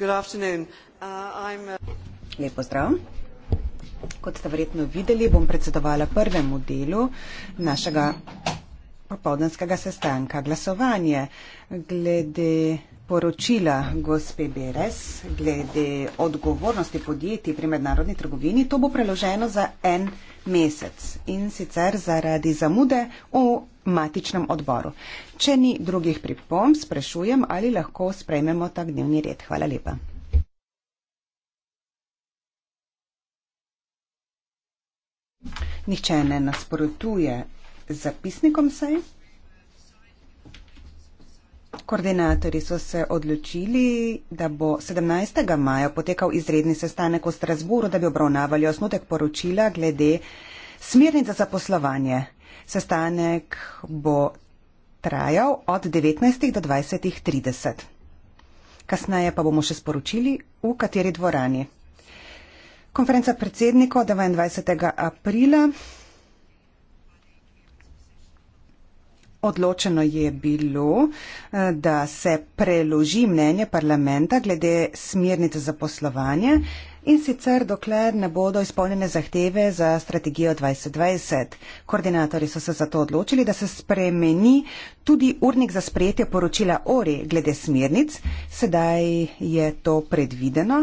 Uh, uh, Lep pozdrav. Kot ste verjetno videli, bom predsedovala prvemu delu našega popovdanskega sestanka. Glasovanje glede poročila gospe Beres glede odgovornosti podjetij pri mednarodni trgovini, to bo preloženo za en mesec in sicer zaradi zamude v matičnem odboru. Če ni drugih pripomb, sprašujem, ali lahko sprejmemo tak dnevni red. Hvala lepa. Nihče ne nasprotuje zapisnikom sej. Koordinatorji so se odločili, da bo 17. maja potekal izredni sestanek v Strasburu, da bi obravnavali osnutek poročila glede smernice za poslovanje. Sestanek bo trajal od 19. do 20.30. Kasneje pa bomo še sporočili, v kateri dvorani. Konferenca predsednikov 29. aprila Odločeno je bilo, eh, da se preloži mnenje parlamenta glede smernice za poslovanje in sicer dokler ne bodo izpolnjene zahteve za strategijo 2020. Koordinatorji so se zato odločili, da se spremeni tudi urnik za sprejetje poročila ORI glede smernic. Sedaj je to predvideno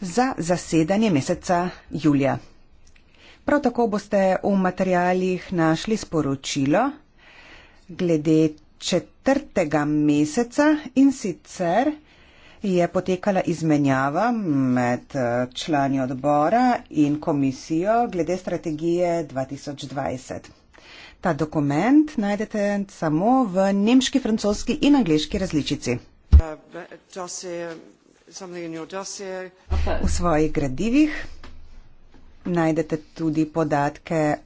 za zasedanje meseca julija. Prav tako boste v materialih našli sporočilo, glede četrtega meseca in sicer je potekala izmenjava med eh, člani odbora in komisijo glede strategije 2020. Ta dokument najdete samo v nemški, francoski in angliški različici. V svojih gradivih najdete tudi podatke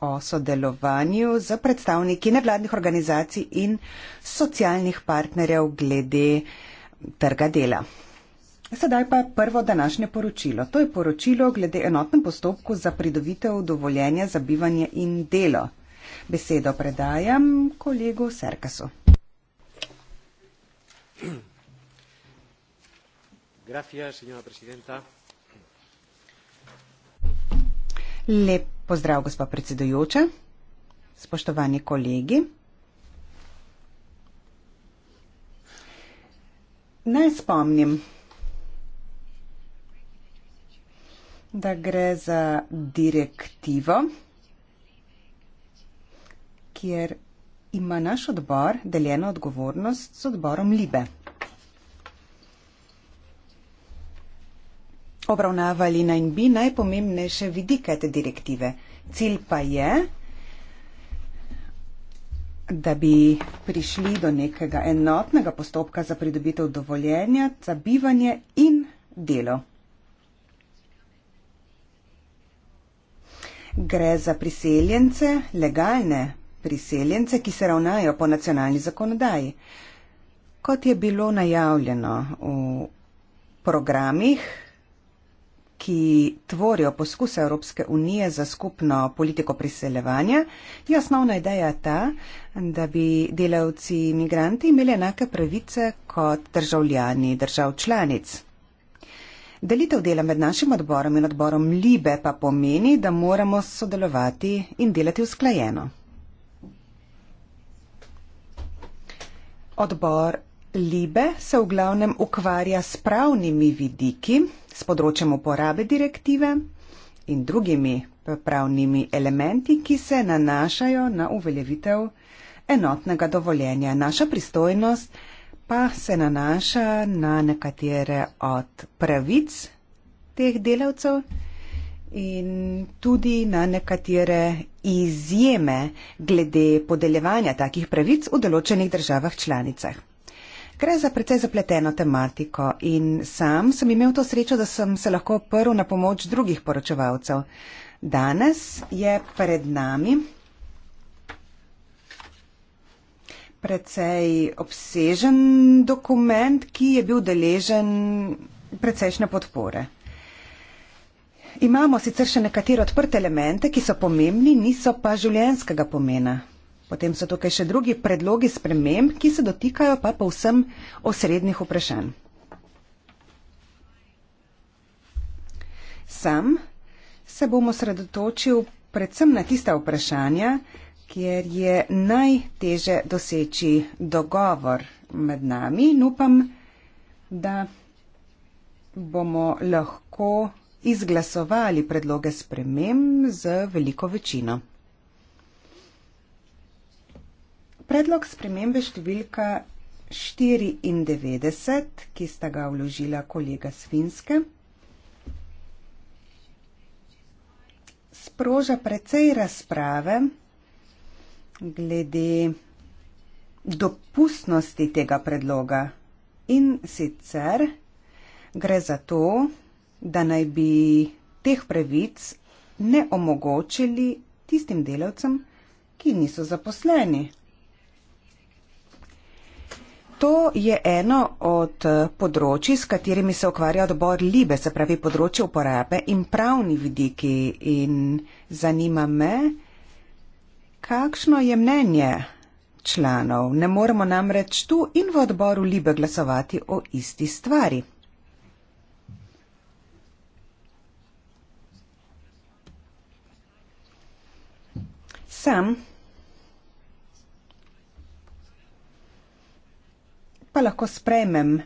o sodelovanju z predstavniki nevladnih organizacij in socialnih partnerjev glede trga dela. Sedaj pa prvo današnje poročilo. To je poročilo glede enotnem postopku za pridobitev dovoljenja za bivanje in delo. Besedo predajam kolegu Serkasu. Grazie, signora presidenta. Lep pozdrav, gospa predsedujoča, spoštovani kolegi. Naj spomnim, da gre za direktivo, kjer ima naš odbor deljeno odgovornost z odborom Libe. obravnavali najbi najpomembnejše vidike te direktive. Cilj pa je, da bi prišli do nekega enotnega postopka za pridobitev dovoljenja za bivanje in delo. Gre za priseljence, legalne priseljence, ki se ravnajo po nacionalni zakonodaji. Kot je bilo najavljeno v programih, ki tvorijo poskuse Evropske unije za skupno politiko priseljevanja, je osnovna ideja ta, da bi delavci in imigranti imeli enake pravice kot državljani držav članic. Delitev dela med našim odborom in odborom Libe pa pomeni, da moramo sodelovati in delati usklajeno. Odbor Libe se v glavnem ukvarja s pravnimi vidiki s področjem uporabe direktive in drugimi pravnimi elementi, ki se nanašajo na uveljavitev enotnega dovoljenja. Naša pristojnost pa se nanaša na nekatere od pravic teh delavcev in tudi na nekatere izjeme glede podeljevanja takih pravic v določenih državah članicah. Gre za precej zapleteno tematiko in sam sem imel to srečo, da sem se lahko oprl na pomoč drugih poročevalcev. Danes je pred nami precej obsežen dokument, ki je bil deležen precejšnje podpore. Imamo sicer še nekatere odprte elemente, ki so pomembni, niso pa življenskega pomena. Potem so tukaj še drugi predlogi sprememb, ki se dotikajo pa povsem osrednjih vprašanj. Sam se bom osredotočil predvsem na tista vprašanja, kjer je najteže doseči dogovor med nami in upam, da bomo lahko izglasovali predloge sprememb z veliko večino. predlog spremembe številka 94, ki sta ga vložila kolega Svinske, sproža precej razprave glede dopustnosti tega predloga. In sicer gre za to, da naj bi teh pravic ne omogočili tistim delavcem, ki niso zaposleni To je eno od eh, področji, s katerimi se ukvarja odbor Libe, se pravi področje uporabe in pravni vidiki. In zanima me, kakšno je mnenje članov. Ne moremo namreč tu in v odboru Libe glasovati o isti stvari. Sam pa lahko sprejmem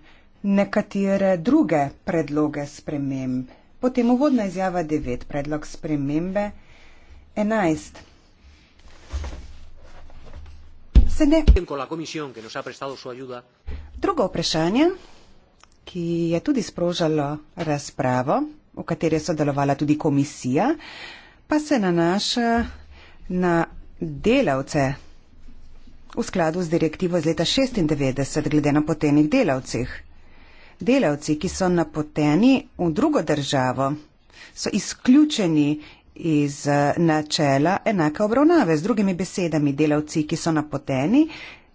nekatere druge predloge sprememb. Potem uvodna izjava 9, predlog spremembe 11. Drugo vprašanje, ki je tudi sprožalo razpravo, v kateri je sodelovala tudi komisija, pa se nanaša na delavce v skladu z direktivo iz leta 96 glede napotenih delavcih. Delavci, ki so napoteni v drugo državo, so izključeni iz načela enake obravnave. Z drugimi besedami, delavci, ki so napoteni,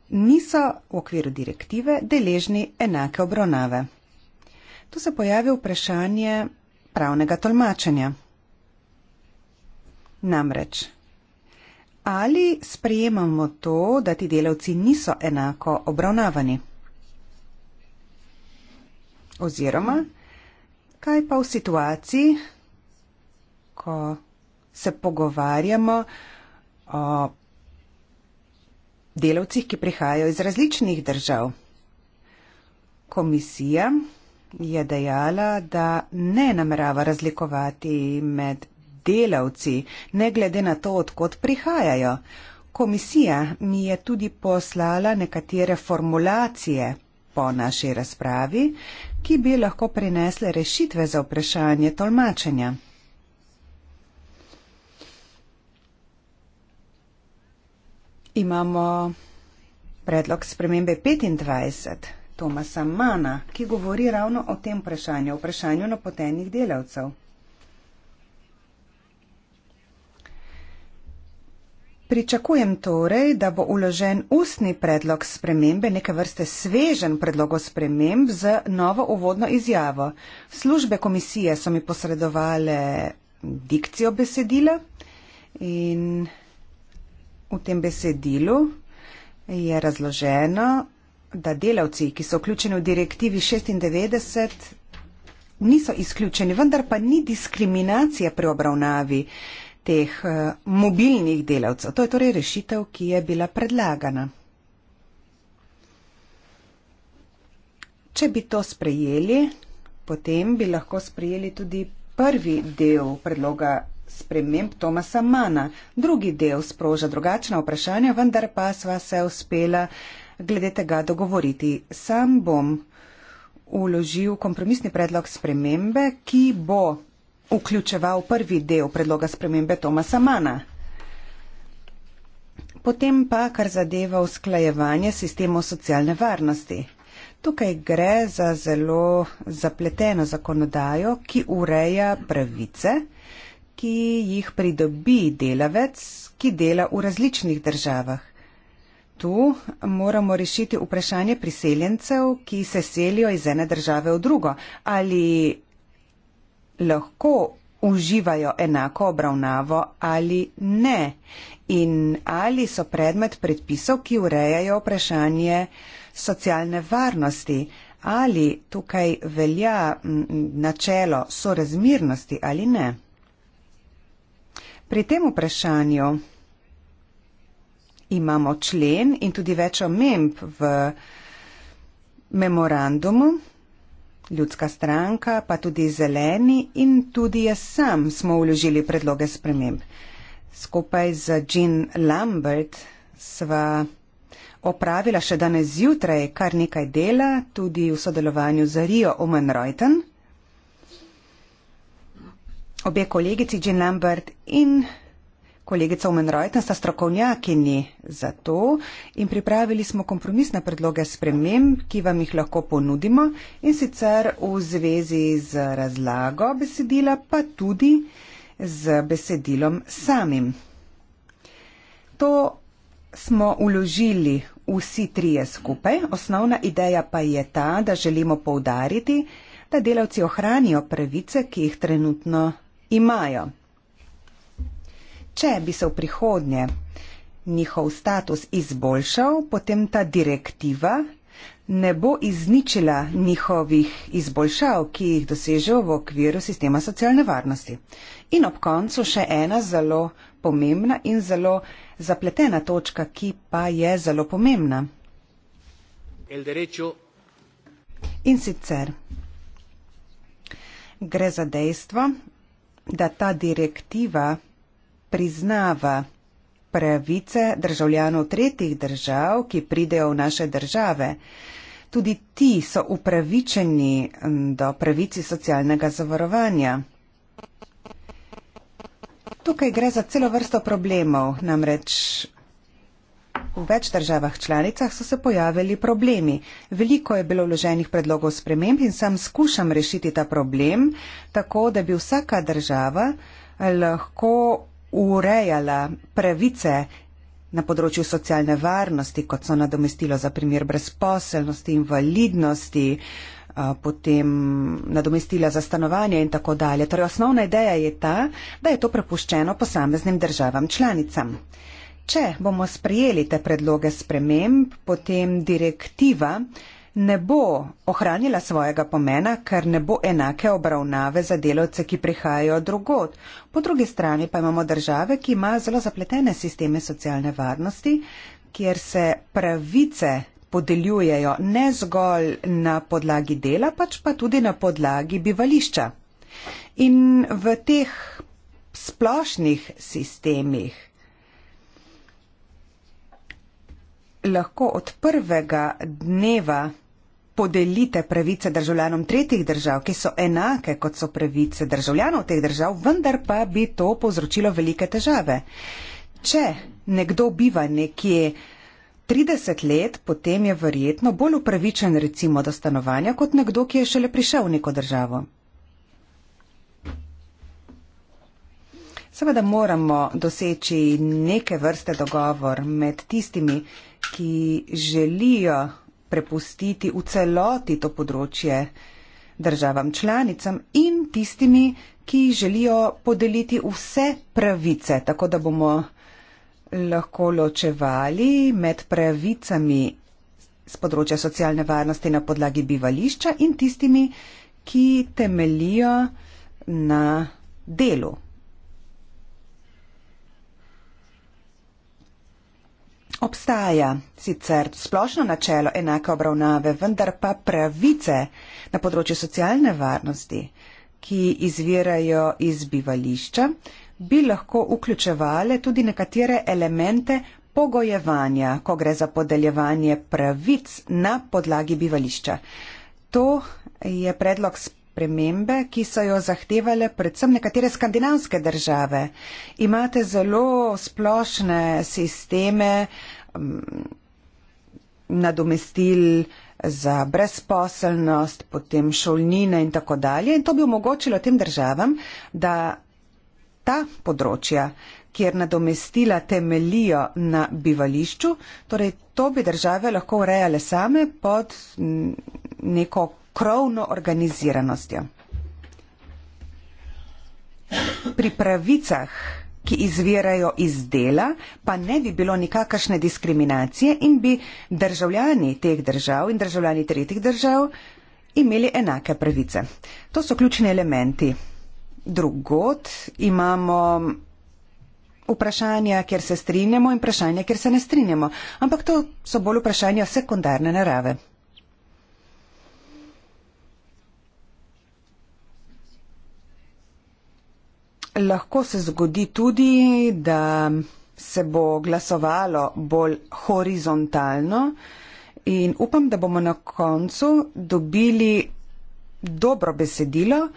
niso v okviru direktive deležni enake obravnave. Tu se pojavi vprašanje pravnega tolmačenja. Namreč Ali sprejemamo to, da ti delavci niso enako obravnavani? Oziroma, kaj pa v situaciji, ko se pogovarjamo o delavcih, ki prihajajo iz različnih držav? Komisija je dejala, da ne namerava razlikovati med delavci, ne glede na to, odkot prihajajo. Komisija mi je tudi poslala nekatere formulacije po naši razpravi, ki bi lahko prinesle rešitve za vprašanje tolmačenja. Imamo predlog spremembe 25 Tomasa Mana, ki govori ravno o tem vprašanju, o vprašanju napotenih delavcev. Pričakujem torej, da bo uložen ustni predlog spremembe, neke vrste svežen predlog sprememb z novo uvodno izjavo. Službe komisije so mi posredovale dikcijo besedila in v tem besedilu je razloženo, da delavci, ki so vključeni v direktivi 96, niso izključeni, vendar pa ni diskriminacije pri obravnavi teh eh, mobilnih delavcev. To je torej rešitev, ki je bila predlagana. Če bi to sprejeli, potem bi lahko sprejeli tudi prvi del predloga sprememb Tomasa Mana. Drugi del sproža drugačna vprašanja, vendar pa sva se uspela glede tega dogovoriti. Sam bom uložil kompromisni predlog spremembe, ki bo vključeval prvi del predloga spremembe Tomasa Mana. Potem pa, kar zadeva usklajevanje sistemov socialne varnosti. Tukaj gre za zelo zapleteno zakonodajo, ki ureja pravice, ki jih pridobi delavec, ki dela v različnih državah. Tu moramo rešiti vprašanje priseljencev, ki se selijo iz ene države v drugo ali lahko uživajo enako obravnavo ali ne in ali so predmet predpisov, ki urejajo vprašanje socialne varnosti ali tukaj velja načelo sorazmirnosti ali ne. Pri tem vprašanju imamo člen in tudi več omemb v memorandumu. Ljudska stranka, pa tudi zeleni in tudi jaz sam smo uložili predloge sprememb. Skupaj z Jean Lambert sva opravila še danes zjutraj kar nekaj dela, tudi v sodelovanju z Rio Omenreuten. Obe kolegici Jean Lambert in Kolegica Omenrojten sta strokovnjakini za to in pripravili smo kompromisne predloge sprememb, ki vam jih lahko ponudimo in sicer v zvezi z razlago besedila, pa tudi z besedilom samim. To smo uložili vsi trije skupaj. Osnovna ideja pa je ta, da želimo poudariti, da delavci ohranijo pravice, ki jih trenutno imajo če bi se v prihodnje njihov status izboljšal, potem ta direktiva ne bo izničila njihovih izboljšav, ki jih dosežejo v okviru sistema socialne varnosti. In ob koncu še ena zelo pomembna in zelo zapletena točka, ki pa je zelo pomembna. In sicer gre za dejstvo, da ta direktiva priznava pravice državljanov tretjih držav, ki pridejo v naše države. Tudi ti so upravičeni mm, do pravici socialnega zavarovanja. Tukaj gre za celo vrsto problemov, namreč v več državah članicah so se pojavili problemi. Veliko je bilo vloženih predlogov sprememb in sam skušam rešiti ta problem tako, da bi vsaka država lahko urejala pravice na področju socialne varnosti, kot so nadomestilo za primer brezposelnosti, invalidnosti, potem nadomestila za stanovanje in tako dalje. Torej, osnovna ideja je ta, da je to prepuščeno posameznim državam članicam. Če bomo sprejeli te predloge sprememb, potem direktiva ne bo ohranila svojega pomena, ker ne bo enake obravnave za delavce, ki prihajajo drugot. Po drugi strani pa imamo države, ki imajo zelo zapletene sisteme socialne varnosti, kjer se pravice podeljujejo ne zgolj na podlagi dela, pač pa tudi na podlagi bivališča. In v teh splošnih sistemih lahko od prvega dneva podelite pravice državljanom tretjih držav, ki so enake kot so pravice državljanov teh držav, vendar pa bi to povzročilo velike težave. Če nekdo biva nekje 30 let, potem je verjetno bolj upravičen recimo do stanovanja kot nekdo, ki je šele prišel v neko državo. Seveda moramo doseči neke vrste dogovor med tistimi, ki želijo prepustiti v celoti to področje državam članicam in tistimi, ki želijo podeliti vse pravice, tako da bomo lahko ločevali med pravicami z področja socialne varnosti na podlagi bivališča in tistimi, ki temelijo na delu. Obstaja sicer splošno načelo enake obravnave, vendar pa pravice na področju socialne varnosti, ki izvirajo iz bivališča, bi lahko vključevale tudi nekatere elemente pogojevanja, ko gre za podeljevanje pravic na podlagi bivališča. To je predlog splošno spremembe, ki so jo zahtevale predvsem nekatere skandinavske države. Imate zelo splošne sisteme um, nadomestil za brezposelnost, potem šolnine in tako dalje. In to bi omogočilo tem državam, da ta področja, kjer nadomestila temelijo na bivališču, torej to bi države lahko urejale same pod neko krovno organiziranostjo. Pri pravicah, ki izvirajo iz dela, pa ne bi bilo nikakršne diskriminacije in bi državljani teh držav in državljani tretjih držav imeli enake pravice. To so ključni elementi. Drugod imamo vprašanja, kjer se strinjamo in vprašanja, kjer se ne strinjamo, ampak to so bolj vprašanja sekundarne narave. lahko se zgodi tudi, da se bo glasovalo bolj horizontalno in upam, da bomo na koncu dobili dobro besedilo,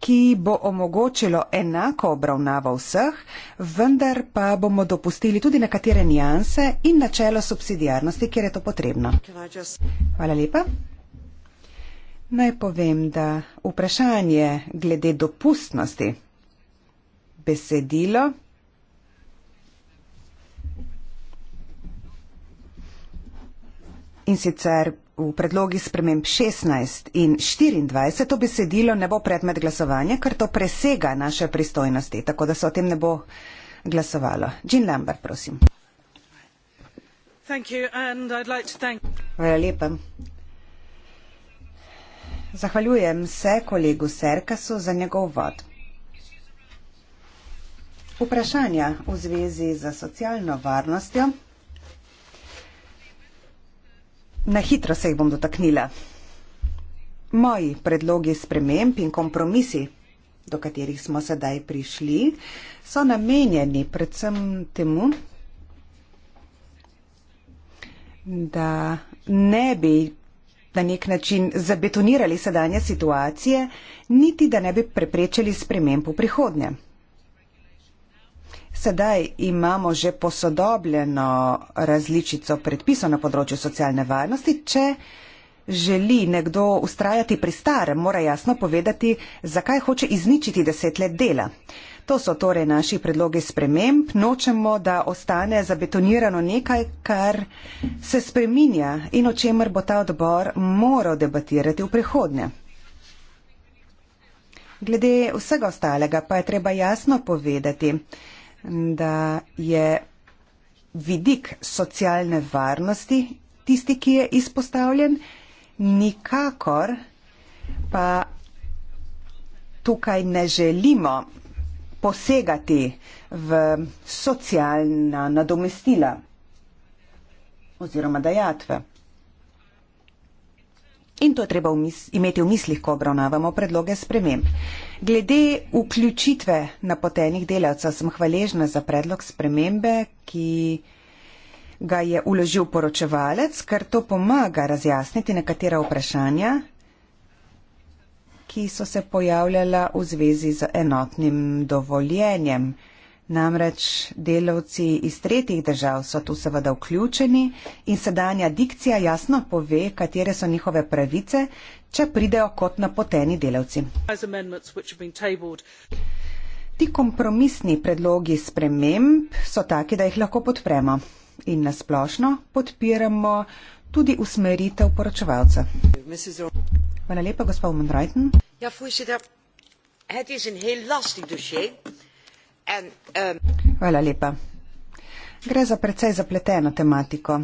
ki bo omogočilo enako obravnavo vseh, vendar pa bomo dopustili tudi nekatere nijanse in načelo subsidijarnosti, kjer je to potrebno. Hvala lepa. Naj povem, da vprašanje glede dopustnosti besedilo. In sicer v predlogi sprememb 16 in 24 to besedilo ne bo predmet glasovanja, ker to presega naše pristojnosti, tako da se o tem ne bo glasovalo. Jean Lambert, prosim. Hvala like lepa. Zahvaljujem se kolegu Serkasu za njegov vod vprašanja v zvezi z socialno varnostjo. Na hitro se jih bom dotaknila. Moji predlogi sprememb in kompromisi, do katerih smo sedaj prišli, so namenjeni predvsem temu, da ne bi na nek način zabetonirali sedanje situacije, niti da ne bi preprečili sprememb v prihodnje. Sedaj imamo že posodobljeno različico predpisov na področju socialne varnosti. Če želi nekdo ustrajati pri starem, mora jasno povedati, zakaj hoče izničiti deset let dela. To so torej naši predlogi sprememb. Nočemo, da ostane zabetonirano nekaj, kar se spreminja in o čemer bo ta odbor moral debatirati v prihodnje. Glede vsega ostalega pa je treba jasno povedati, da je vidik socialne varnosti tisti, ki je izpostavljen, nikakor pa tukaj ne želimo posegati v socialna nadomestila oziroma dajatve. In to treba imeti v mislih, ko obravnavamo predloge sprememb. Glede vključitve napotenih delavcev sem hvaležna za predlog spremembe, ki ga je uložil poročevalec, ker to pomaga razjasniti nekatera vprašanja, ki so se pojavljala v zvezi z enotnim dovoljenjem. Namreč delavci iz tretjih držav so tu seveda vključeni in sedanja dikcija jasno pove, katere so njihove pravice, če pridejo kot napoteni delavci. Ti kompromisni predlogi sprememb so taki, da jih lahko podpremo in nasplošno podpiramo tudi usmeritev poročevalca. Hvala lepa, gospod Mondrajten. Ja, Um, Hvala lepa. Gre za precej zapleteno tematiko.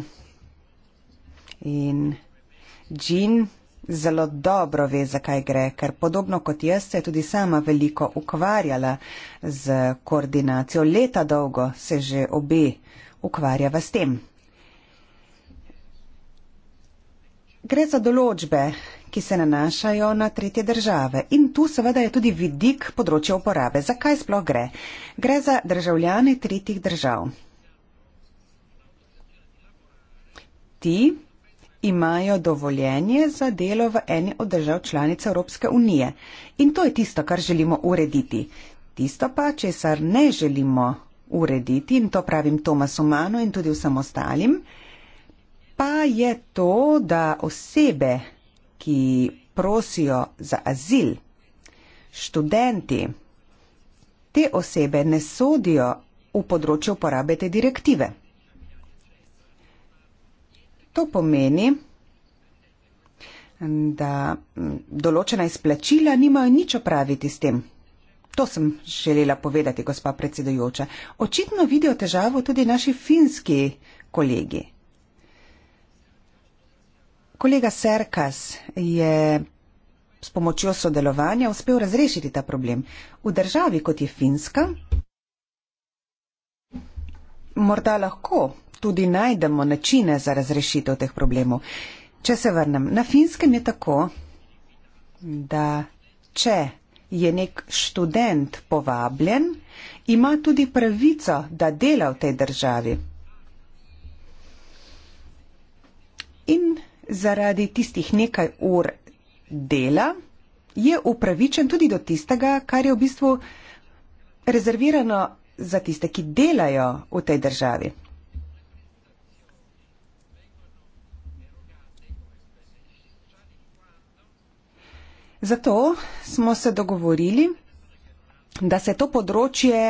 In Jean zelo dobro ve, zakaj gre, ker podobno kot jaz se je tudi sama veliko ukvarjala z koordinacijo. Leta dolgo se že obe ukvarjava s tem. Gre za določbe, ki se nanašajo na tretje države. In tu seveda je tudi vidik področja uporabe. Zakaj sploh gre? Gre za državljane tretjih držav. Ti imajo dovoljenje za delo v eni od držav članic Evropske unije. In to je tisto, kar želimo urediti. Tisto pa, česar ne želimo urediti, in to pravim Tomasu Manu in tudi vsem ostalim, pa je to, da osebe, ki prosijo za azil, študenti, te osebe ne sodijo v področju uporabe te direktive. To pomeni, da določena izplačila nimajo nič opraviti s tem. To sem želela povedati, gospa predsedujoča. Očitno vidijo težavo tudi naši finski kolegi. Kolega Serkas je s pomočjo sodelovanja uspel razrešiti ta problem. V državi, kot je Finska, morda lahko tudi najdemo načine za razrešitev teh problemov. Če se vrnem, na Finskem je tako, da če je nek študent povabljen, ima tudi pravico, da dela v tej državi. In zaradi tistih nekaj ur dela, je upravičen tudi do tistega, kar je v bistvu rezervirano za tiste, ki delajo v tej državi. Zato smo se dogovorili, da se to področje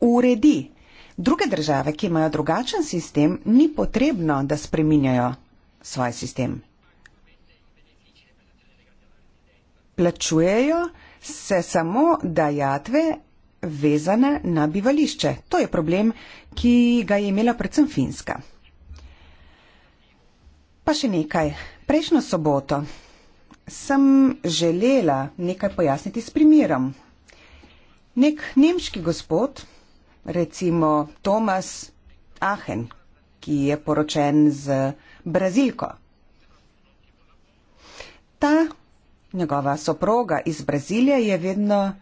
uredi. Druge države, ki imajo drugačen sistem, ni potrebno, da spreminjajo svoj sistem. Plačujejo se samo dajatve vezane na bivališče. To je problem, ki ga je imela predvsem Finska. Pa še nekaj. Prejšnjo soboto sem želela nekaj pojasniti s primerom. Nek nemški gospod, recimo Tomas Ahen, ki je poročen z Brazilko. Ta njegova soproga iz Brazilije je vedno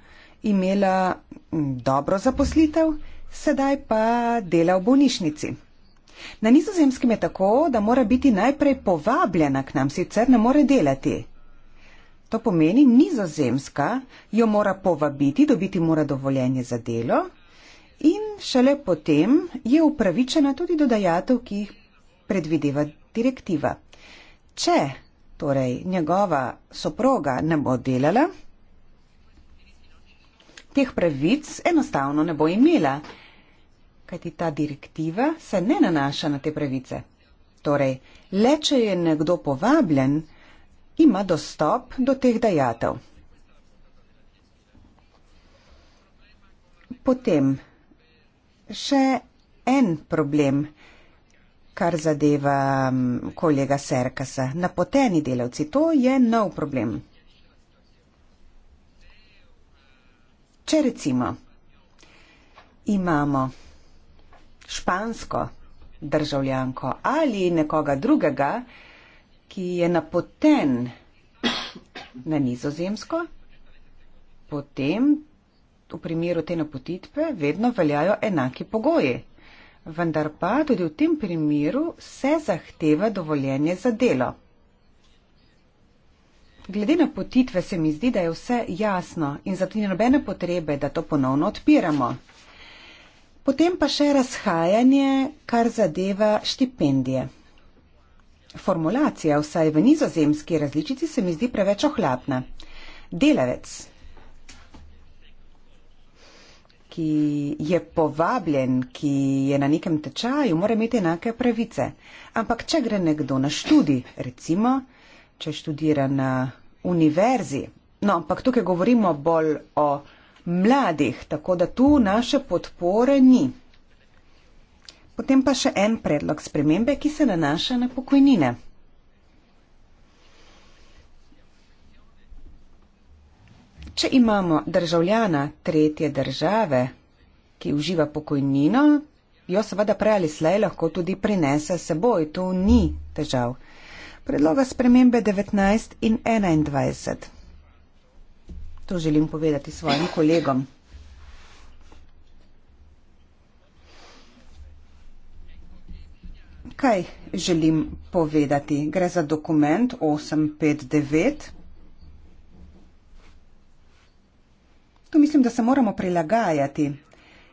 imela mm, dobro zaposlitev, sedaj pa dela v bolnišnici. Na nizozemskem je tako, da mora biti najprej povabljena k nam, sicer ne more delati. To pomeni, nizozemska jo mora povabiti, dobiti mora dovoljenje za delo in šele potem je upravičena tudi do dajatev, ki jih predvideva direktiva. Če torej njegova soproga ne bo delala, teh pravic enostavno ne bo imela, kajti ta direktiva se ne nanaša na te pravice. Torej, le če je nekdo povabljen, ima dostop do teh dajatev. Potem še en problem kar zadeva kolega Serkasa. Napoteni delavci, to je nov problem. Če recimo imamo špansko državljanko ali nekoga drugega, ki je napoten na nizozemsko, potem v primeru te napotitve vedno veljajo enaki pogoji vendar pa tudi v tem primeru se zahteva dovoljenje za delo. Glede na potitve se mi zdi, da je vse jasno in zato ni nobene potrebe, da to ponovno odpiramo. Potem pa še razhajanje, kar zadeva štipendije. Formulacija vsaj v nizozemski različici se mi zdi preveč ohlapna. Delavec, ki je povabljen, ki je na nekem tečaju, mora imeti enake pravice. Ampak, če gre nekdo na študij, recimo, če študira na univerzi, no, ampak tukaj govorimo bolj o mladih, tako da tu naše podpore ni. Potem pa še en predlog spremembe, ki se nanaša na pokojnine. Če imamo državljana tretje države, ki uživa pokojnino, jo seveda prej ali slej lahko tudi prinese seboj, to ni težav. Predloga spremembe 19 in 21. To želim povedati svojim kolegom. Kaj želim povedati? Gre za dokument 859. Zato mislim, da se moramo prilagajati.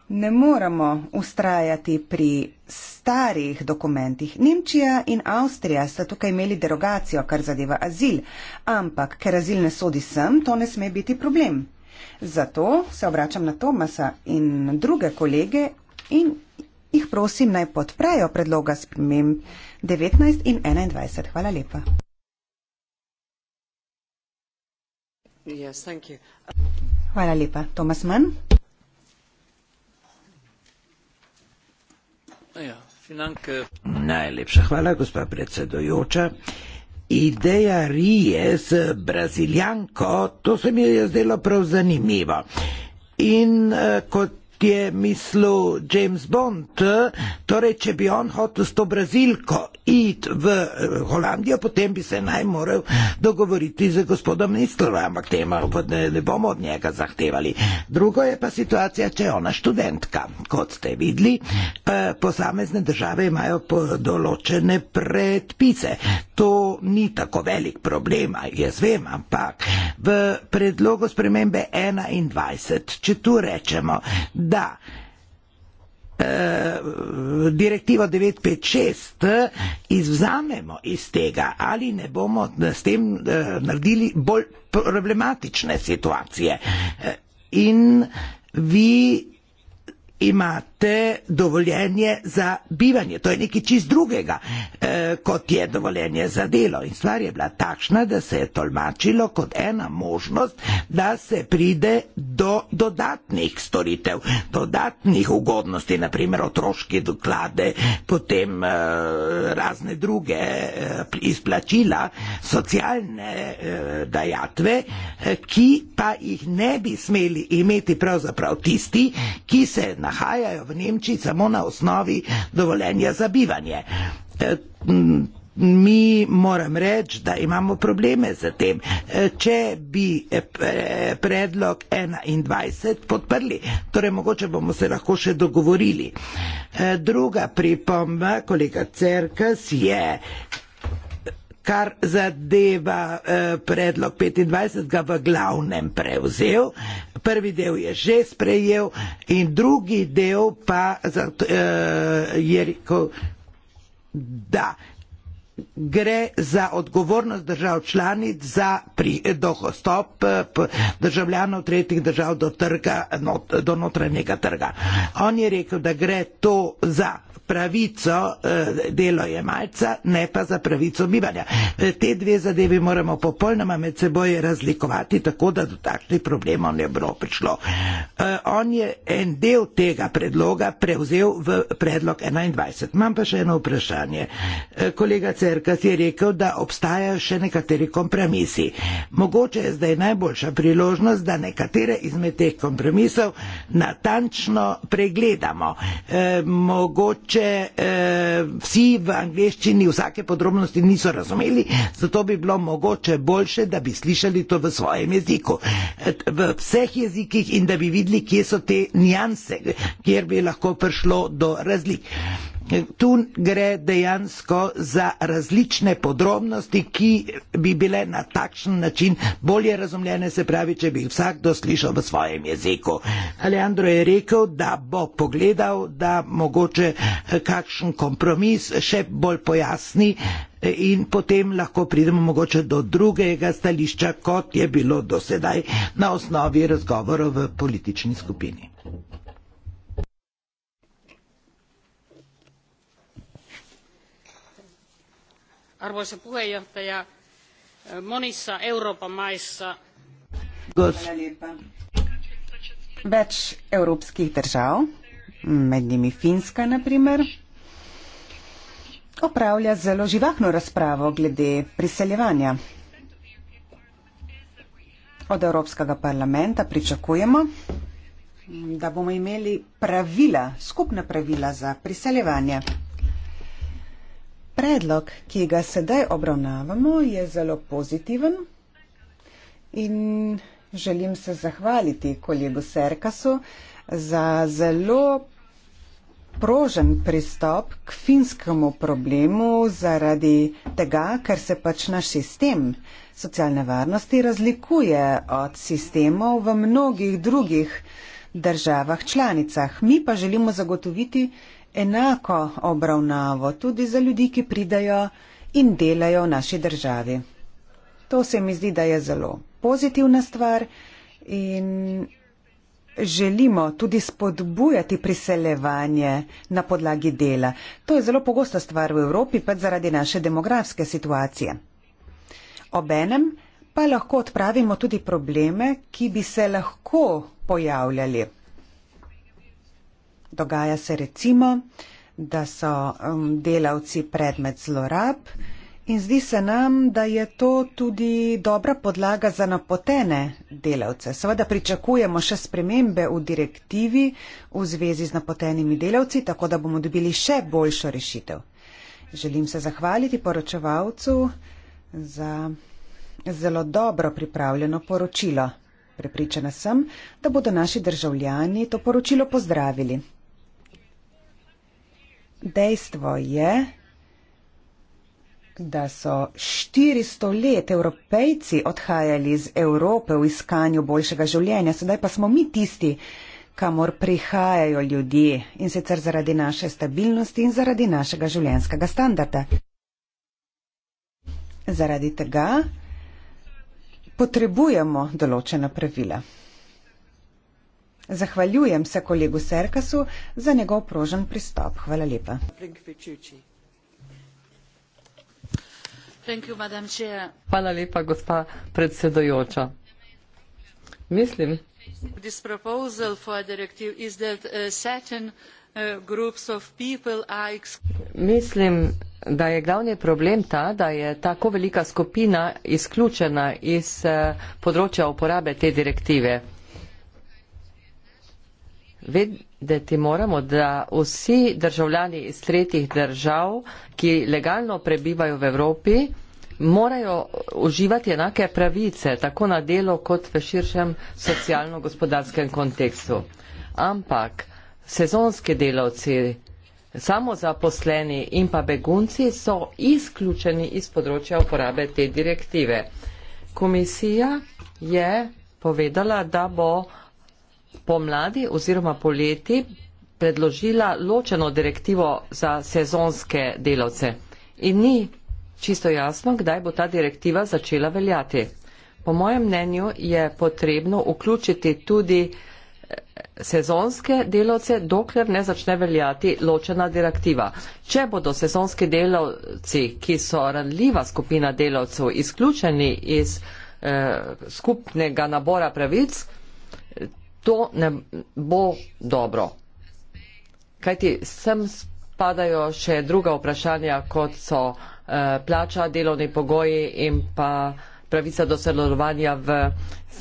Ne moramo ustrajati pri starih dokumentih. Nemčija in Avstrija sta tukaj imeli derogacijo, kar zadeva azil, ampak ker azil ne sodi sem, to ne sme biti problem. Zato se obračam na Tomasa in druge kolege in jih prosim naj podprejo predloga sprememb 19 in 21. Hvala lepa. Yes, Hvala lepa. Tomas Mann? Ja, financke... Najlepša hvala, gospa predsedojoča. Ideja Rije z Brazilijanko, to se mi je zdelo prav zanimivo. In eh, kot ti je mislil James Bond, torej, če bi on hotel s to brazilko iti v eh, Holandijo, potem bi se naj moral dogovoriti z gospodom ministrom, ampak tema, ne, ne bomo od njega zahtevali. Drugo je pa situacija, če je ona študentka. Kot ste videli, eh, posamezne države imajo določene predpise. To ni tako velik problem, jaz vem, ampak v predlogu spremembe 21, če tu rečemo, da eh, direktivo 956 eh, izvzamemo iz tega ali ne bomo eh, s tem naredili bolj problematične situacije. In vi imate dovoljenje za bivanje. To je nekaj čist drugega, eh, kot je dovoljenje za delo. In stvar je bila takšna, da se je tolmačilo kot ena možnost, da se pride do dodatnih storitev, dodatnih ugodnosti, naprimer otroške doklade, potem eh, razne druge eh, izplačila, socialne eh, dajatve, eh, ki pa jih ne bi smeli imeti pravzaprav tisti, ki se na nahajajo v Nemčiji samo na osnovi dovoljenja za bivanje. E, mi moram reči, da imamo probleme z tem. E, če bi e, predlog 21 podprli, torej mogoče bomo se lahko še dogovorili. Druga pripomba kolega Cerkas je, kar zadeva predlog 25, ga v glavnem prevzel prvi del je že sprejel in drugi del pa zato, uh, je rekel, da gre za odgovornost držav članic za pri, dohostop e, državljanov tretjih držav do, trga, not, do notranjega trga. On je rekel, da gre to za pravico eh, delojemalca, ne pa za pravico bivanja. Eh, te dve zadevi moramo popolnoma med seboj razlikovati, tako da do takšnih problemov ne bo prišlo. Eh, on je en del tega predloga prevzel v predlog 21. Imam pa še eno vprašanje. Kolega Cerkas je rekel, da obstajajo še nekateri kompromisi. Mogoče je zdaj najboljša priložnost, da nekatere izmed teh kompromisov natančno pregledamo. Mogoče mogoče eh, vsi v angleščini vsake podrobnosti niso razumeli, zato bi bilo mogoče boljše, da bi slišali to v svojem jeziku, eh, v vseh jezikih in da bi videli, kje so te nianse, kjer bi lahko prišlo do razlik. Tu gre dejansko za različne podrobnosti, ki bi bile na takšen način bolje razumljene, se pravi, če bi vsakdo slišal v svojem jeziku. Alejandro je rekel, da bo pogledal, da mogoče eh, kakšen kompromis še bolj pojasni eh, in potem lahko pridemo mogoče do drugega stališča, kot je bilo do sedaj na osnovi razgovorov v politični skupini. arvoisa puheenjohtaja monissa euroopan maissa Več evropskih držav, med njimi Finska, naprimer, opravlja zelo živahno razpravo glede priseljevanja. Od Evropskega parlamenta pričakujemo, da bomo imeli pravila, skupna pravila za priseljevanje. Predlog, ki ga sedaj obravnavamo, je zelo pozitiven in želim se zahvaliti kolegu Serkasu za zelo prožen pristop k finskemu problemu zaradi tega, ker se pač naš sistem socialne varnosti razlikuje od sistemov v mnogih drugih državah članicah. Mi pa želimo zagotoviti enako obravnavo tudi za ljudi, ki pridajo in delajo v naši državi. To se mi zdi, da je zelo pozitivna stvar in želimo tudi spodbujati priseljevanje na podlagi dela. To je zelo pogosta stvar v Evropi, pa zaradi naše demografske situacije. Obenem pa lahko odpravimo tudi probleme, ki bi se lahko pojavljali. Dogaja se recimo, da so um, delavci predmet zlorab in zdi se nam, da je to tudi dobra podlaga za napotene delavce. Seveda pričakujemo še spremembe v direktivi v zvezi z napotenimi delavci, tako da bomo dobili še boljšo rešitev. Želim se zahvaliti poročevalcu za zelo dobro pripravljeno poročilo. Prepričana sem, da bodo naši državljani to poročilo pozdravili dejstvo je, da so 400 let evropejci odhajali iz Evrope v iskanju boljšega življenja, sedaj pa smo mi tisti, kamor prihajajo ljudje in sicer zaradi naše stabilnosti in zaradi našega življenjskega standarda. Zaradi tega potrebujemo določena pravila. Zahvaljujem se kolegu Serkasu za njegov prožen pristop. Hvala lepa. Hvala lepa, gospa predsedojoča. Mislim, uh, uh, mislim, da je glavni problem ta, da je tako velika skupina izključena iz uh, področja uporabe te direktive. Vedeti moramo, da vsi državljani iz tretjih držav, ki legalno prebivajo v Evropi, morajo uživati enake pravice, tako na delo kot v širšem socialno-gospodarskem kontekstu. Ampak sezonski delavci, samozaposleni in pa begunci so izključeni iz področja uporabe te direktive. Komisija je povedala, da bo pomladi oziroma poleti predložila ločeno direktivo za sezonske delavce in ni čisto jasno, kdaj bo ta direktiva začela veljati. Po mojem mnenju je potrebno vključiti tudi eh, sezonske delavce, dokler ne začne veljati ločena direktiva. Če bodo sezonski delavci, ki so ranljiva skupina delavcev, izključeni iz eh, skupnega nabora pravic, to ne bo dobro. Kajti sem spadajo še druga vprašanja, kot so eh, plača, delovni pogoji in pa pravica do sodelovanja v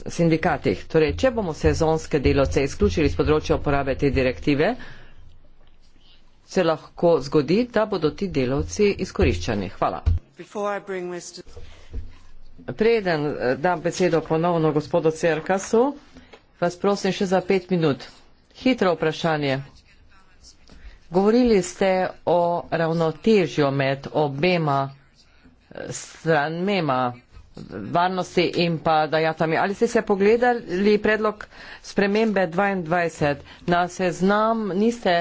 sindikatih. Torej, če bomo sezonske delovce izključili z področja uporabe te direktive, se lahko zgodi, da bodo ti delovci izkoriščani. Hvala. Preden eh, dam besedo ponovno gospodu Cerkasu. Vas prosim še za pet minut. Hitro vprašanje. Govorili ste o ravnotežju med obema eh, stranmema varnosti in pa dajatami. Ali ste se pogledali predlog spremembe 22 na seznam, niste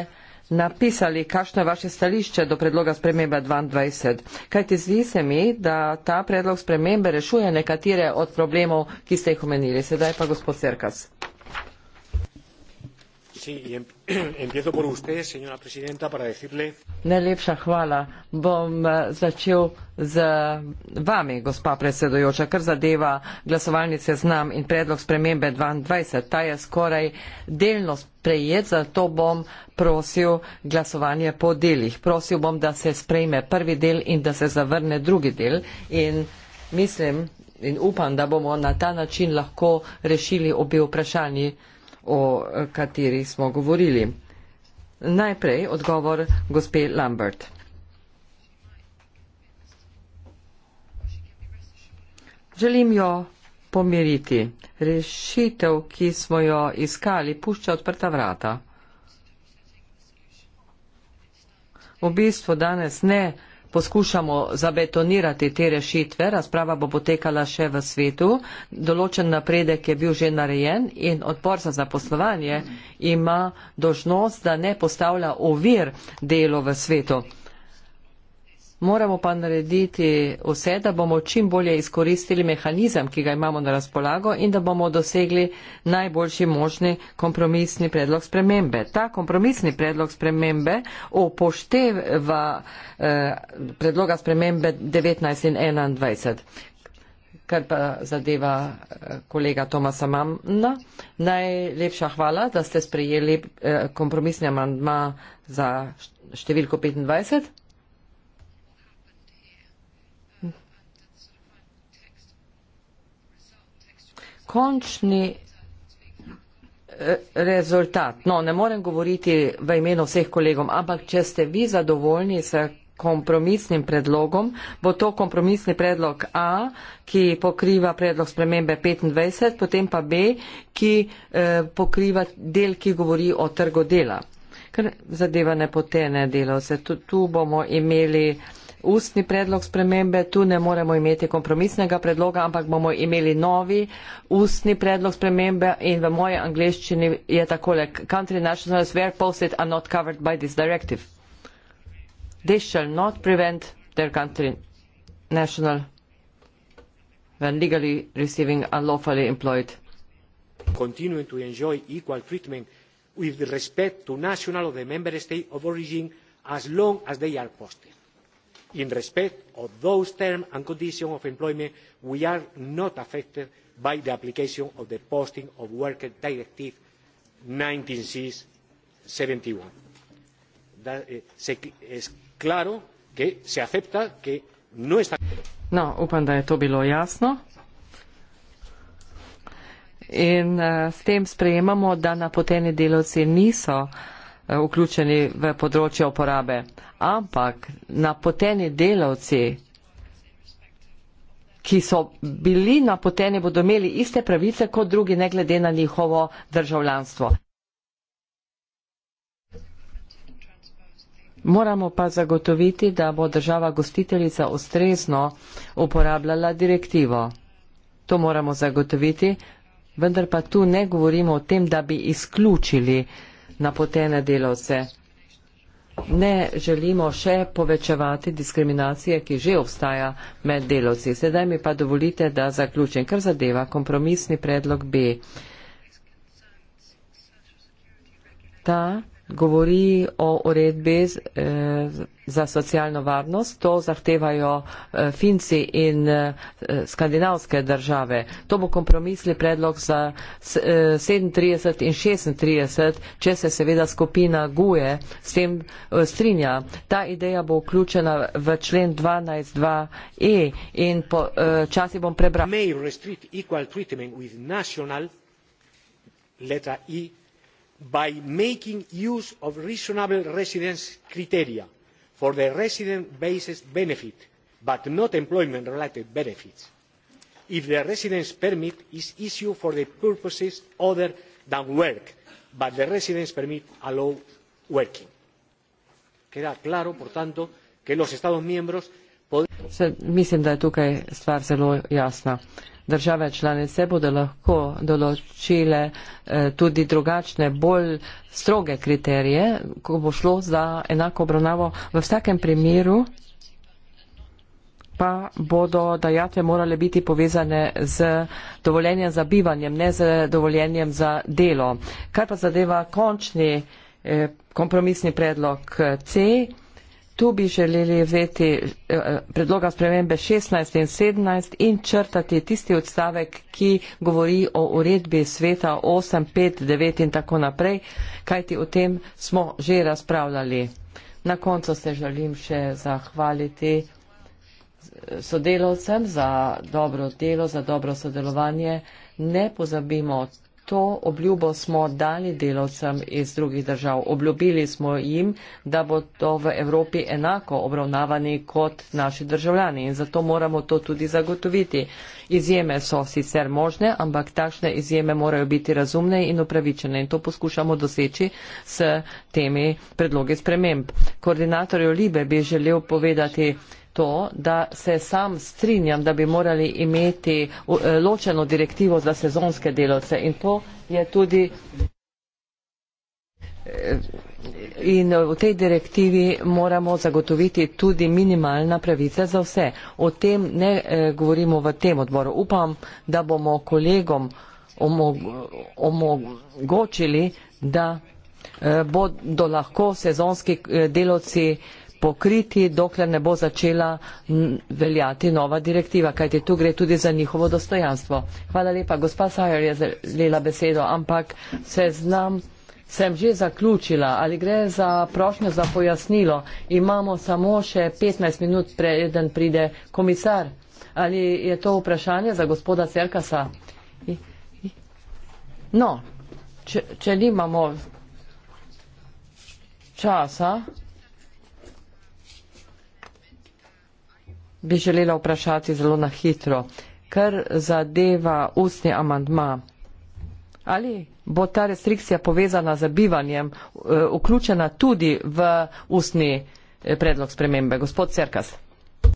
napisali, kakšno je vaše stališče do predloga spremembe 22. Kaj ti zdi se mi, da ta predlog spremembe rešuje nekatere od problemov, ki ste jih omenili? Sedaj pa gospod Serkas. Najlepša hvala. Bom eh, začel z eh, vami, gospa predsedojoča, kar zadeva glasovalnice z nam in predlog spremembe 22. Ta je skoraj delno sprejet, zato bom prosil glasovanje po delih. Prosil bom, da se sprejme prvi del in da se zavrne drugi del. In mislim in upam, da bomo na ta način lahko rešili obi vprašanji o kateri smo govorili. Najprej odgovor gospe Lambert. Želim jo pomiriti. Rešitev, ki smo jo iskali, pušča odprta vrata. V bistvu danes ne poskušamo zabetonirati te rešitve. Razprava bo potekala še v svetu. Določen napredek je bil že narejen in odbor za zaposlovanje ima dožnost, da ne postavlja ovir delo v svetu. Moramo pa narediti vse, da bomo čim bolje izkoristili mehanizem, ki ga imamo na razpolago in da bomo dosegli najboljši možni kompromisni predlog spremembe. Ta kompromisni predlog spremembe upošteva eh, predloga spremembe 19 in 21. Kar pa zadeva eh, kolega Tomasa Mamna. Najlepša hvala, da ste sprejeli eh, kompromisni amandma za številko 25. končni eh, rezultat. No, ne morem govoriti v imenu vseh kolegom, ampak če ste vi zadovoljni s kompromisnim predlogom, bo to kompromisni predlog A, ki pokriva predlog spremembe 25, potem pa B, ki eh, pokriva del, ki govori o trgu dela. Ker zadeva ne potene delo, se tu, tu bomo imeli eh, ustni predlog spremembe, tu ne moremo imeti kompromisnega predloga, ampak bomo imeli novi ustni predlog spremembe in v moji angliščini je takole country nationals were posted and not covered by this directive. This shall not prevent their country national when legally receiving unlawfully employed. Continuing to enjoy equal treatment with respect to national or the member state of origin as long as they are posted in respect of those terms and conditions of employment we are not affected by the application of the posting of workers directive nineteen c seventy one. no upam da je to bilo jasno in uh, s tem sprejemamo da napoteni delavci niso uh, Eh, vključeni v področje uporabe, ampak napoteni delavci, ki so bili napoteni, bodo imeli iste pravice kot drugi, ne glede na njihovo državljanstvo. Moramo pa zagotoviti, da bo država gostiteljica ustrezno uporabljala direktivo. To moramo zagotoviti, vendar pa tu ne govorimo o tem, da bi izključili uh, napotene delavce. Ne želimo še povečevati diskriminacije, ki že obstaja med delavci. Sedaj mi pa dovolite, da zaključim, kar zadeva kompromisni predlog B. Ta govori o uredbi eh, za socialno varnost. To zahtevajo eh, Finci in eh, skandinavske države. To bo kompromisni predlog za 37 in 36, če se seveda skupina Guje s tem strinja. Ta ideja bo vključena v člen 12.2e in po časi bom prebral by making use of reasonable residence criteria for the resident based benefit but not employment related benefits if the residence permit is issued for purposes other than work but the residence permit allows working. queda claro por tanto que los estados miembros. mislim da je tukaj stvar zelo jasna države članice bodo lahko določile eh, tudi drugačne, bolj stroge kriterije, ko bo šlo za enako obravnavo. V vsakem primeru pa bodo dajatve morale biti povezane z dovoljenjem za bivanjem, ne z dovoljenjem za delo. Kar pa zadeva končni eh, kompromisni predlog C, tu bi želeli vzeti eh, predloga spremembe 16 in 17 in črtati tisti odstavek, ki govori o uredbi sveta 8, 5, 9 in tako naprej, kajti o tem smo že razpravljali. Na koncu se želim še zahvaliti sodelovcem za dobro delo, za dobro sodelovanje. Ne pozabimo To obljubo smo dali delovcem iz drugih držav. Obljubili smo jim, da bo to v Evropi enako obravnavani kot naši državljani in zato moramo to tudi zagotoviti. Izjeme so sicer možne, ampak takšne izjeme morajo biti razumne in upravičene in to poskušamo doseči s temi predlogi sprememb. Koordinator Jolibe bi želel povedati to, da se sam strinjam, da bi morali imeti eh, ločeno direktivo za sezonske delovce in to je tudi. Eh, in v tej direktivi moramo zagotoviti tudi minimalna pravica za vse. O tem ne eh, govorimo v tem odboru. Upam, da bomo kolegom omogočili, da bodo lahko sezonski delovci pokriti, dokler ne bo začela veljati nova direktiva, kajti tu gre tudi za njihovo dostojanstvo. Hvala lepa. Gospa Sajer je zlela besedo, ampak se znam, sem že zaključila, ali gre za prošnjo za pojasnilo. Imamo samo še 15 minut, preden pride komisar. Ali je to vprašanje za gospoda Cerkasa? No, če, če nimamo časa. bi želela vprašati zelo na hitro, kar zadeva ustni amantma. Ali bo ta restrikcija povezana z bivanjem eh, vključena tudi v ustni eh, predlog spremembe? Gospod Cerkas. Uh,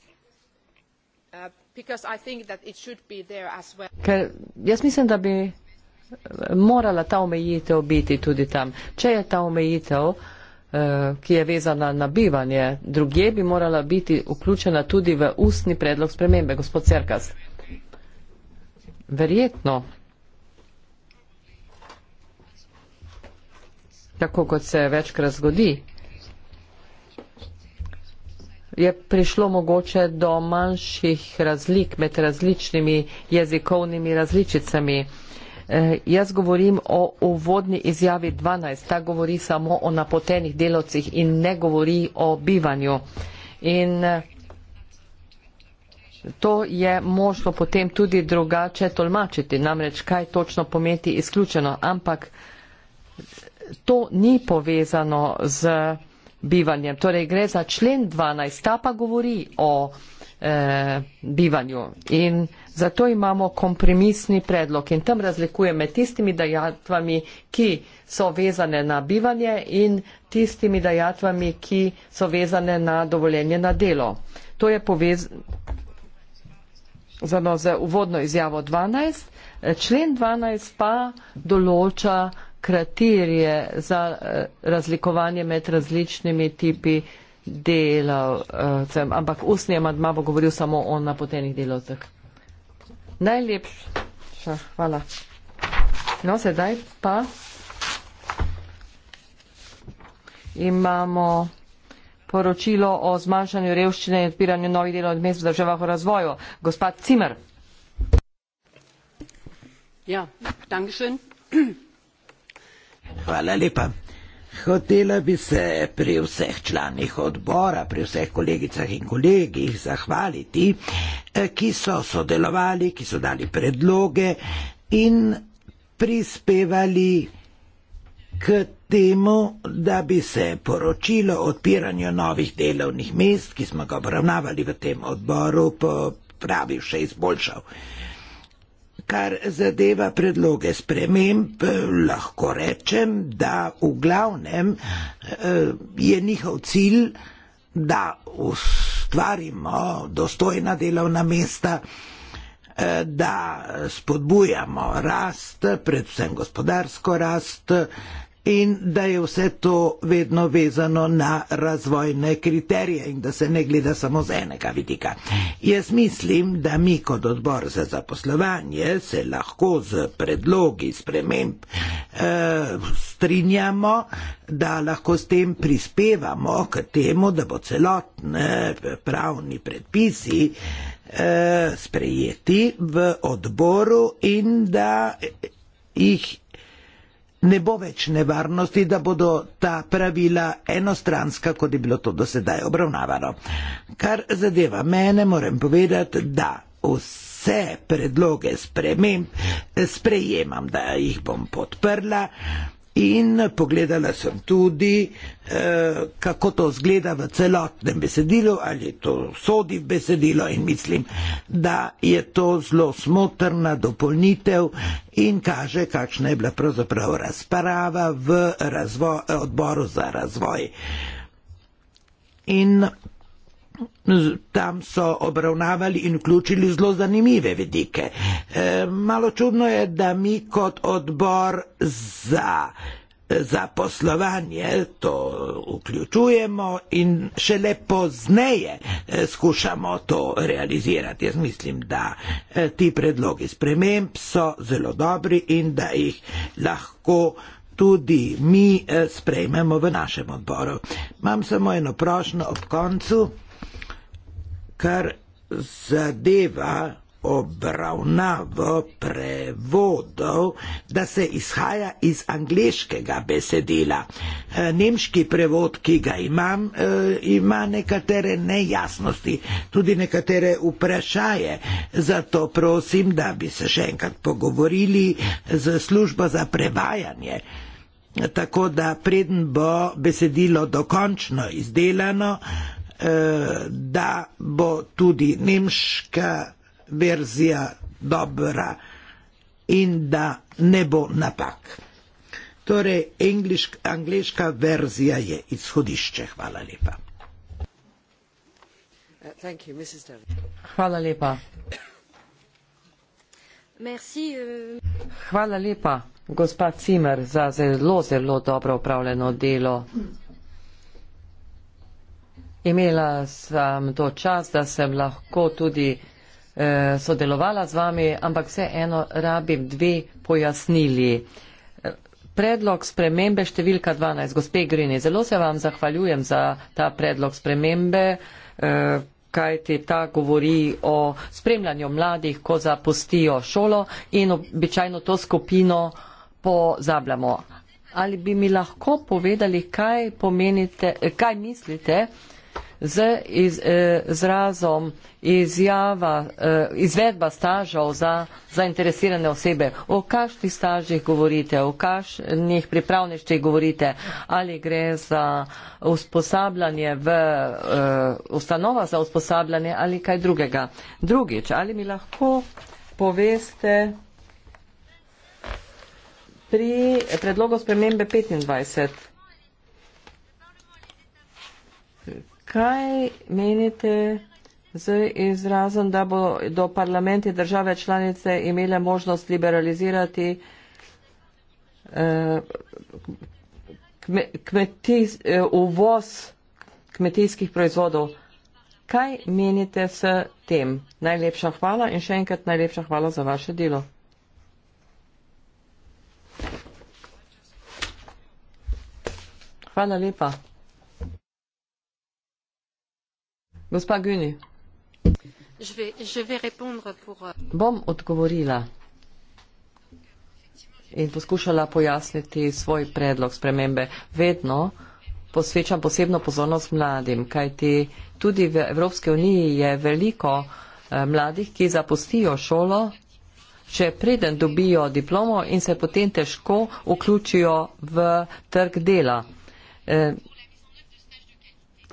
well. Ker jaz mislim, da bi eh, morala ta omejitev biti tudi tam. Če je ta omejitev uh, Eh, ki je vezana na bivanje. Drugje bi morala biti vključena tudi v ustni predlog spremembe, gospod Cerkas. Verjetno. Tako kot se večkrat zgodi. Je prišlo mogoče do manjših razlik med različnimi jezikovnimi različicami. Eh, jaz govorim o uvodni izjavi 12, ta govori samo o napotenih delovcih in ne govori o bivanju. In eh, to je možno potem tudi drugače tolmačiti, namreč kaj točno pometi izključeno, ampak to ni povezano z bivanjem. Torej gre za člen 12, ta pa govori o uh, eh, bivanju. In zato imamo kompromisni predlog in tam razlikuje med tistimi dejatvami, ki so vezane na bivanje in tistimi dejatvami, ki so vezane na dovoljenje na delo. To je povezano z uvodno izjavo 12. Eh, člen 12 pa določa kriterije za eh, razlikovanje med različnimi tipi eh, delavcem, ampak ustni amadma bo govoril samo o napotenih delavcev. Najlepša, hvala. No, sedaj pa imamo poročilo o zmanjšanju revščine in odpiranju novih delovnih mest v državah v razvoju. Gospod Cimer. Ja, dankeschön. Hvala lepa hotela bi se pri vseh članih odbora, pri vseh kolegicah in kolegih zahvaliti, eh, ki so sodelovali, ki so dali predloge in prispevali k temu, da bi se poročilo o odpiranju novih delovnih mest, ki smo ga obravnavali v tem odboru, popravil še izboljšal. Kar zadeva predloge sprememb, lahko rečem, da v glavnem eh, je njihov cilj, da ustvarimo dostojna delovna mesta, eh, da spodbujamo rast, predvsem gospodarsko rast, in da je vse to vedno vezano na razvojne kriterije in da se ne gleda samo z enega vidika. Jaz mislim, da mi kot odbor za zaposlovanje se lahko z predlogi sprememb eh, strinjamo, da lahko s tem prispevamo k temu, da bo celotne pravni predpisi eh, sprejeti v odboru in da jih ne bo več nevarnosti, da bodo ta pravila enostranska, kot je bilo to do sedaj obravnavano. Kar zadeva mene, moram povedati, da vse predloge sprejemam, da jih bom podprla, In pogledala sem tudi, eh, kako to zgleda v celotnem besedilu, ali to sodi v besedilo in mislim, da je to zelo smotrna dopolnitev in kaže, kakšna je bila pravzaprav razprava v razvoj, odboru za razvoj. In Tam so obravnavali in vključili zelo zanimive vedike. E, malo čudno je, da mi kot odbor za, za poslovanje to vključujemo in šele pozneje e, skušamo to realizirati. Jaz mislim, da e, ti predlogi sprememb so zelo dobri in da jih lahko tudi mi e, sprejmemo v našem odboru. Imam samo eno prošnjo ob koncu kar zadeva obravnavo prevodov, da se izhaja iz angliškega besedila. Eh, nemški prevod, ki ga imam, eh, ima nekatere nejasnosti, tudi nekatere vprašaje. Zato prosim, da bi se še enkrat pogovorili z službo za prevajanje. Tako da predn bo besedilo dokončno izdelano, da bo tudi nemška verzija dobra in da ne bo napak. Torej, englišk, angliška verzija je izhodišče. Hvala lepa. Uh, thank you, Mrs. Hvala lepa. Merci, uh... Hvala lepa, gospa Cimer, za zelo, zelo dobro upravljeno delo. Mm. Imela sem to čas, da sem lahko tudi eh, sodelovala z vami, ampak vseeno rabim dve pojasnili. Predlog spremembe številka 12. Gospe Grini, zelo se vam zahvaljujem za ta predlog spremembe, eh, kaj ti ta govori o spremljanju mladih, ko zapustijo šolo in običajno to skupino pozabljamo. Ali bi mi lahko povedali, kaj, pomenite, kaj mislite? z iz, eh, izrazom izjava, eh, izvedba stažov za zainteresirane osebe. O kakšnih stažih govorite, o kakšnih pripravništih govorite, ali gre za usposabljanje v eh, ustanova za usposabljanje ali kaj drugega. Drugič, ali mi lahko poveste pri predlogu spremembe 25. Kaj menite z izrazom, da bo do parlamenti države članice imele možnost liberalizirati eh, kmetiz, eh, uvoz kmetijskih proizvodov? Kaj menite s tem? Najlepša hvala in še enkrat najlepša hvala za vaše delo. Hvala lepa. gospa Güni. Euh, Bom odgovorila in poskušala pojasniti svoj predlog spremembe. Vedno posvečam posebno pozornost mladim, kajti tudi v Evropske uniji je veliko eh, mladih, ki zapustijo šolo, če preden dobijo diplomo in se potem težko vključijo v trg dela. Eh,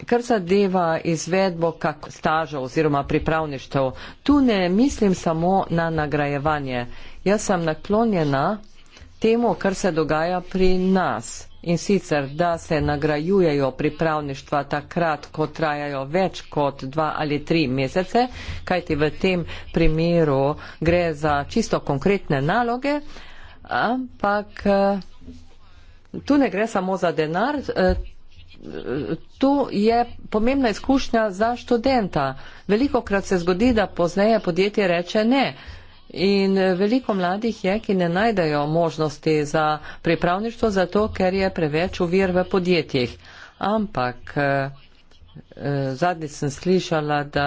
Kar zadeva izvedbo kak staža oziroma pripravništev, tu ne mislim samo na nagrajevanje. Jaz sem naklonjena temu, kar se dogaja pri nas. In sicer, da se nagrajujejo pripravništva takrat, ko trajajo več kot dva ali tri mesece, kajti v tem primeru gre za čisto konkretne naloge, ampak eh, tu ne gre samo za denar. Eh, to je pomembna izkušnja za študenta. Veliko krat se zgodi, da pozneje podjetje reče ne. In eh, veliko mladih je, ki ne najdejo možnosti za pripravništvo, zato ker je preveč uvir v podjetjih. Ampak eh, eh, zadnjič sem slišala, da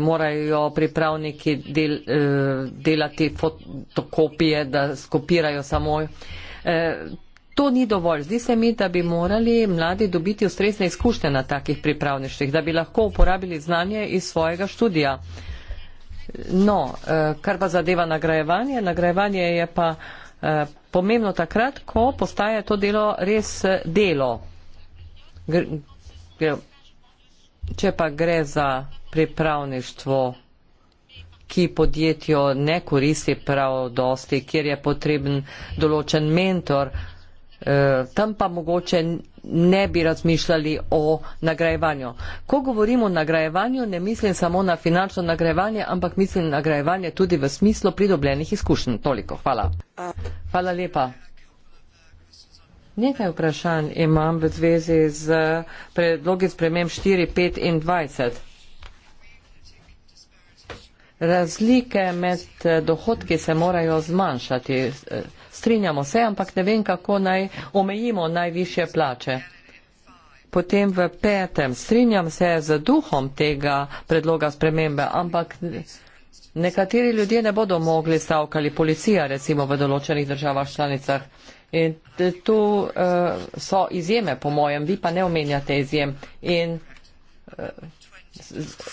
morajo pripravniki del, delati fotokopije, da skopirajo samo. To ni dovolj. Zdi se mi, da bi morali mladi dobiti ustrezne izkušnje na takih pripravništvih, da bi lahko uporabili znanje iz svojega študija. No, eh, kar pa zadeva nagrajevanje, nagrajevanje je pa eh, pomembno takrat, ko postaje to delo res eh, delo. Če pa gre za pripravništvo, ki podjetjo ne koristi prav dosti, kjer je potreben določen mentor, Eh, tam pa mogoče ne bi razmišljali o nagrajevanju. Ko govorimo o nagrajevanju, ne mislim samo na finančno nagrajevanje, ampak mislim na nagrajevanje tudi v smislu pridobljenih izkušenj. Toliko. Hvala. Hvala lepa. Nekaj vprašanj imam v zvezi z predlogi sprememb 4, 5 in 20. Razlike med dohodki se morajo zmanjšati. Strinjamo se, ampak ne vem, kako naj omejimo najviše plače. Potem v petem, strinjam se z duhom tega predloga spremembe, ampak nekateri ljudje ne bodo mogli stavkali, policija recimo v določenih državah članicah. In tu uh, eh, so izjeme, po mojem, vi pa ne omenjate izjem. In, uh,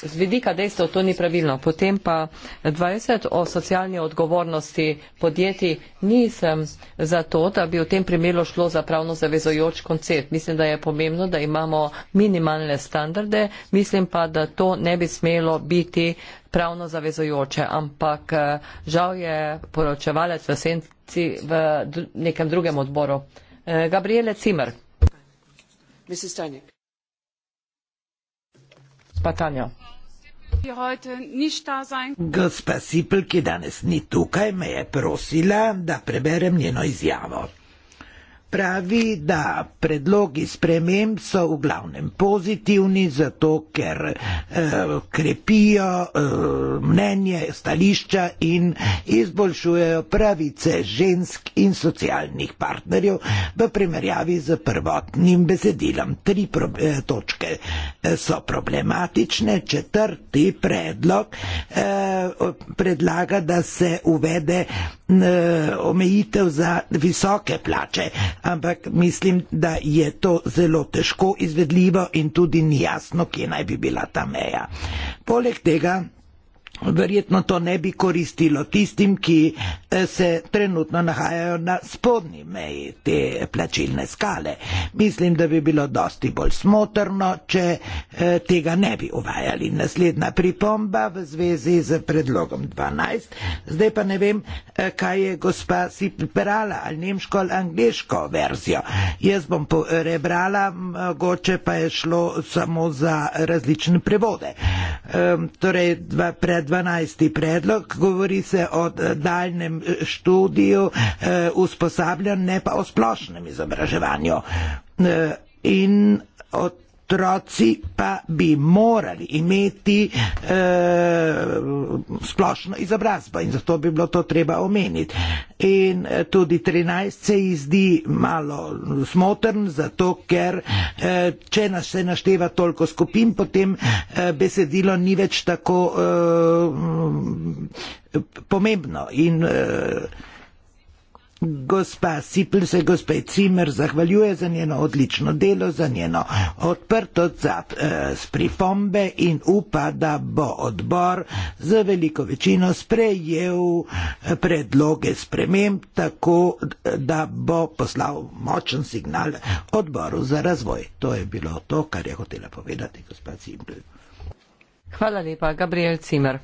z vidika dejstva to ni pravilno. Potem pa 20 o socialni odgovornosti podjetij nisem za to, da bi v tem primeru šlo za pravno zavezojoč koncept. Mislim, da je pomembno, da imamo minimalne standarde, mislim pa, da to ne bi smelo biti pravno zavezojoče, ampak eh, žal je poročevalec v senci v nekem drugem odboru. Eh, Gabriele Cimer. Patanja. Gospa Sipl, ki danes ni tukaj, me je prosila, da preberem njeno izjavo pravi, da predlogi sprememb so v glavnem pozitivni, zato ker eh, krepijo eh, mnenje, stališča in izboljšujejo pravice žensk in socialnih partnerjev v primerjavi z prvotnim besedilom. Tri pro, eh, točke eh, so problematične, četrti predlog eh, predlaga, da se uvede omejitev za visoke plače, ampak mislim, da je to zelo težko izvedljivo in tudi ni jasno, kje naj bi bila ta meja. Poleg tega verjetno to ne bi koristilo tistim, ki eh, se trenutno nahajajo na spodnji meji te plačilne skale. Mislim, da bi bilo dosti bolj smotrno, če eh, tega ne bi uvajali. Naslednja pripomba v zvezi z predlogom 12. Zdaj pa ne vem, eh, kaj je gospa si prebrala, ali nemško ali angliško verzijo. Jaz bom prebrala, mogoče pa je šlo samo za različne prevode. Ehm, torej, 12. predlog, govori se o eh, daljnem eh, študiju, eh, usposabljanju, ne pa o splošnem izobraževanju. In od otroci pa bi morali imeti e, splošno izobrazbo in zato bi bilo to treba omeniti. In eh, tudi 13 se ji zdi malo smotrn, zato ker e, če nas se našteva toliko skupin, potem e, besedilo ni več tako e, pomembno. In, e, Gospa Sipl se gospe Cimer zahvaljuje za njeno odlično delo, za njeno odprtost za eh, pripombe in upa, da bo odbor z veliko večino sprejel eh, predloge sprememb, tako eh, da bo poslal močen signal odboru za razvoj. To je bilo to, kar je hotela povedati gospa Sipl. Hvala lepa, Gabriel Cimer.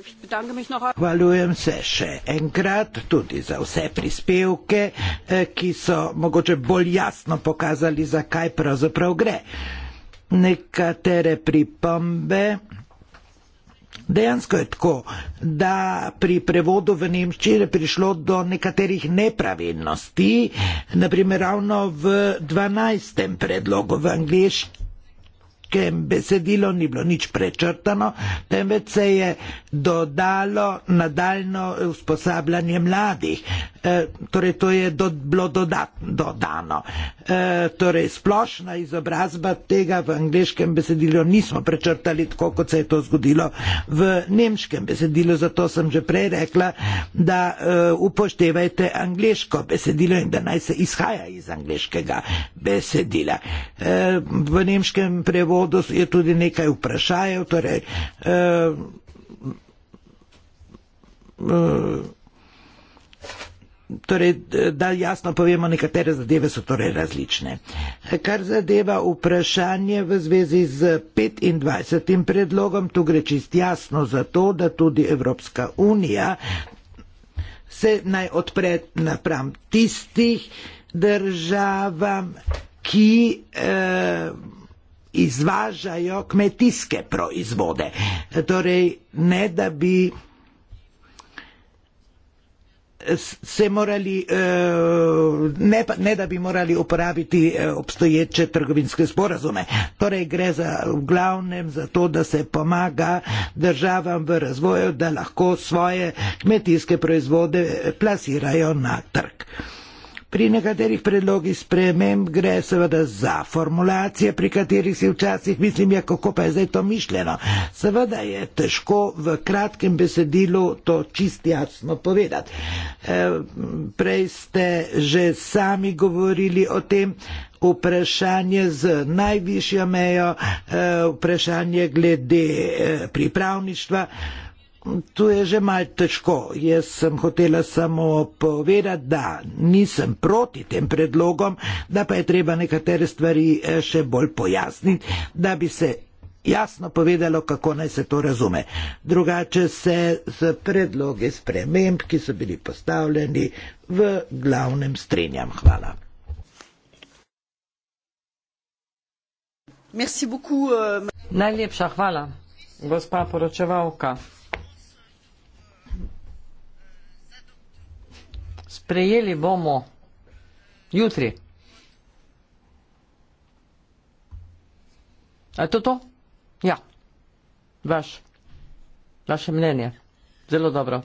Ich bedanke mich noch Hvaljujem se še enkrat tudi za vse prispevke, eh, ki so mogoče bolj jasno pokazali, zakaj pravzaprav gre. Nekatere pripombe. Dejansko je tako, da pri prevodu v Nemčiji je prišlo do nekaterih nepravilnosti, naprimer ravno v 12. predlogu v angliščini kem besedilo ni bilo nič prečrtano, temveč se je dodalo nadaljno usposabljanje mladih. E, torej, to je do, bilo dodat, dodano. E, torej, splošna izobrazba tega v angliškem besedilu nismo prečrtali tako, kot se je to zgodilo v nemškem besedilu. Zato sem že prej rekla, da e, upoštevajte angliško besedilo in da naj se izhaja iz angliškega besedila. E, v nemškem prevodu da je tudi nekaj vprašajev, torej eh, eh, Torej, da jasno povemo, nekatere zadeve so torej različne. Kar zadeva vprašanje v zvezi z 25. predlogom, tu gre čist jasno za to, da tudi Evropska unija se naj odpre napram tistih državam, ki. Eh, izvažajo kmetijske proizvode. Torej, ne da bi se morali, eh, ne, pa, ne da bi morali uporabiti eh, obstoječe trgovinske sporazume. Torej gre za, v glavnem za to, da se pomaga državam v razvoju, da lahko svoje kmetijske proizvode plasirajo na trg. Pri nekaterih predlogih sprememb gre seveda za formulacije, pri katerih si včasih mislim, ja, kako pa je zdaj to mišljeno. Seveda je težko v kratkem besedilu to čist jasno povedati. E, prej ste že sami govorili o tem. Vprašanje z najvišjo mejo, e, vprašanje glede e, pripravništva. To je že malce težko. Jaz sem hotela samo povedati, da nisem proti tem predlogom, da pa je treba nekatere stvari eh, še bolj pojasniti, da bi se jasno povedalo, kako naj se to razume. Drugače se z predlogi sprememb, ki so bili postavljeni, v glavnem strinjam. Hvala. Beaucoup, uh... Najlepša hvala, gospa poročevalka. sprejeli bomo jutri. A je to to? Ja. Vaš. Vaše mnenje. Zelo dobro.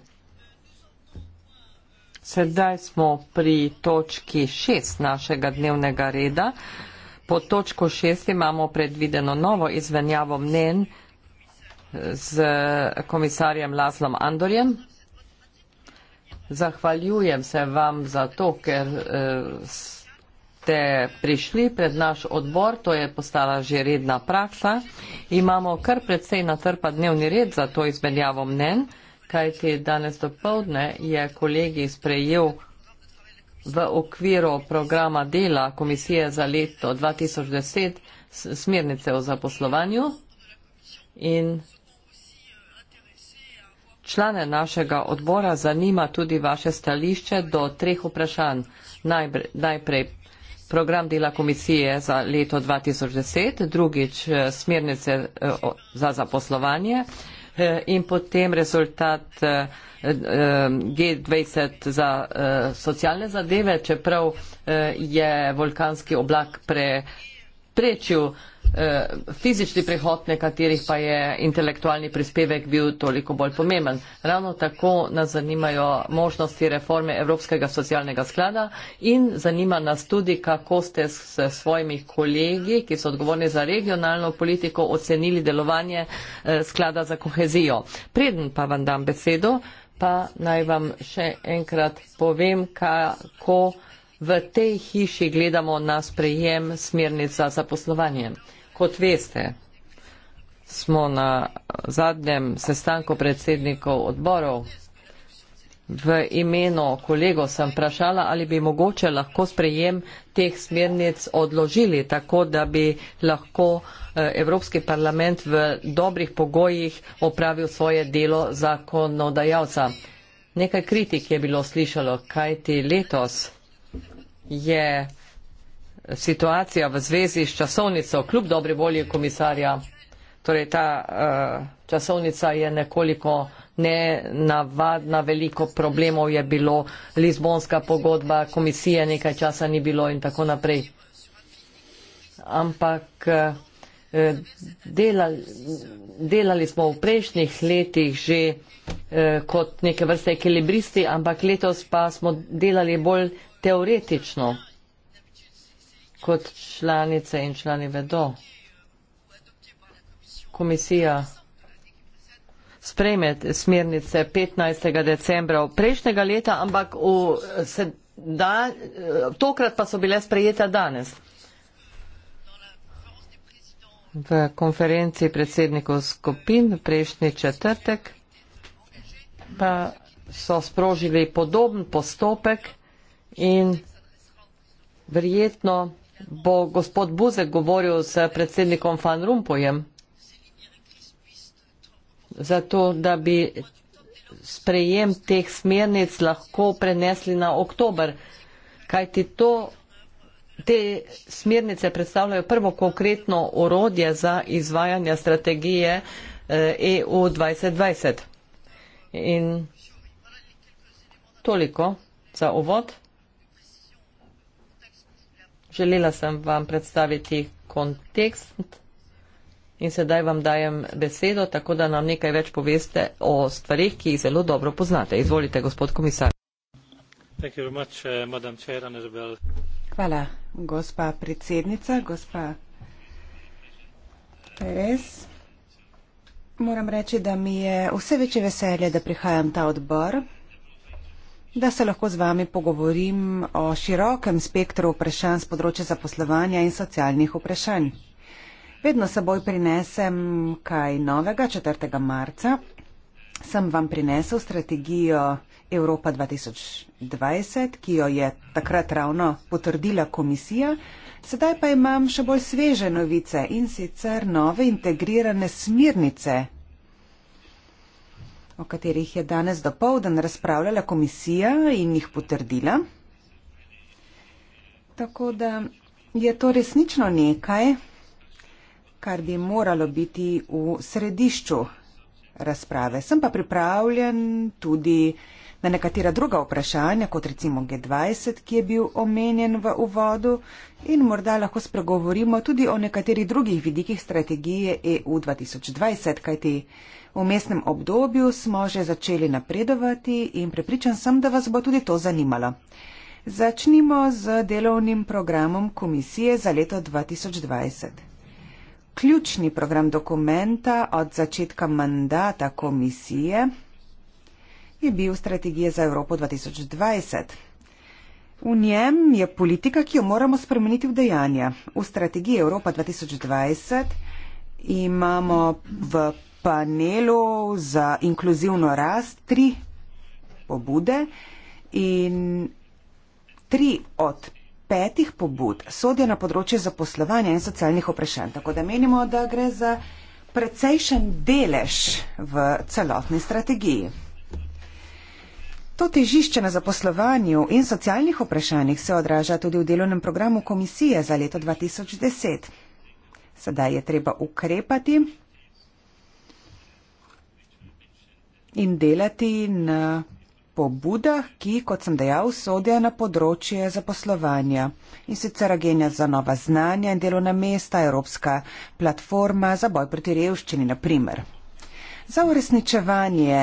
Sedaj smo pri točki šest našega dnevnega reda. Po točko šest imamo predvideno novo izvenjavo mnen z komisarjem Lazlom Andorjem. Zahvaljujem se vam za to, ker eh, ste prišli pred naš odbor, to je postala že redna praksa. Imamo kar predvsej natrpa dnevni red za to izmenjavo mnen, kajti danes do povdne je kolegi sprejel v okviru programa dela Komisije za leto 2010 smernice o zaposlovanju in Člane našega odbora zanima tudi vaše stališče do treh vprašanj. Najprej program dela komisije za leto 2010, drugič eh, smernice eh, za zaposlovanje eh, in potem rezultat G20 za socialne zadeve, čeprav je vulkanski oblak pre, prečil Eh, fizični prehod nekaterih pa je intelektualni prispevek bil toliko bolj pomemben. Ravno tako nas zanimajo možnosti reforme Evropskega socialnega sklada in zanima nas tudi, kako ste s svojimi kolegi, ki so odgovorni za regionalno politiko, ocenili delovanje eh, sklada za kohezijo. Preden pa vam dam besedo, pa naj vam še enkrat povem, kako. V tej hiši gledamo na sprejem smernica za poslovanje. Kot veste, smo na zadnjem sestanku predsednikov odborov. V imenu kolego sem vprašala, ali bi mogoče lahko sprejem teh smernic odložili, tako da bi lahko eh, Evropski parlament v dobrih pogojih opravil svoje delo zakonodajalca. Nekaj kritik je bilo slišalo, kajti letos je situacija v zvezi s časovnico, kljub dobri volji komisarja, torej ta uh, časovnica je nekoliko nenavadna, veliko problemov je bilo, Lizbonska pogodba, komisije nekaj časa ni bilo in tako naprej. Ampak uh, eh, delali, delali smo v prejšnjih letih že uh, kot neke vrste ekilibristi, ampak letos pa smo delali bolj teoretično kot članice in člani vedo. Komisija sprejme smernice 15. decembra prejšnjega leta, ampak v sedaj, tokrat pa so bile sprejete danes. V konferenci predsednikov skupin prejšnji četrtek pa so sprožili podoben postopek in verjetno bo gospod Buzek govoril s predsednikom Van Rumpojem, zato da bi sprejem teh smernic lahko prenesli na oktober, kajti to, te smernice predstavljajo prvo konkretno orodje za izvajanje strategije EU eh, e 2020. In toliko za uvod. Želela sem vam predstaviti kontekst in sedaj vam dajem besedo, tako da nam nekaj več poveste o stvarih, ki jih zelo dobro poznate. Izvolite, gospod komisar. Uh, Hvala, gospa predsednica, gospa Perez. Moram reči, da mi je vse večje veselje, da prihajam ta odbor, da se lahko z vami pogovorim o širokem spektru vprašanj z področja zaposlovanja in socialnih vprašanj. Vedno seboj prinesem kaj novega, 4. marca sem vam prinesel strategijo Evropa 2020, ki jo je takrat ravno potrdila komisija, sedaj pa imam še bolj sveže novice in sicer nove integrirane smirnice o katerih je danes do povdan razpravljala komisija in jih potrdila. Tako da je to resnično nekaj, kar bi moralo biti v središču razprave. Sem pa pripravljen tudi na nekatera druga vprašanja, kot recimo G20, ki je bil omenjen v uvodu in morda lahko spregovorimo tudi o nekaterih drugih vidikih strategije EU 2020, kajti V mestnem obdobju smo že začeli napredovati in prepričan sem, da vas bo tudi to zanimalo. Začnimo z delovnim programom komisije za leto 2020. Ključni program dokumenta od začetka mandata komisije je bil strategija za Evropo 2020. V njem je politika, ki jo moramo spremeniti v dejanja. V strategiji Evropa 2020 imamo v panelu za inkluzivno rast tri pobude in tri od petih pobud sodijo na področje zaposlovanja in socialnih vprašanj. Tako da menimo, da gre za precejšen delež v celotni strategiji. To težišče na zaposlovanju in socialnih vprašanjih se odraža tudi v delovnem programu komisije za leto 2010. Sedaj je treba ukrepati in delati na pobudah, ki, kot sem dejal, sodijo na področje zaposlovanja. In sicer Agenja za nova znanja in delovna mesta, Evropska platforma za boj proti revščini, na primer. Za uresničevanje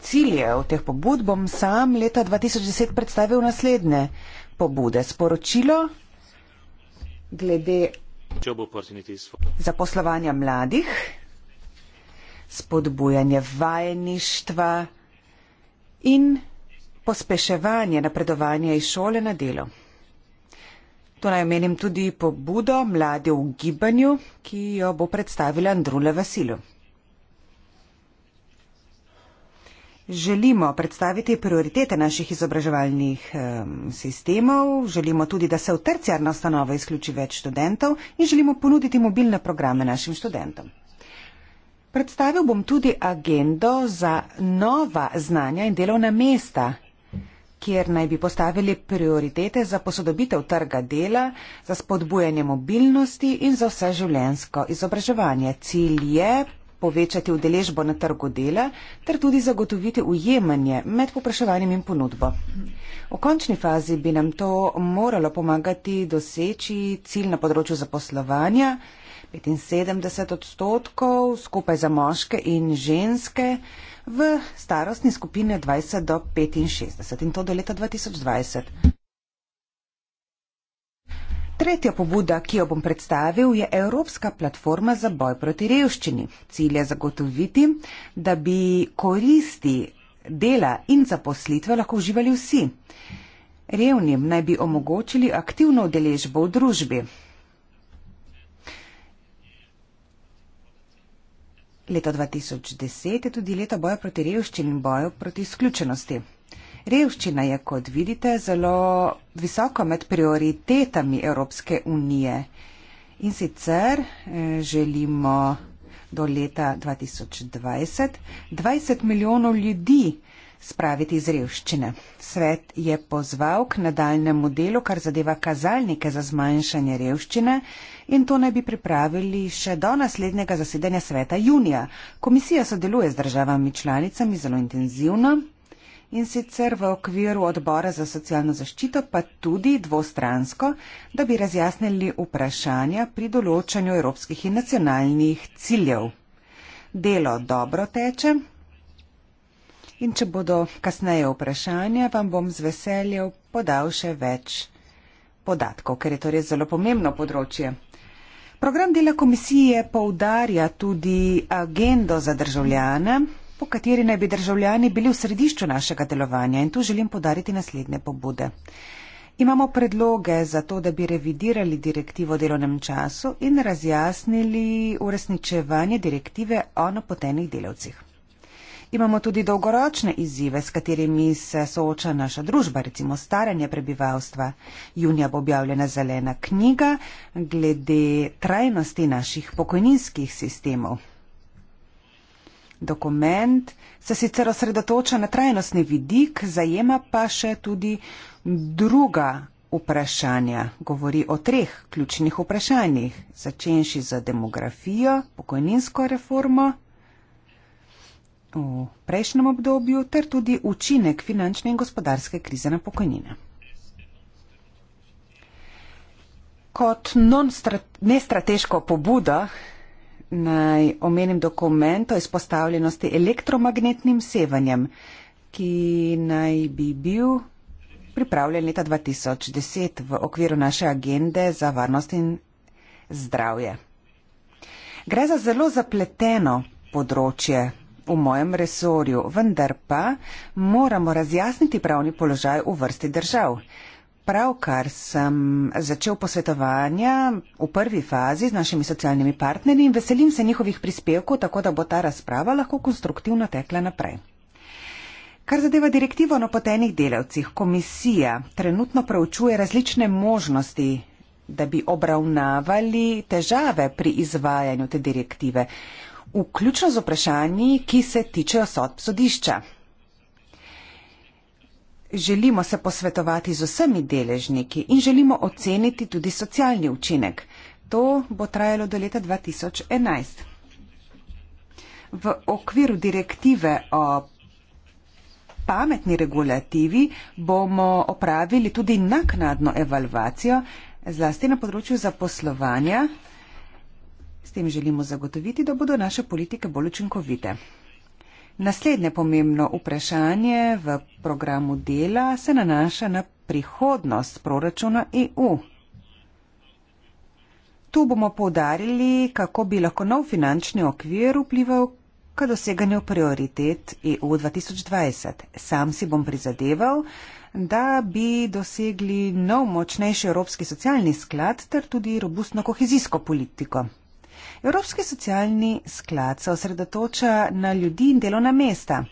ciljev teh pobud bom sam leta 2010 predstavil naslednje pobude. Sporočilo glede zaposlovanja mladih spodbujanje vajeništva in pospeševanje napredovanja iz šole na delo. To naj omenim tudi pobudo mlade v gibanju, ki jo bo predstavila Andrula Vasilu. Želimo predstaviti prioritete naših izobraževalnih eh, sistemov, želimo tudi, da se v terciarno stanovo izključi več študentov in želimo ponuditi mobilne programe našim študentom. Predstavil bom tudi agendo za nova znanja in delovna mesta, kjer naj bi postavili prioritete za posodobitev trga dela, za spodbujanje mobilnosti in za vse življensko izobraževanje. Cilj je povečati udeležbo na trgu dela ter tudi zagotoviti ujemanje med popraševanjem in ponudbo. V končni fazi bi nam to moralo pomagati doseči cilj na področju zaposlovanja, 75 odstotkov skupaj za moške in ženske v starostni skupine 20 do 65 in to do leta 2020. Tretja pobuda, ki jo bom predstavil, je Evropska platforma za boj proti revščini. Cilj je zagotoviti, da bi koristi dela in zaposlitve lahko uživali vsi. Revnim naj bi omogočili aktivno udeležbo v družbi. Leto 2010 je tudi leto boja proti revščini in boju proti izključenosti. Revščina je, kot vidite, zelo visoko med prioritetami Evropske unije. In sicer eh, želimo do leta 2020 20 milijonov ljudi spraviti iz revščine. Svet je pozval k nadaljnemu delu, kar zadeva kazalnike za zmanjšanje revščine in to naj bi pripravili še do naslednjega zasedanja sveta junija. Komisija sodeluje z državami članicami zelo intenzivno in sicer v okviru odbora za socialno zaščito, pa tudi dvostransko, da bi razjasnili vprašanja pri določanju evropskih in nacionalnih ciljev. Delo dobro teče in če bodo kasneje vprašanja, vam bom z veseljem podal še več podatkov, ker je to res zelo pomembno področje. Program dela komisije poudarja tudi agendo za državljane, po kateri naj bi državljani bili v središču našega delovanja in tu želim podariti naslednje pobude. Imamo predloge za to, da bi revidirali direktivo o delovnem času in razjasnili uresničevanje direktive o napotenih delavcih. Imamo tudi dolgoročne izzive, s katerimi se sooča naša družba, recimo staranje prebivalstva. Junija bo objavljena zelena knjiga glede trajnosti naših pokojninskih sistemov. Dokument se sicer osredotoča na trajnostni vidik, zajema pa še tudi druga vprašanja. Govori o treh ključnih vprašanjih, začenši z demografijo, pokojninsko reformo v prejšnjem obdobju ter tudi učinek finančne in gospodarske krize na pokojnine. Kot nestrateško pobudo naj omenim dokument o izpostavljenosti elektromagnetnim sevanjem, ki naj bi bil pripravljen leta 2010 v okviru naše agende za varnost in zdravje. Gre za zelo zapleteno področje v mojem resorju, vendar pa moramo razjasniti pravni položaj v vrsti držav. Pravkar sem začel posvetovanja v prvi fazi z našimi socialnimi partnerji in veselim se njihovih prispevkov, tako da bo ta razprava lahko konstruktivno tekla naprej. Kar zadeva direktivo o napotenih delavcih, komisija trenutno preučuje različne možnosti, da bi obravnavali težave pri izvajanju te direktive vključno z vprašanji, ki se tičejo sodb sodišča. Želimo se posvetovati z vsemi deležniki in želimo oceniti tudi socialni učinek. To bo trajalo do leta 2011. V okviru direktive o pametni regulativi bomo opravili tudi naknadno evalvacijo, zlasti na področju zaposlovanja. S tem želimo zagotoviti, da bodo naše politike bolj učinkovite. Naslednje pomembno vprašanje v programu dela se nanaša na prihodnost proračuna EU. Tu bomo povdarili, kako bi lahko nov finančni okvir vplival k doseganju prioritet EU 2020. Sam si bom prizadeval, da bi dosegli nov močnejši Evropski socialni sklad ter tudi robustno kohezijsko politiko. Evropski socialni sklad se osredotoča na ljudi in delovna mesta.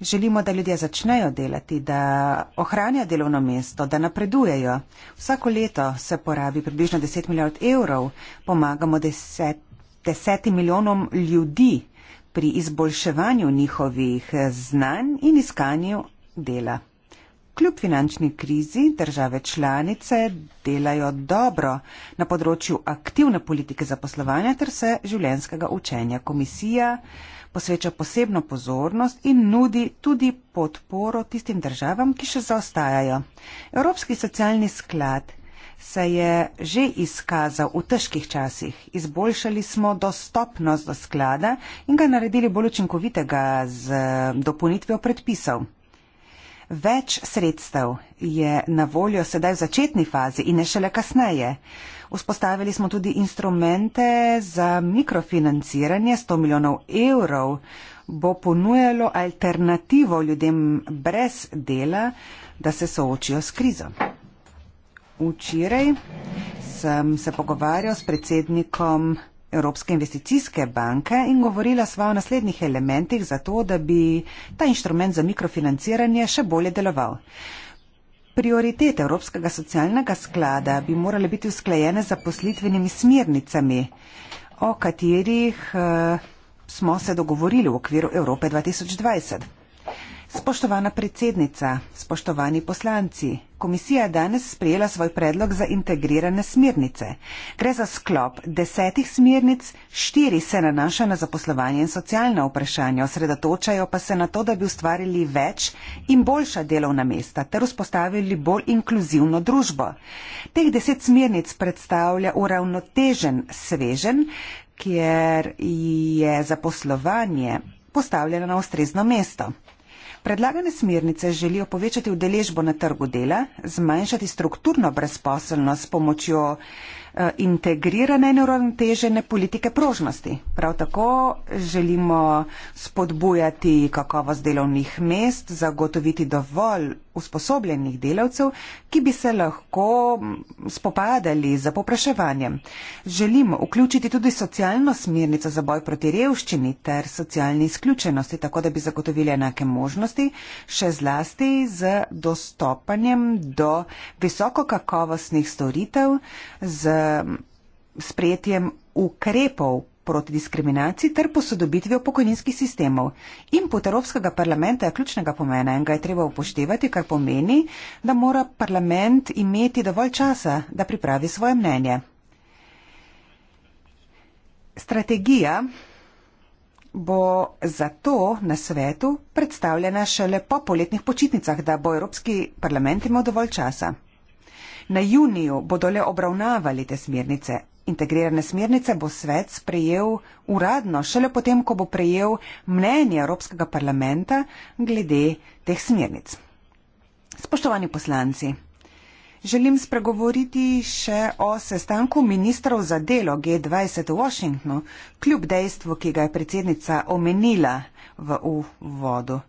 Želimo, da ljudje začnejo delati, da ohranjajo delovno mesto, da napredujejo. Vsako leto se porabi približno 10 milijard evrov, pomagamo 10, 10 milijonom ljudi pri izboljševanju njihovih znanj in iskanju dela. Kljub finančni krizi države članice delajo dobro na področju aktivne politike zaposlovanja ter se življenskega učenja. Komisija posveča posebno pozornost in nudi tudi podporo tistim državam, ki še zaostajajo. Evropski socialni sklad se je že izkazal v težkih časih. Izboljšali smo dostopnost do sklada in ga naredili bolj učinkovitega z dopunitvijo predpisov. Več sredstev je na voljo sedaj v začetni fazi in ne šele kasneje. Vzpostavili smo tudi instrumente za mikrofinanciranje 100 milijonov evrov bo ponujalo alternativo ljudem brez dela, da se soočijo s krizo. Včeraj sem se pogovarjal s predsednikom Evropske investicijske banke in govorila sva o naslednjih elementih za to, da bi ta inštrument za mikrofinanciranje še bolje deloval. Prioritete Evropskega socialnega sklada bi morale biti usklajene z zaposlitvenimi smernicami, o katerih eh, smo se dogovorili v okviru Evrope 2020. Spoštovana predsednica, spoštovani poslanci, komisija je danes sprejela svoj predlog za integrirane smernice. Gre za sklop desetih smernic, štiri se nanaša na zaposlovanje in socialna vprašanja, osredotočajo pa se na to, da bi ustvarili več in boljša delovna mesta ter vzpostavili bolj inkluzivno družbo. Teh deset smernic predstavlja uravnotežen svežen, kjer je zaposlovanje postavljeno na ustrezno mesto. Predlagane smernice želijo povečati udeležbo na trgu dela, zmanjšati strukturno brezposelnost s pomočjo Eh, integrirane in uravnotežene politike prožnosti. Prav tako želimo spodbujati kakovost delovnih mest, zagotoviti dovolj usposobljenih delavcev, ki bi se lahko spopadali za popraševanjem. Želimo vključiti tudi socialno smernico za boj proti revščini ter socialni izključenosti, tako da bi zagotovili enake možnosti, še zlasti z dostopanjem do visokokakovostnih storitev z sprejetjem ukrepov proti diskriminaciji ter posodobitvijo pokojninskih sistemov. Input Evropskega parlamenta je ključnega pomena in ga je treba upoštevati, kar pomeni, da mora parlament imeti dovolj časa, da pripravi svoje mnenje. Strategija bo zato na svetu predstavljena šele po poletnih počitnicah, da bo Evropski parlament imel dovolj časa. Na juniju bodo le obravnavali te smernice. Integrirane smernice bo svet sprejel uradno šele potem, ko bo prejel mnenje Evropskega parlamenta glede teh smernic. Spoštovani poslanci, želim spregovoriti še o sestanku ministrov za delo G20 v Washingtonu, kljub dejstvu, ki ga je predsednica omenila v uvodu.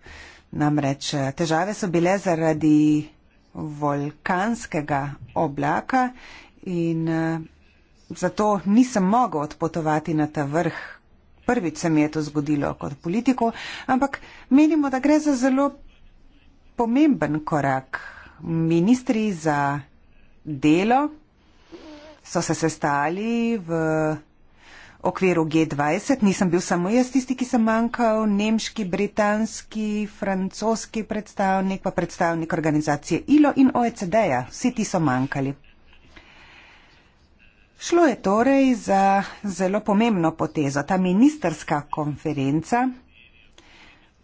Namreč težave so bile zaradi vulkanskega oblaka in eh, zato nisem mogel odpotovati na ta vrh. Prvič se mi je to zgodilo kot politiko, ampak menimo, da gre za zelo pomemben korak. Ministri za delo so se sestali v okviru G20, nisem bil samo jaz tisti, ki sem manjkal, nemški, britanski, francoski predstavnik, pa predstavnik organizacije ILO in OECD-ja, vsi ti so manjkali. Šlo je torej za zelo pomembno potezo, ta ministerska konferenca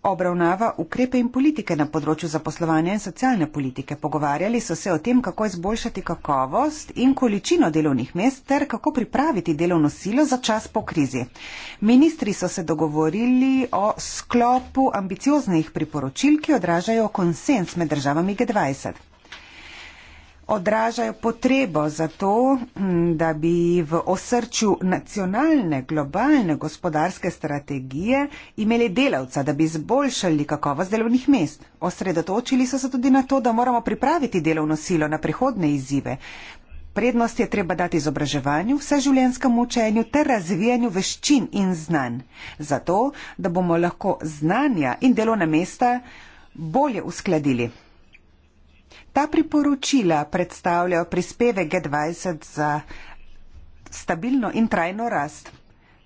obravnava ukrepe in politike na področju zaposlovanja in socialne politike. Pogovarjali so se o tem, kako izboljšati kakovost in količino delovnih mest ter kako pripraviti delovno silo za čas po krizi. Ministri so se dogovorili o sklopu ambicioznih priporočil, ki odražajo konsens med državami G20 odražajo potrebo za to, da bi v osrčju nacionalne globalne gospodarske strategije imeli delavca, da bi zboljšali kakovost delovnih mest. Osredotočili so se tudi na to, da moramo pripraviti delovno silo na prihodne izzive. Prednost je treba dati izobraževanju, vseživljenjskemu učenju ter razvijanju veščin in znanj, zato da bomo lahko znanja in delovna mesta bolje uskladili. Ta priporočila predstavljajo prispeve G20 za stabilno in trajno rast.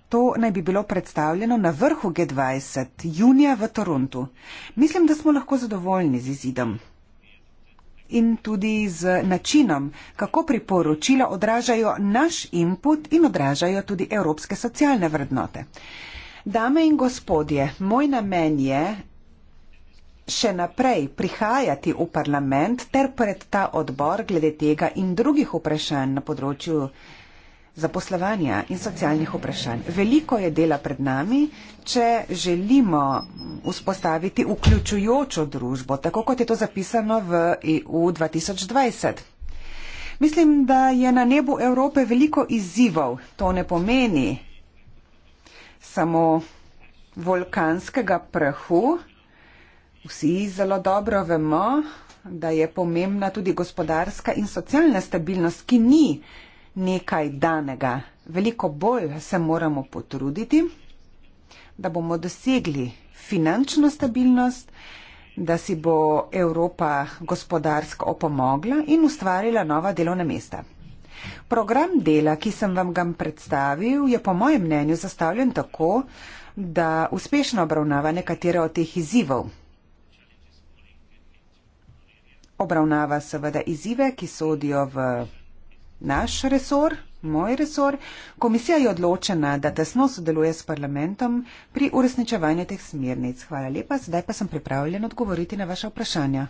To naj bi bilo predstavljeno na vrhu G20 junija v Torontu. Mislim, da smo lahko zadovoljni z izidom in tudi z načinom, kako priporočila odražajo naš input in odražajo tudi evropske socialne vrednote. Dame in gospodje, moj namen je, še naprej prihajati v parlament ter pred ta odbor glede tega in drugih vprašanj na področju zaposlovanja in socialnih vprašanj. Veliko je dela pred nami, če želimo vzpostaviti vključujočo družbo, tako kot je to zapisano v EU 2020. Mislim, da je na nebu Evrope veliko izzivov. To ne pomeni samo vulkanskega prahu, Vsi zelo dobro vemo, da je pomembna tudi gospodarska in socialna stabilnost, ki ni nekaj danega. Veliko bolj se moramo potruditi, da bomo dosegli finančno stabilnost, da si bo Evropa gospodarsko opomogla in ustvarila nova delovna mesta. Program dela, ki sem vam ga predstavil, je po mojem mnenju zastavljen tako, da uspešno obravnava nekatere od teh izzivov obravnava seveda izzive, ki sodijo v naš resor, moj resor. Komisija je odločena, da tesno sodeluje s parlamentom pri uresničevanju teh smernic. Hvala lepa, zdaj pa sem pripravljen odgovoriti na vaše vprašanja.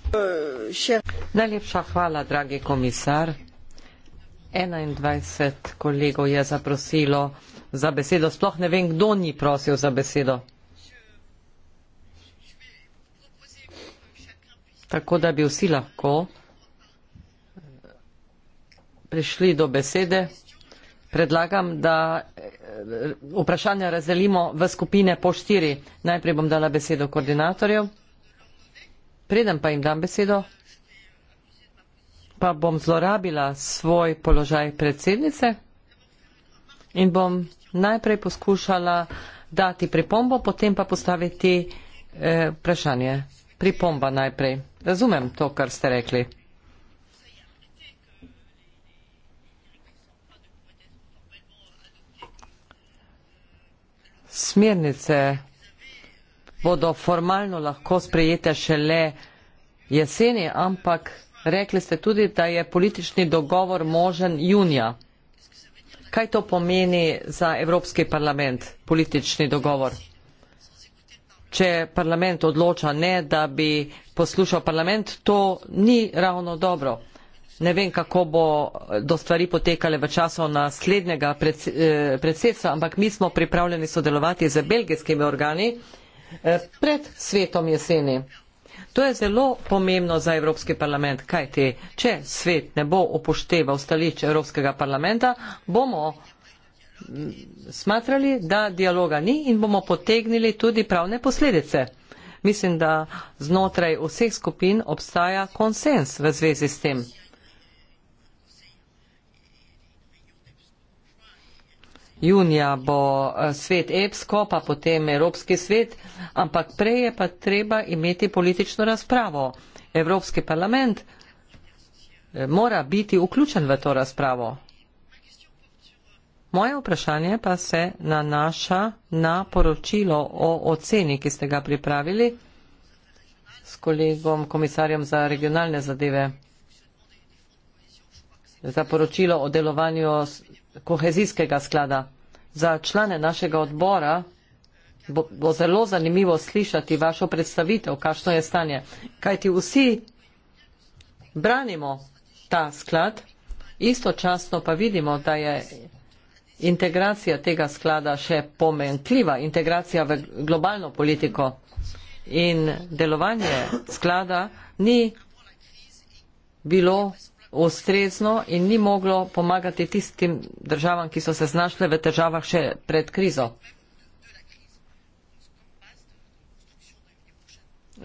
Najlepša hvala, dragi komisar. 21 kolegov je zaprosilo za besedo. Sploh ne vem, kdo ni prosil za besedo. tako da bi vsi lahko eh, prišli do besede. Predlagam, da eh, vprašanja razdelimo v skupine po štiri. Najprej bom dala besedo koordinatorju, preden pa jim dam besedo, pa bom zlorabila svoj položaj predsednice in bom najprej poskušala dati pripombo, potem pa postaviti eh, vprašanje. Pripomba najprej. Razumem to, kar ste rekli. Smernice bodo formalno lahko sprejete šele jeseni, ampak rekli ste tudi, da je politični dogovor možen junija. Kaj to pomeni za Evropski parlament, politični dogovor? če parlament odloča ne, da bi poslušal parlament, to ni ravno dobro. Ne vem, kako bo do stvari potekale v času naslednjega eh, predsedstva, ampak mi smo pripravljeni sodelovati z belgijskimi organi eh, pred svetom jeseni. To je zelo pomembno za Evropski parlament, kajti če svet ne bo upošteval stališče Evropskega parlamenta, bomo smatrali, da dialoga ni in bomo potegnili tudi pravne posledice. Mislim, da znotraj vseh skupin obstaja konsens v zvezi s tem. Junija bo eh, svet EPSKO, pa potem Evropski svet, ampak prej je pa treba imeti politično razpravo. Evropski parlament eh, mora biti vključen v to razpravo. Moje vprašanje pa se nanaša na poročilo o oceni, ki ste ga pripravili s kolegom komisarjem za regionalne zadeve za poročilo o delovanju kohezijskega sklada. Za člane našega odbora bo, bo zelo zanimivo slišati vašo predstavitev, kakšno je stanje. Kajti vsi branimo ta sklad, istočasno pa vidimo, da je integracija tega sklada še pomenkljiva, integracija v globalno politiko in delovanje sklada ni bilo ustrezno in ni moglo pomagati tistim državam, ki so se znašle v težavah še pred krizo.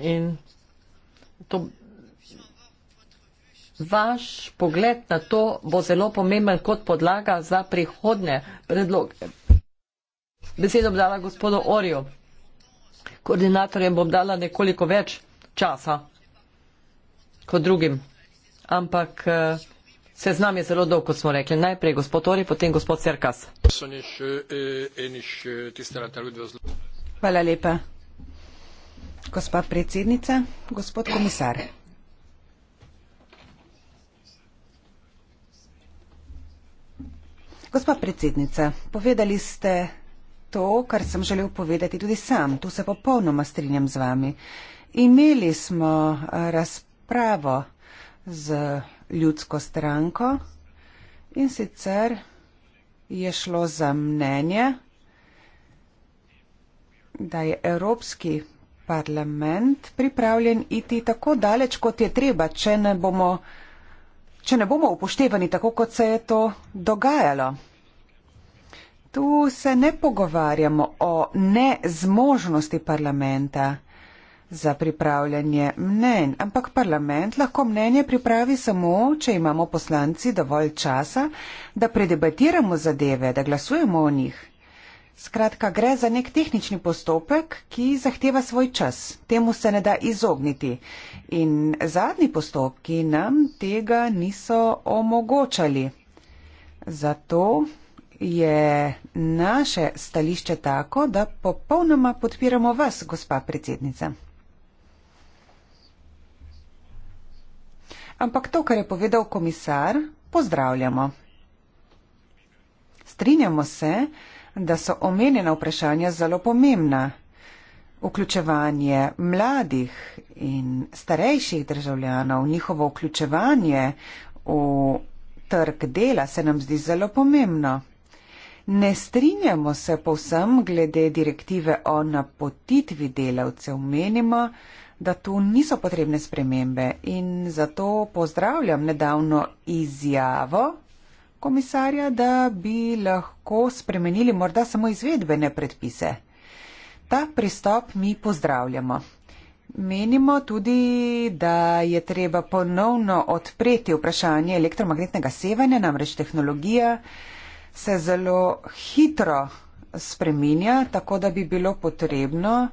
In to vaš pogled na to bo zelo pomemben kot podlaga za prihodne predloge. Besedo bom dala gospodu Orju. Koordinatorjem bom dala nekoliko več časa kot drugim. Ampak eh, se z nami je zelo dolgo, kot smo rekli. Najprej gospod Ori, potem gospod Serkas. Hvala lepa. Gospa predsednica, gospod komisar. Gospa predsednica, povedali ste to, kar sem želel povedati tudi sam. Tu se popolnoma strinjam z vami. Imeli smo eh, razpravo z ljudsko stranko in sicer je šlo za mnenje, da je Evropski parlament pripravljen iti tako daleč, kot je treba, če ne bomo če ne bomo upoštevani tako, kot se je to dogajalo. Tu se ne pogovarjamo o nezmožnosti parlamenta za pripravljanje mnen, ampak parlament lahko mnenje pripravi samo, če imamo poslanci dovolj časa, da predebatiramo zadeve, da glasujemo o njih. Skratka, gre za nek tehnični postopek, ki zahteva svoj čas. Temu se ne da izogniti. In zadnji postopki nam tega niso omogočali. Zato je naše stališče tako, da popolnoma podpiramo vas, gospa predsednica. Ampak to, kar je povedal komisar, pozdravljamo. Strinjamo se, da da so omenjena vprašanja zelo pomembna. Vključevanje mladih in starejših državljanov, njihovo vključevanje v trg dela se nam zdi zelo pomembno. Ne strinjamo se povsem glede direktive o napotitvi delavcev. Menimo, da tu niso potrebne spremembe in zato pozdravljam nedavno izjavo komisarja, da bi lahko spremenili morda samo izvedbene predpise. Ta pristop mi pozdravljamo. Menimo tudi, da je treba ponovno odpreti vprašanje elektromagnetnega sevanja, namreč tehnologija se zelo hitro spreminja, tako da bi bilo potrebno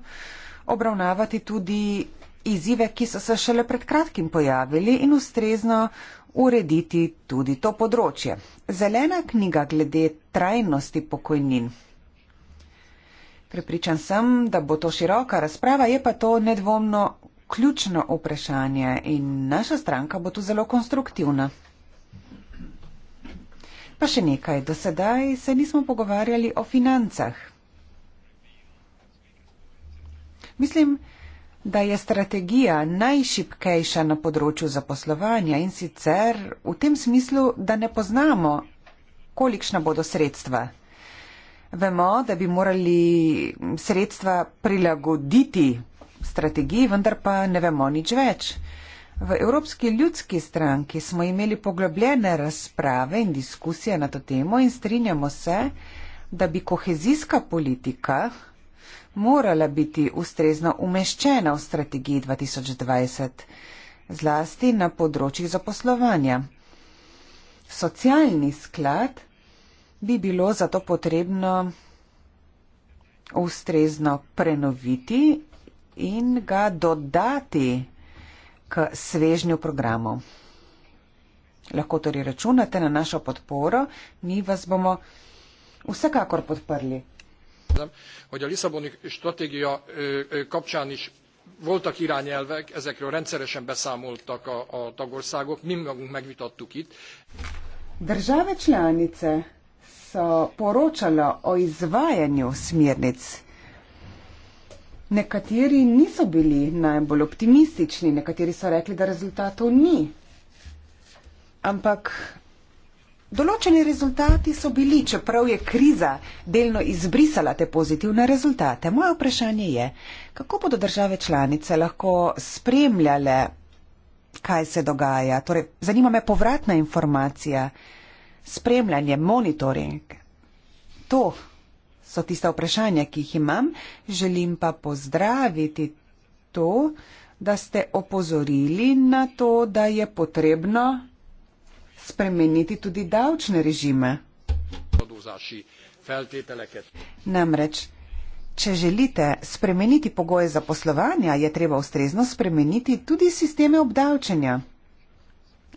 obravnavati tudi izzive, ki so se šele pred kratkim pojavili in ustrezno urediti tudi to področje. Zelena knjiga glede trajnosti pokojnin. Prepričan sem, da bo to široka razprava, je pa to nedvomno ključno vprašanje in naša stranka bo tu zelo konstruktivna. Pa še nekaj, do sedaj se nismo pogovarjali o financah. Mislim, da je strategija najšipkejša na področju zaposlovanja in sicer v tem smislu, da ne poznamo, kolikšna bodo sredstva. Vemo, da bi morali sredstva prilagoditi strategiji, vendar pa ne vemo nič več. V Evropski ljudski stranki smo imeli poglobljene razprave in diskusije na to temo in strinjamo se, da bi kohezijska politika morala biti ustrezno umeščena v strategiji 2020, zlasti na področjih zaposlovanja. Socialni sklad bi bilo zato potrebno ustrezno prenoviti in ga dodati k svežnju programu. Lahko torej računate na našo podporo, mi vas bomo vsekakor podprli kérdezem, hogy a Lisszaboni stratégia kapcsán is voltak irányelvek, ezekről rendszeresen beszámoltak a, a tagországok, mi magunk megvitattuk itt. Države članice so poročala o izvajanju smernic. Nekateri niso bili najbolj optimistični, nekateri so rekli, da rezultatov ni. Ampak Določeni rezultati so bili, čeprav je kriza delno izbrisala te pozitivne rezultate. Moje vprašanje je, kako bodo države članice lahko spremljale, kaj se dogaja. Torej, zanima me povratna informacija, spremljanje, monitoring. To so tista vprašanja, ki jih imam. Želim pa pozdraviti to, da ste opozorili na to, da je potrebno spremeniti tudi davčne režime. Namreč, če želite spremeniti pogoje za poslovanja, je treba ustrezno spremeniti tudi sisteme obdavčenja.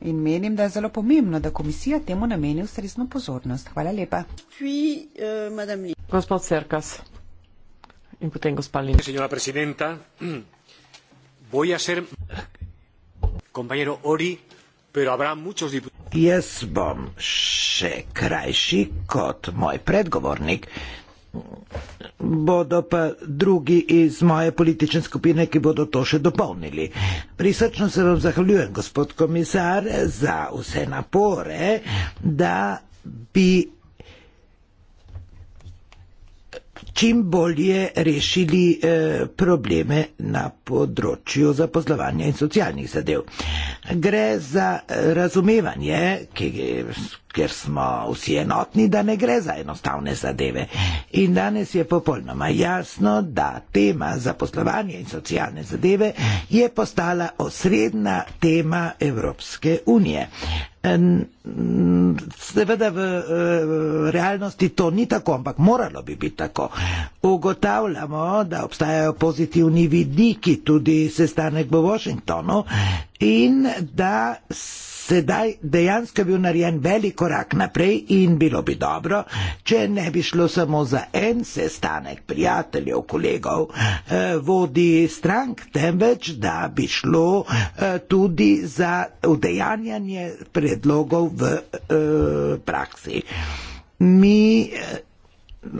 In menim, da je zelo pomembno, da komisija temu nameni ustrezno pozornost. Hvala lepa. Gospod Serkas in potem gospod Lin. Compañero Ori, pero habrá muchos diputados. Jaz bom še krajši kot moj predgovornik. Bodo pa drugi iz moje politične skupine, ki bodo to še dopolnili. Prisrčno se vam zahvaljujem, gospod komisar, za vse napore, da bi čim bolje rešili eh, probleme na področju zaposlovanja in socialnih zadev. Gre za eh, razumevanje, ki ker smo vsi enotni, da ne gre za enostavne zadeve. In danes je popolnoma jasno, da tema za poslovanje in socialne zadeve je postala osredna tema Evropske unije. Seveda v, v, eh, v realnosti to ni tako, ampak moralo bi biti tako. Ugotavljamo, da obstajajo pozitivni vidiki tudi sestanek v Washingtonu in da se sedaj dejansko bil narejen velik korak naprej in bilo bi dobro, če ne bi šlo samo za en sestanek prijateljev, kolegov, eh, vodi strank, temveč da bi šlo eh, tudi za udejanjanje predlogov v eh, praksi. Mi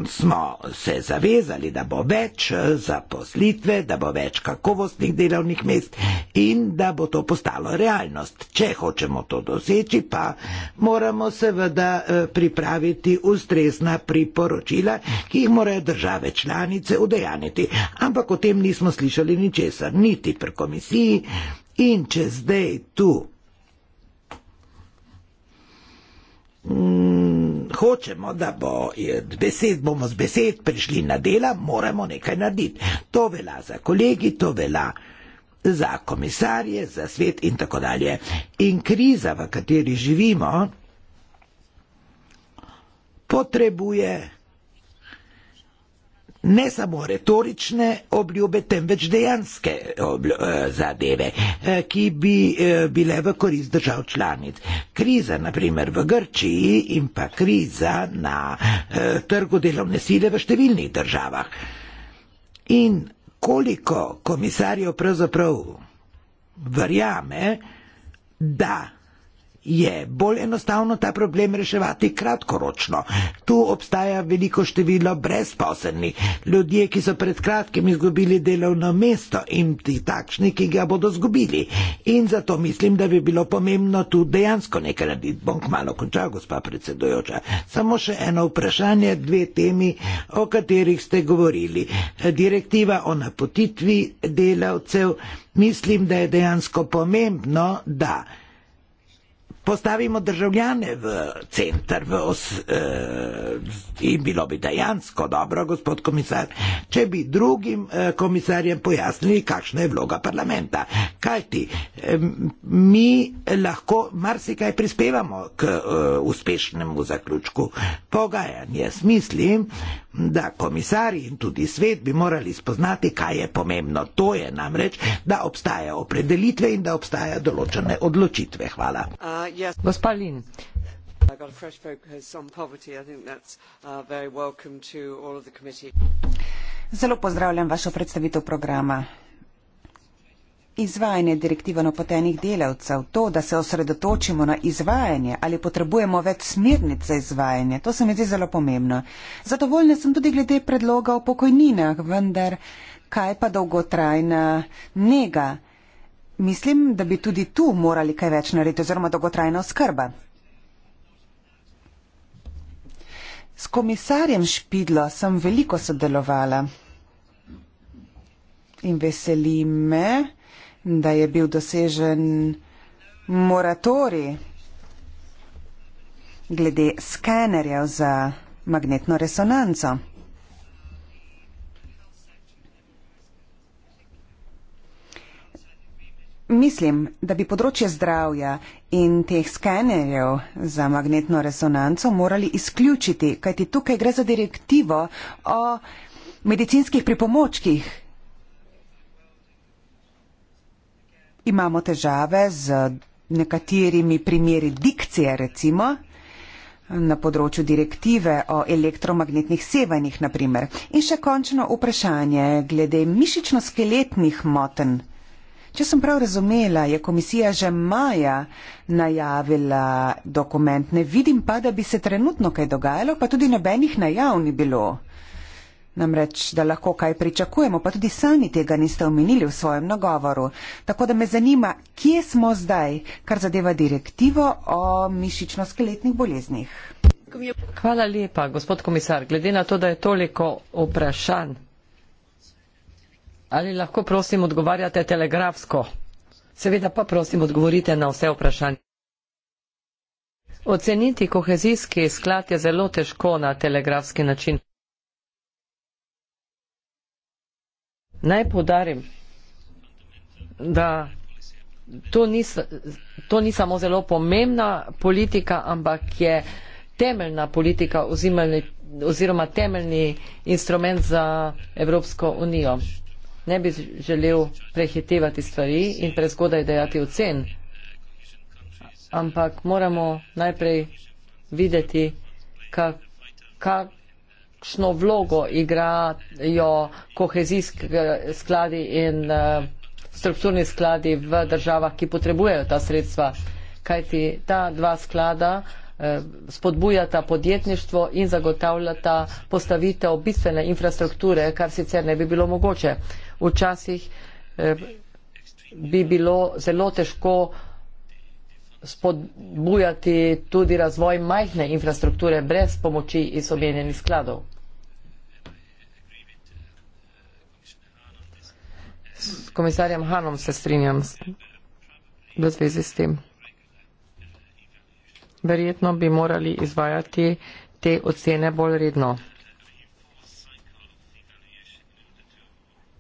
smo se zavezali, da bo več eh, zaposlitve, da bo več kakovostnih delovnih mest in da bo to postalo realnost. Če hočemo to doseči, pa moramo seveda eh, pripraviti ustrezna priporočila, ki jih morajo države članice udejaniti. Ampak o tem nismo slišali ničesar, niti pri komisiji. In če zdaj tu Mm, hočemo, da bo besed, bomo z besed prišli na dela, moramo nekaj narediti. To velja za kolegi, to velja za komisarje, za svet in tako dalje. In kriza, v kateri živimo, potrebuje ne samo retorične obljube, temveč dejanske obl eh, zadeve, eh, ki bi eh, bile v korist držav članic. Kriza, naprimer v Grčiji, in pa kriza na trgu delovne sile v številnih državah. In koliko komisarjev pravzaprav verjame, da je bolj enostavno ta problem reševati kratkoročno. Tu obstaja veliko število brezposelnih, ljudje, ki so pred kratkim izgubili delovno mesto in ti takšni, ki ga bodo izgubili. In zato mislim, da bi bilo pomembno tu dejansko nekaj narediti. Bom kmalo končal, gospa predsedujoča. Samo še eno vprašanje, dve temi, o katerih ste govorili. Direktiva o napotitvi delavcev. Mislim, da je dejansko pomembno, da postavimo državljane v centr, v os, eh, in bilo bi dejansko dobro, gospod komisar, če bi drugim eh, komisarjem pojasnili, kakšna je vloga parlamenta. Kaj ti, eh, mi lahko marsikaj prispevamo k eh, uspešnemu zaključku pogajanja. Mislim, da komisari in tudi svet bi morali spoznati, kaj je pomembno. To je namreč, da obstajajo opredelitve in da obstajajo določene odločitve. Hvala. Uh, gospa lynne uh, zelo pozdravljam vašo predstavitev programa. Izvajanje direktiva napotenih delavcev, to, da se osredotočimo na izvajanje ali potrebujemo več smernic za izvajanje, to se mi zdi zelo pomembno. Zadovoljna sem tudi glede predloga o pokojninah, vendar kaj pa dolgotrajna nega? Mislim, da bi tudi tu morali kaj več narediti, oziroma dolgotrajna oskrba. S komisarjem Špidlo sem veliko sodelovala in veseli me, da je bil dosežen moratori glede skenerjev za magnetno resonanco. Mislim, da bi področje zdravja in teh skenerjev za magnetno resonanco morali izključiti, kajti tukaj gre za direktivo o medicinskih pripomočkih. Imamo težave z nekaterimi primeri dikcije, recimo na področju direktive o elektromagnetnih sevanjih, naprimer. In še končno vprašanje glede mišično-skeletnih moten. Če sem prav razumela, je komisija že maja najavila dokument. Ne vidim pa, da bi se trenutno kaj dogajalo, pa tudi nobenih najav ni bilo. Namreč, da lahko kaj pričakujemo, pa tudi sami tega niste omenili v svojem nagovoru. Tako da me zanima, kje smo zdaj, kar zadeva direktivo o mišično-skeletnih boleznih. Hvala lepa, gospod komisar. Glede na to, da je toliko vprašanj Ali lahko prosim odgovarjate telegrafsko? Seveda pa prosim odgovorite na vse vprašanje. Oceniti kohezijski sklad je zelo težko na telegrafski način. Naj podarim, da to ni, to ni samo zelo pomembna politika, ampak je temeljna politika oziroma temeljni instrument za Evropsko unijo ne bi želel prehitevati stvari in prezgodaj dejati ocen, ampak moramo najprej videti, kakšno vlogo igrajo kohezijske skladi in eh, strukturni skladi v državah, ki potrebujejo ta sredstva. Kajti ta dva sklada Eh, spodbujata podjetništvo in zagotavljata postavitev bistvene infrastrukture, kar sicer ne bi bilo mogoče. Včasih eh, bi bilo zelo težko spodbujati tudi razvoj majhne infrastrukture brez pomoči iz omenjenih skladov. S komisarjem Hanom se strinjam v zvezi s tem verjetno bi morali izvajati te ocene bolj redno.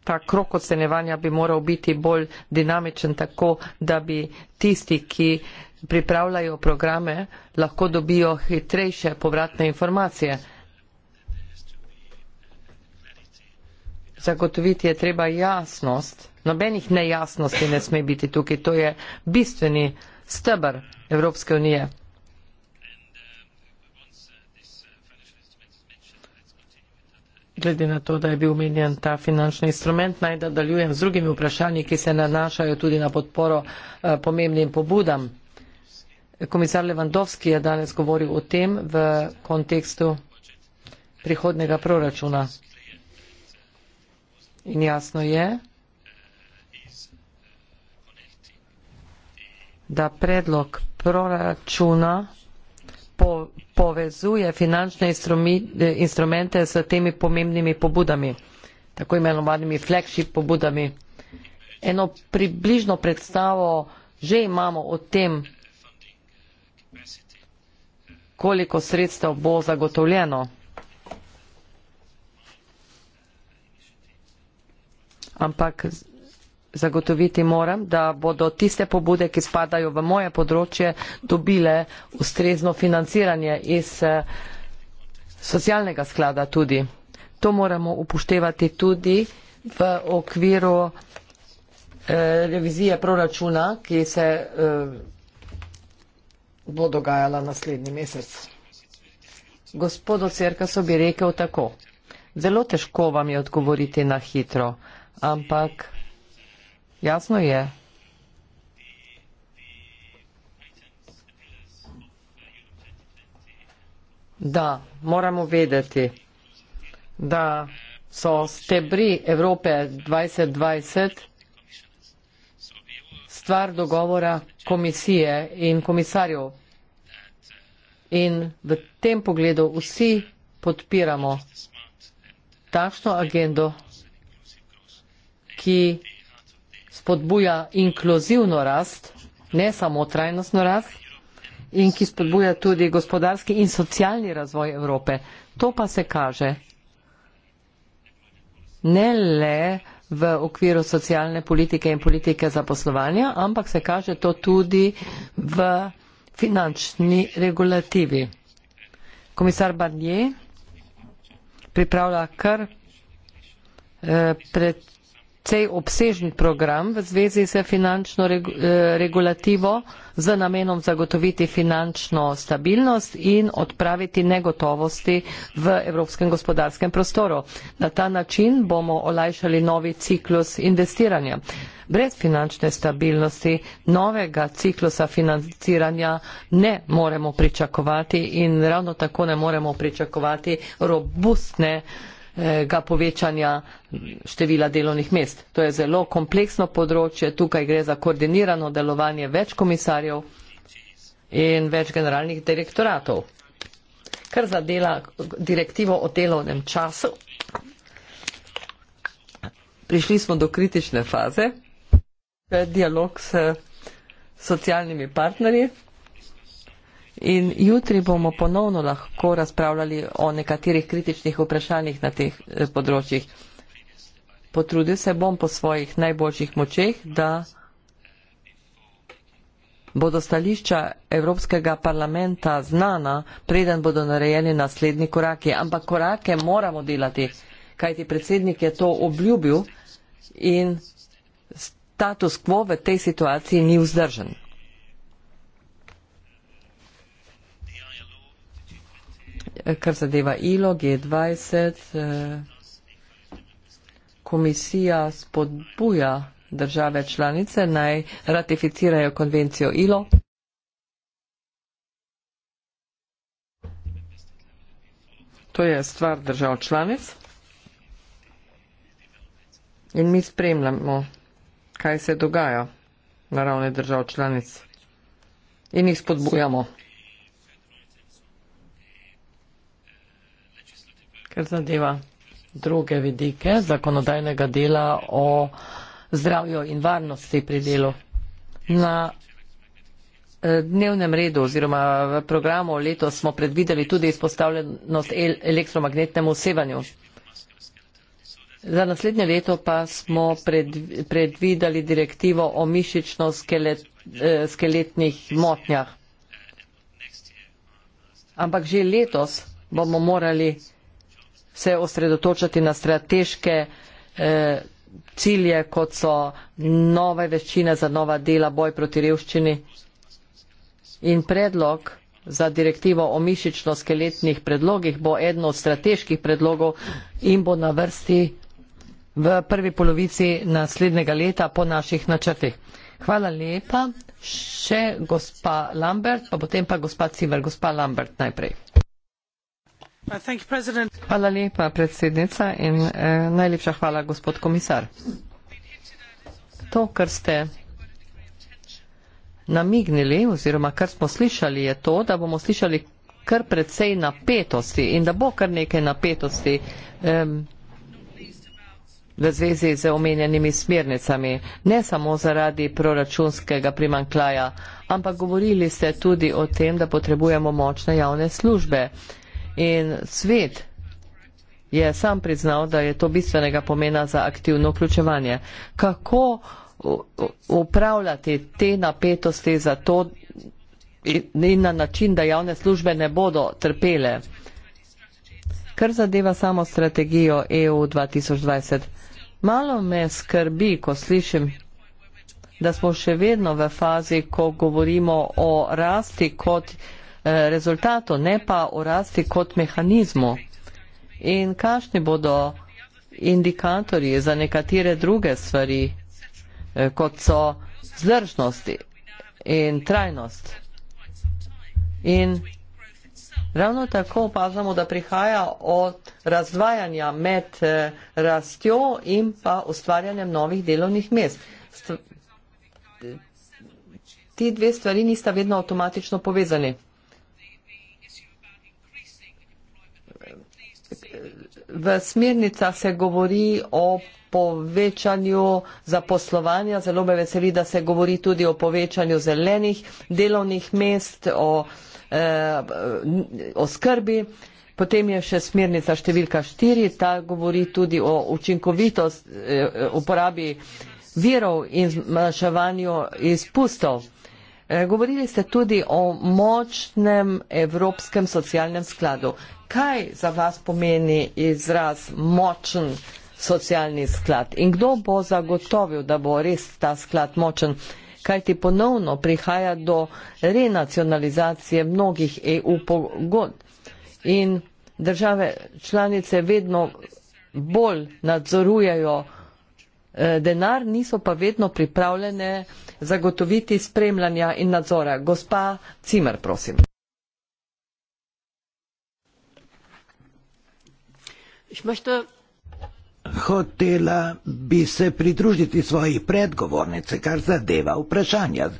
Ta krok ocenevanja bi moral biti bolj dinamičen, tako da bi tisti, ki pripravljajo programe, lahko dobijo hitrejše povratne informacije. Zagotoviti je treba jasnost, nobenih nejasnosti ne sme biti tukaj. To je bistveni stebr Evropske unije. glede na to, da je bil omenjen ta finančni instrument, naj nadaljujem z drugimi vprašanji, ki se nanašajo tudi na podporo eh, pomembnim pobudam. Komisar Levandovski je danes govoril o tem v kontekstu prihodnega proračuna. In jasno je, da predlog proračuna po, povezuje finančne eh, instrumente s temi pomembnimi pobudami, tako imenovanimi flagship pobudami. Eno približno predstavo že imamo o tem, koliko sredstev bo zagotovljeno. Ampak zagotoviti moram, da bodo tiste pobude, ki spadajo v moje področje, dobile ustrezno financiranje iz eh, socialnega sklada tudi. To moramo upoštevati tudi v okviru eh, revizije proračuna, ki se eh, bo dogajala naslednji mesec. Gospodo Cerkaso bi rekel tako, zelo težko vam je odgovoriti na hitro, ampak Jasno je. Da, moramo vedeti, da so stebri Evrope 2020 stvar dogovora komisije in komisarjev. In v tem pogledu vsi podpiramo takšno agendo, ki spodbuja inkluzivno rast, ne samo trajnostno rast, in ki spodbuja tudi gospodarski in socialni razvoj Evrope. To pa se kaže ne le v okviru socialne politike in politike zaposlovanja, ampak se kaže to tudi v finančni regulativi. Komisar Barnier pripravlja kar eh, pred, precej obsežen program v zvezi s finančno eh, regulativo z namenom zagotoviti finančno stabilnost in odpraviti negotovosti v evropskem gospodarskem prostoru. Na ta način bomo olajšali novi ciklus investiranja. Brez finančne stabilnosti novega ciklusa financiranja ne moremo pričakovati in ravno tako ne moremo pričakovati robustne Eh, ga povečanja števila delovnih mest. To je zelo kompleksno področje, tukaj gre za koordinirano delovanje več komisarjev in več generalnih direktoratov. Kar zadela direktivo o delovnem času, prišli smo do kritične faze, dialog s socialnimi partnerji. In jutri bomo ponovno lahko razpravljali o nekaterih kritičnih vprašanjih na teh eh, področjih. Potrudil se bom po svojih najboljših močeh, da bodo stališča Evropskega parlamenta znana, preden bodo narejeni naslednji koraki. Ampak korake moramo delati, kajti predsednik je to obljubil in status quo v tej situaciji ni vzdržen. kar zadeva ILO, G20, eh, komisija spodbuja države članice naj ratificirajo konvencijo ILO. To je stvar držav članic in mi spremljamo, kaj se dogaja na ravni držav članic in jih spodbujamo. Ker zadeva druge vidike zakonodajnega dela o zdravju in varnosti pri delu. Na eh, dnevnem redu oziroma v programu letos smo predvideli tudi izpostavljenost elektromagnetnemu sevanju. Za naslednje leto pa smo predvideli direktivo o mišično-skeletnih eh, motnjah. Ampak že letos bomo morali se osredotočati na strateške eh, cilje, kot so nove veščine za nova dela, boj proti revščini in predlog za direktivo o mišično-skeletnih predlogih bo eden od strateških predlogov in bo na vrsti v prvi polovici naslednjega leta po naših načrtih. Hvala lepa. Še gospa Lambert, pa potem pa gospa Cimer. Gospa Lambert najprej. Hvala lepa, predsednica in eh, najlepša hvala, gospod komisar. To, kar ste namignili oziroma kar smo slišali, je to, da bomo slišali kar precej napetosti in da bo kar nekaj napetosti eh, v zvezi z omenjenimi smernicami. Ne samo zaradi proračunskega primanklaja, ampak govorili ste tudi o tem, da potrebujemo močne javne službe. Eh, In svet je sam priznal, da je to bistvenega pomena za aktivno vključevanje. Kako upravljati te napetosti za to in na način, da javne službe ne bodo trpele? Kar zadeva samo strategijo EU 2020. Malo me skrbi, ko slišim, da smo še vedno v fazi, ko govorimo o rasti kot Eh, rezultatu, ne pa o rasti kot mehanizmu. In kakšni bodo indikatorji za nekatere druge stvari, eh, kot so zdržnost in trajnost. In ravno tako opazamo, da prihaja od razdvajanja med eh, rastjo in pa ustvarjanjem novih delovnih mest. Ti dve stvari nista vedno avtomatično povezani. v smernicah se govori o povečanju zaposlovanja, zelo me veseli, da se govori tudi o povečanju zelenih delovnih mest, o, eh, o skrbi. Potem je še smernica številka 4, ta govori tudi o učinkovitosti eh, uporabi virov in zmanjševanju izpustov. Eh, govorili ste tudi o močnem evropskem socialnem skladu. Kaj za vas pomeni izraz močen socialni sklad in kdo bo zagotovil, da bo res ta sklad močen? Kaj ti ponovno prihaja do renacionalizacije mnogih EU pogod in države članice vedno bolj nadzorujajo Eh, denar, niso pa vedno pripravljene zagotoviti spremljanja in nadzora. Gospa Cimer, prosim. Ich möchte Hotela bi se pridružiti svoji predgovornici, kar zadeva vprašanja.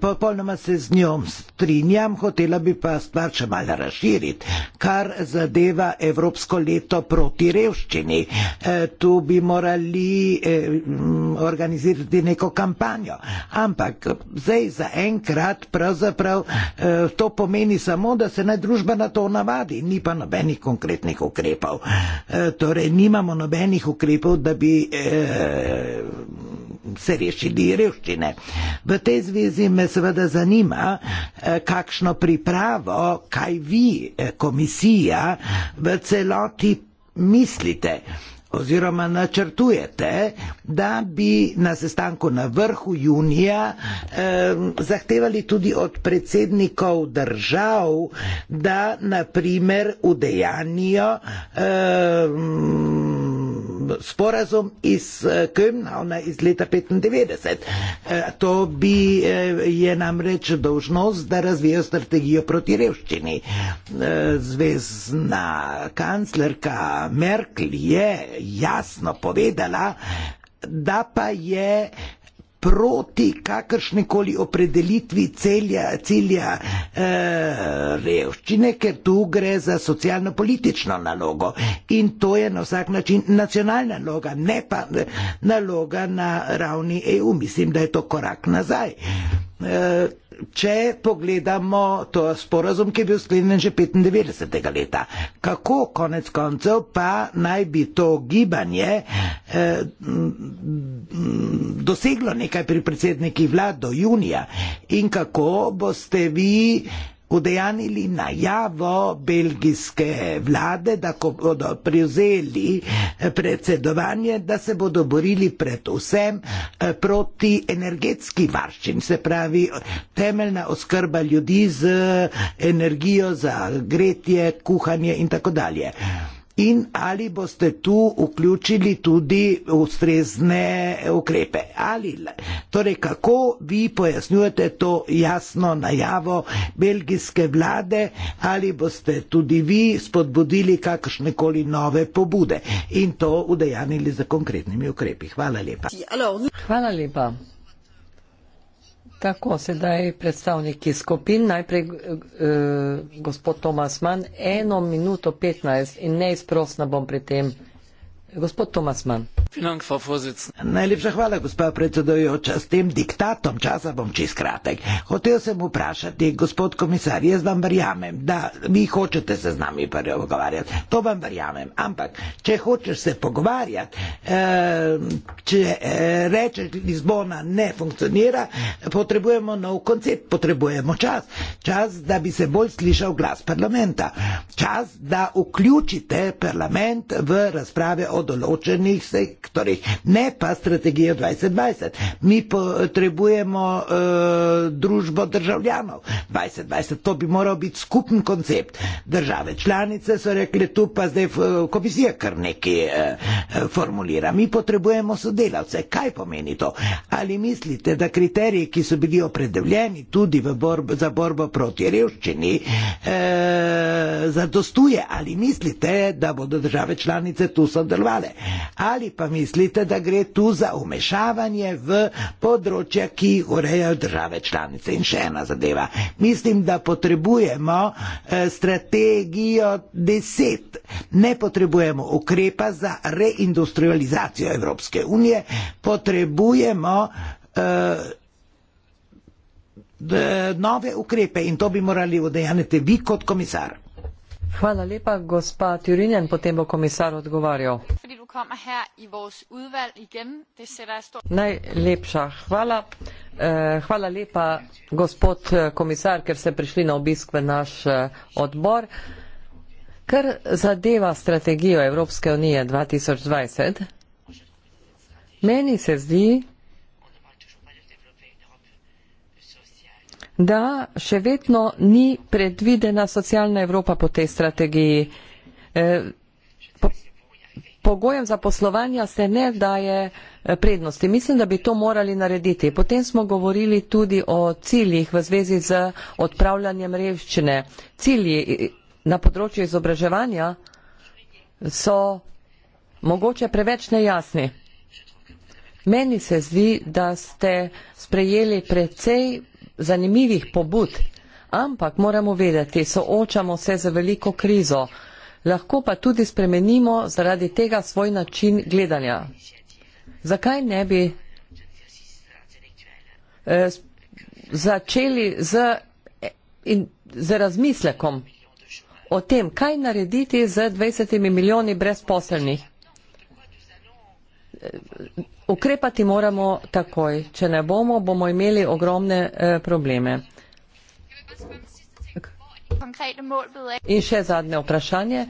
Popolnoma se z njo strinjam, hotela bi pa stvar še malo razširiti, kar zadeva Evropsko leto proti revščini. E, tu bi morali e, organizirati neko kampanjo. Ampak zdaj za enkrat pravzaprav e, to pomeni samo, da se naj družba na to navadi, ni pa nobenih konkretnih ukrepov. E, torej, nobenih ukrepov, da bi eh, se rešili revščine. V tej zvezi me seveda zanima, eh, kakšno pripravo, kaj vi, eh, komisija, v celoti mislite oziroma načrtujete, da bi na sestanku na vrhu junija eh, zahtevali tudi od predsednikov držav, da naprimer udejanijo eh, sporazum iz eh, Kömna, ona iz leta 95. Eh, to bi eh, je nam reč dožnost, da razvija strategijo proti revščini. Zvezdna kanclerka Merkel je jasno povedala, da pa je proti kakršne koli opredelitvi celja, cilja eh, revščine, ker tu gre za socialno-politično nalogo in to je na vsak način nacionalna naloga, ne pa eh, naloga na ravni EU. Mislim, da je to korak nazaj. Eh, če pogledamo to sporazum, ki je bil sklenjen že 95. leta, kako konec koncev pa naj bi to gibanje eh, doseglo nekaj pri predsednikih vlad do junija in kako boste vi eh, udejanili najavo belgijske vlade, da ko bodo prevzeli eh, predsedovanje, da se bodo borili predvsem eh, proti energetski varščini, se pravi temeljna oskrba ljudi z energijo za gretje, kuhanje in tako dalje in ali boste tu vključili tudi ustrezne ukrepe. Ali, torej, kako vi pojasnjujete to jasno najavo belgijske vlade, ali boste tudi vi spodbudili kakršne koli nove pobude in to udejanili za konkretnimi ukrepi. Hvala lepa. Hvala lepa. Tako, sedaj predstavniki skupin, najprej uh, gospod Tomas Mann, eno minuto 15 in neizprostna bom pri tem. Financ, Najlepša hvala, gospa predsedojoča. S tem diktatom časa bom čist kratek. Hotel sem vprašati, gospod komisar, jaz vam verjamem, da vi hočete se z nami prvi pogovarjati. To vam verjamem. Ampak, če hočeš se pogovarjati, eh, če eh, rečeš, Lizbona ne funkcionira, potrebujemo nov koncept, potrebujemo čas. Čas, da bi se bolj slišal glas parlamenta. Čas, da vključite parlament v razprave o o določenih sektorjih, ne pa strategijo 2020. Mi potrebujemo e, družbo državljanov. 2020 to bi moral biti skupen koncept. Države članice so rekli, tu pa zdaj eh, komisija kar nekaj e, formulira. Mi potrebujemo sodelavce. Kaj pomeni to? Ali mislite, da kriteriji, ki so bili opredeljeni tudi borb, za borbo proti revščini, e, zadostuje? Ali mislite, da bodo države članice tu sodelovali? pričakovale. Ali pa mislite, da gre tu za umešavanje v področja, ki jih urejajo države članice? In še ena zadeva. Mislim, da potrebujemo eh, strategijo deset. Ne potrebujemo ukrepa za reindustrializacijo Evropske unije, potrebujemo eh, nove ukrepe in to bi morali udejaniti vi kot komisar. Hvala lepa, gospa Tyrinjan, potem bo komisar odgovarjal. Najlepša hvala. Eh, hvala lepa, gospod eh, komisar, ker ste prišli na obisk v naš eh, odbor. Kar zadeva strategijo Evropske unije 2020, meni se zdi, da še vedno ni predvidena socialna Evropa po tej strategiji. E, pogojem za poslovanja se ne daje e, prednosti. Mislim, da bi to morali narediti. Potem smo govorili tudi o ciljih v zvezi z odpravljanjem revščine. Cilji e, na področju izobraževanja so mogoče preveč nejasni. Meni se zdi, da ste sprejeli precej zanimivih pobud, ampak moramo vedeti, soočamo se z veliko krizo, lahko pa tudi spremenimo zaradi tega svoj način gledanja. Zakaj ne bi eh, začeli z, eh, in, z razmislekom o tem, kaj narediti z 20 milijoni brezposelnih? ukrepati moramo takoj. Če ne bomo, bomo imeli ogromne eh, probleme. In še zadnje vprašanje.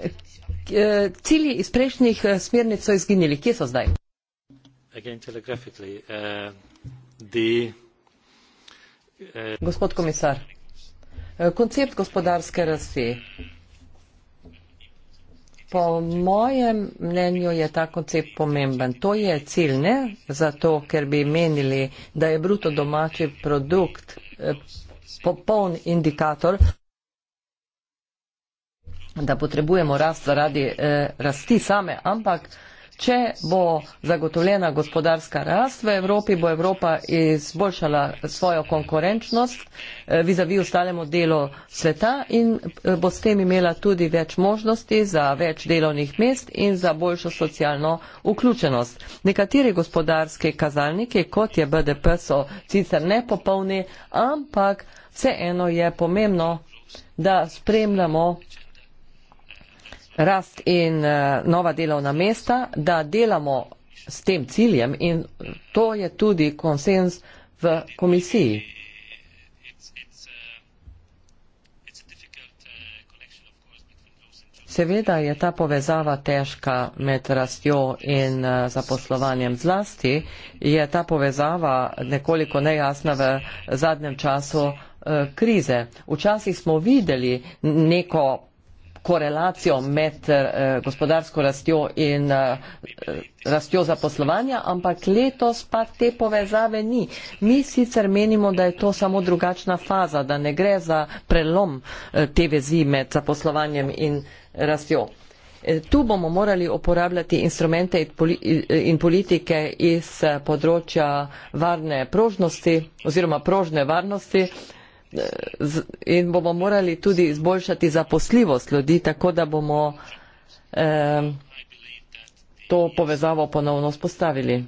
Eh, cilji iz prejšnjih eh, smernic so izginili. Kje so zdaj? Eh, Gospod komisar, koncept gospodarske rasti. Po mojem mnenju je ta koncept pomemben. To je cilj, ne zato, ker bi menili, da je bruto domači produkt eh, popoln indikator, da potrebujemo rast zaradi eh, rasti same, ampak eh, Če bo zagotovljena gospodarska rast v Evropi, bo Evropa izboljšala svojo konkurenčnost eh, vizavi ostalemu delu sveta in eh, bo s tem imela tudi več možnosti za več delovnih mest in za boljšo socialno vključenost. Nekateri gospodarski kazalniki, kot je BDP, so sicer nepopolni, ampak vseeno je pomembno, da spremljamo rast in eh, nova delovna mesta, da delamo s tem ciljem in to je tudi konsens v komisiji. Seveda je ta povezava težka med rastjo in eh, zaposlovanjem zlasti, je ta povezava nekoliko nejasna v zadnjem času eh, krize. Včasih smo videli neko korelacijo med eh, gospodarsko rastjo in eh, rastjo zaposlovanja, ampak letos pa te povezave ni. Mi sicer menimo, da je to samo drugačna faza, da ne gre za prelom eh, te vezi med zaposlovanjem in rastjo. Tu bomo morali uporabljati instrumente in politike iz področja varne prožnosti oziroma prožne varnosti, in bomo morali tudi izboljšati zaposljivost ljudi, tako da bomo to povezavo ponovno spostavili.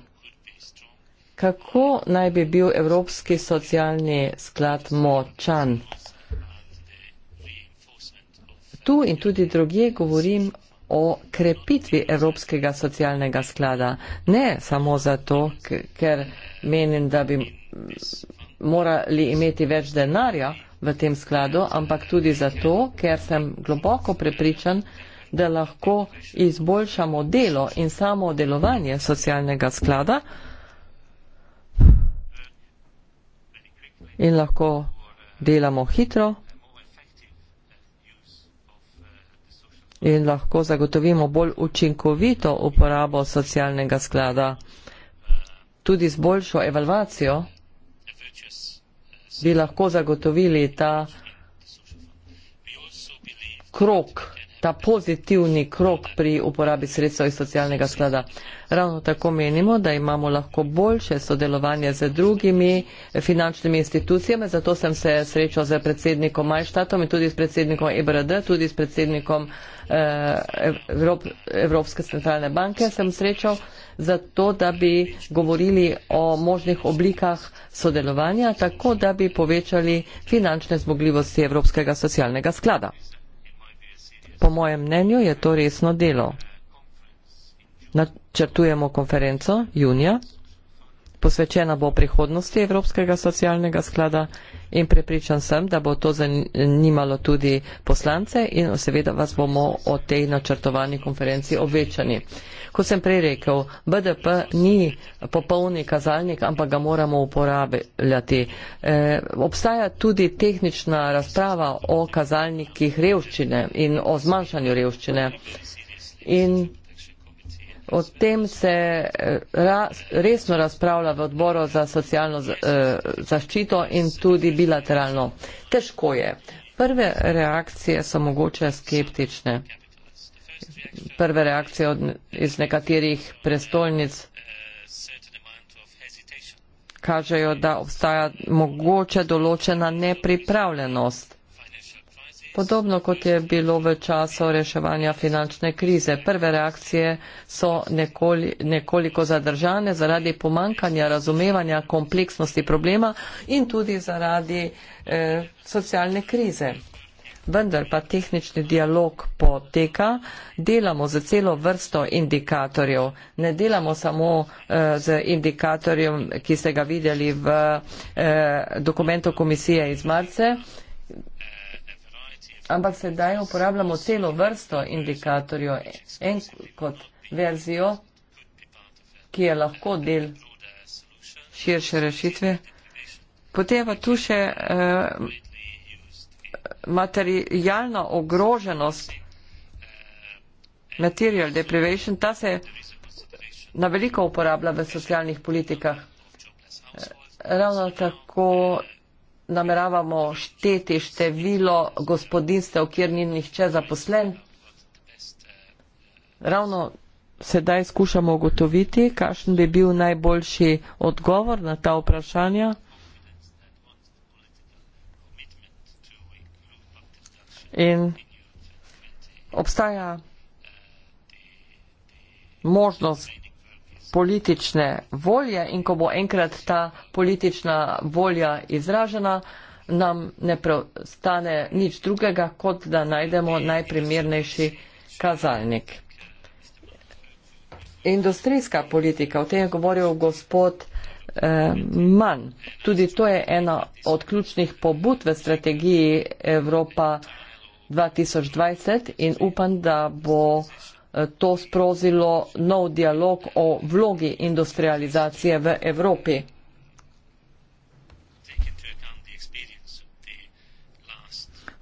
Kako naj bi bil Evropski socialni sklad močan? Tu in tudi drugje govorim o krepitvi Evropskega socialnega sklada. Ne samo zato, ker menim, da bi morali imeti več denarja v tem skladu, ampak tudi zato, ker sem globoko prepričan, da lahko izboljšamo delo in samo delovanje socialnega sklada in lahko delamo hitro in lahko zagotovimo bolj učinkovito uporabo socialnega sklada, tudi z boljšo evalvacijo bi lahko zagotovili ta krok ta pozitivni krok pri uporabi sredstva iz socialnega sklada. Ravno tako menimo, da imamo lahko boljše sodelovanje z drugimi finančnimi institucijami, zato sem se srečal z predsednikom Majštatom in tudi s predsednikom EBRD, tudi s predsednikom eh, Evrop, Evropske centralne banke sem srečal za to, da bi govorili o možnih oblikah sodelovanja, tako da bi povečali finančne zmogljivosti Evropskega socialnega sklada po mojem mnenju je to resno delo. Načrtujemo konferenco junija, posvečena bo prihodnosti Evropskega socialnega sklada in prepričan sem, da bo to zanimalo tudi poslance in seveda vas bomo o tej načrtovani konferenci obvečani. Kot sem prej rekel, BDP ni popolni kazalnik, ampak ga moramo uporabljati. E, obstaja tudi tehnična razprava o kazalnikih revščine in o zmanjšanju revščine. In O tem se eh, raz, resno razpravlja v odboru za socialno eh, zaščito in tudi bilateralno. Težko je. Prve reakcije so mogoče skeptične. Prve reakcije od, iz nekaterih prestolnic kažejo, da obstaja mogoče določena nepripravljenost. Podobno kot je bilo v času reševanja finančne krize. Prve reakcije so nekoli, nekoliko zadržane zaradi pomankanja razumevanja kompleksnosti problema in tudi zaradi eh, socialne krize. Vendar pa tehnični dialog poteka, delamo z celo vrsto indikatorjev. Ne delamo samo eh, z indikatorjem, ki ste ga videli v eh, dokumentu komisije iz marca, ampak sedaj uporabljamo celo vrsto indikatorjev en kot verzijo, ki je lahko del širše rešitve. Potem pa tu še uh, eh, materialna ogroženost, material deprivation, ta se na veliko uporablja v socialnih politikah. Eh, ravno tako nameravamo šteti število gospodinstev, kjer ni nihče zaposlen. Ravno sedaj skušamo ugotoviti, kakšen bi bil najboljši odgovor na ta vprašanja. In obstaja možnost politične volje in ko bo enkrat ta politična volja izražena, nam ne preostane nič drugega, kot da najdemo najprimernejši kazalnik. Industrijska politika, o tem je govoril gospod eh, Mann, tudi to je ena od ključnih pobud v strategiji Evropa 2020 in upam, da bo to sprožilo nov dialog o vlogi industrializacije v Evropi.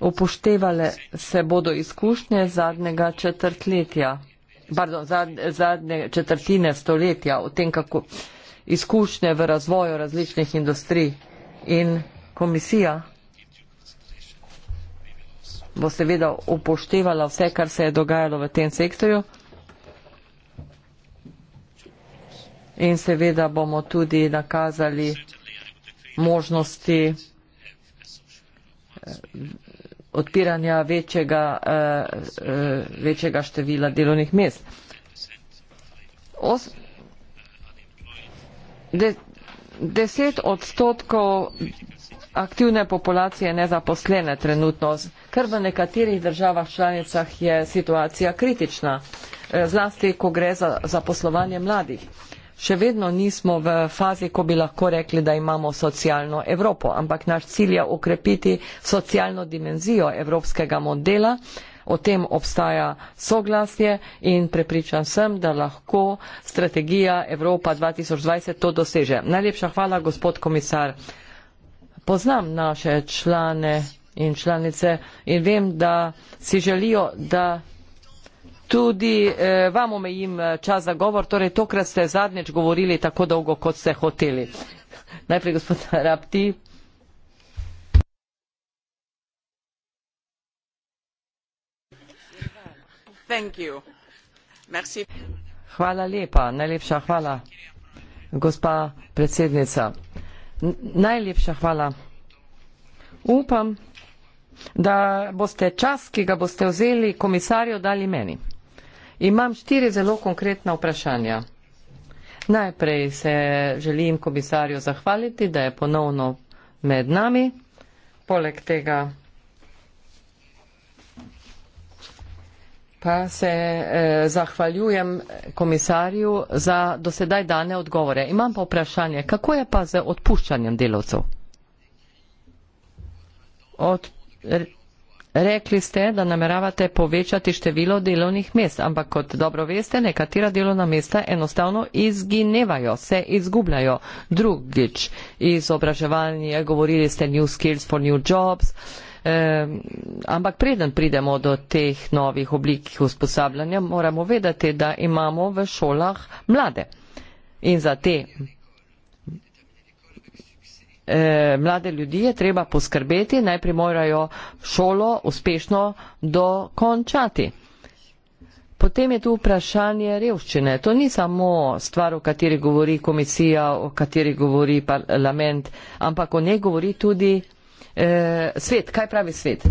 Upoštevale se bodo izkušnje zadnjega četrtletja, pardon, zadnje četrtine stoletja o tem, kako izkušnje v razvoju različnih industrij in komisija bo seveda upoštevala vse, kar se je dogajalo v tem sektorju. In seveda bomo tudi nakazali možnosti eh, odpiranja večjega, eh, eh, večjega števila delovnih mest. Os, de, deset odstotkov aktivne populacije je nezaposlene trenutno ker v nekaterih državah članicah je situacija kritična, eh, zlasti, ko gre za, za poslovanje mladih. Še vedno nismo v fazi, ko bi lahko rekli, da imamo socialno Evropo, ampak naš cilj je ukrepiti socialno dimenzijo evropskega modela, o tem obstaja soglasje in prepričan sem, da lahko strategija Evropa 2020 to doseže. Najlepša hvala, gospod komisar. Poznam naše člane in članice in vem, da si želijo, da tudi eh, vam omejim eh, čas za govor, torej tokrat ste zadnjič govorili tako dolgo, kot ste hoteli. Najprej gospod Rapti. Thank you. Merci. Hvala lepa, najlepša hvala, gospa predsednica. N najlepša hvala. Upam, da boste čas, ki ga boste vzeli komisarju, dali meni. Imam štiri zelo konkretna vprašanja. Najprej se želim komisarju zahvaliti, da je ponovno med nami. Poleg tega pa se eh, zahvaljujem komisarju za dosedaj dane odgovore. Imam pa vprašanje, kako je pa z odpuščanjem delovcev? Odpuščanje. Rekli ste, da nameravate povečati število delovnih mest, ampak kot dobro veste, nekatera delovna mesta enostavno izginevajo, se izgubljajo. Drugič, izobraževanje, govorili ste New Skills for New Jobs, ehm, ampak preden pridemo do teh novih oblik usposabljanja, moramo vedeti, da imamo v šolah mlade. In za te Eh, mlade ljudi je treba poskrbeti, najprej morajo šolo uspešno dokončati. Potem je tu vprašanje revščine. To ni samo stvar, o kateri govori komisija, o kateri govori parlament, ampak o njej govori tudi eh, svet. Kaj pravi svet?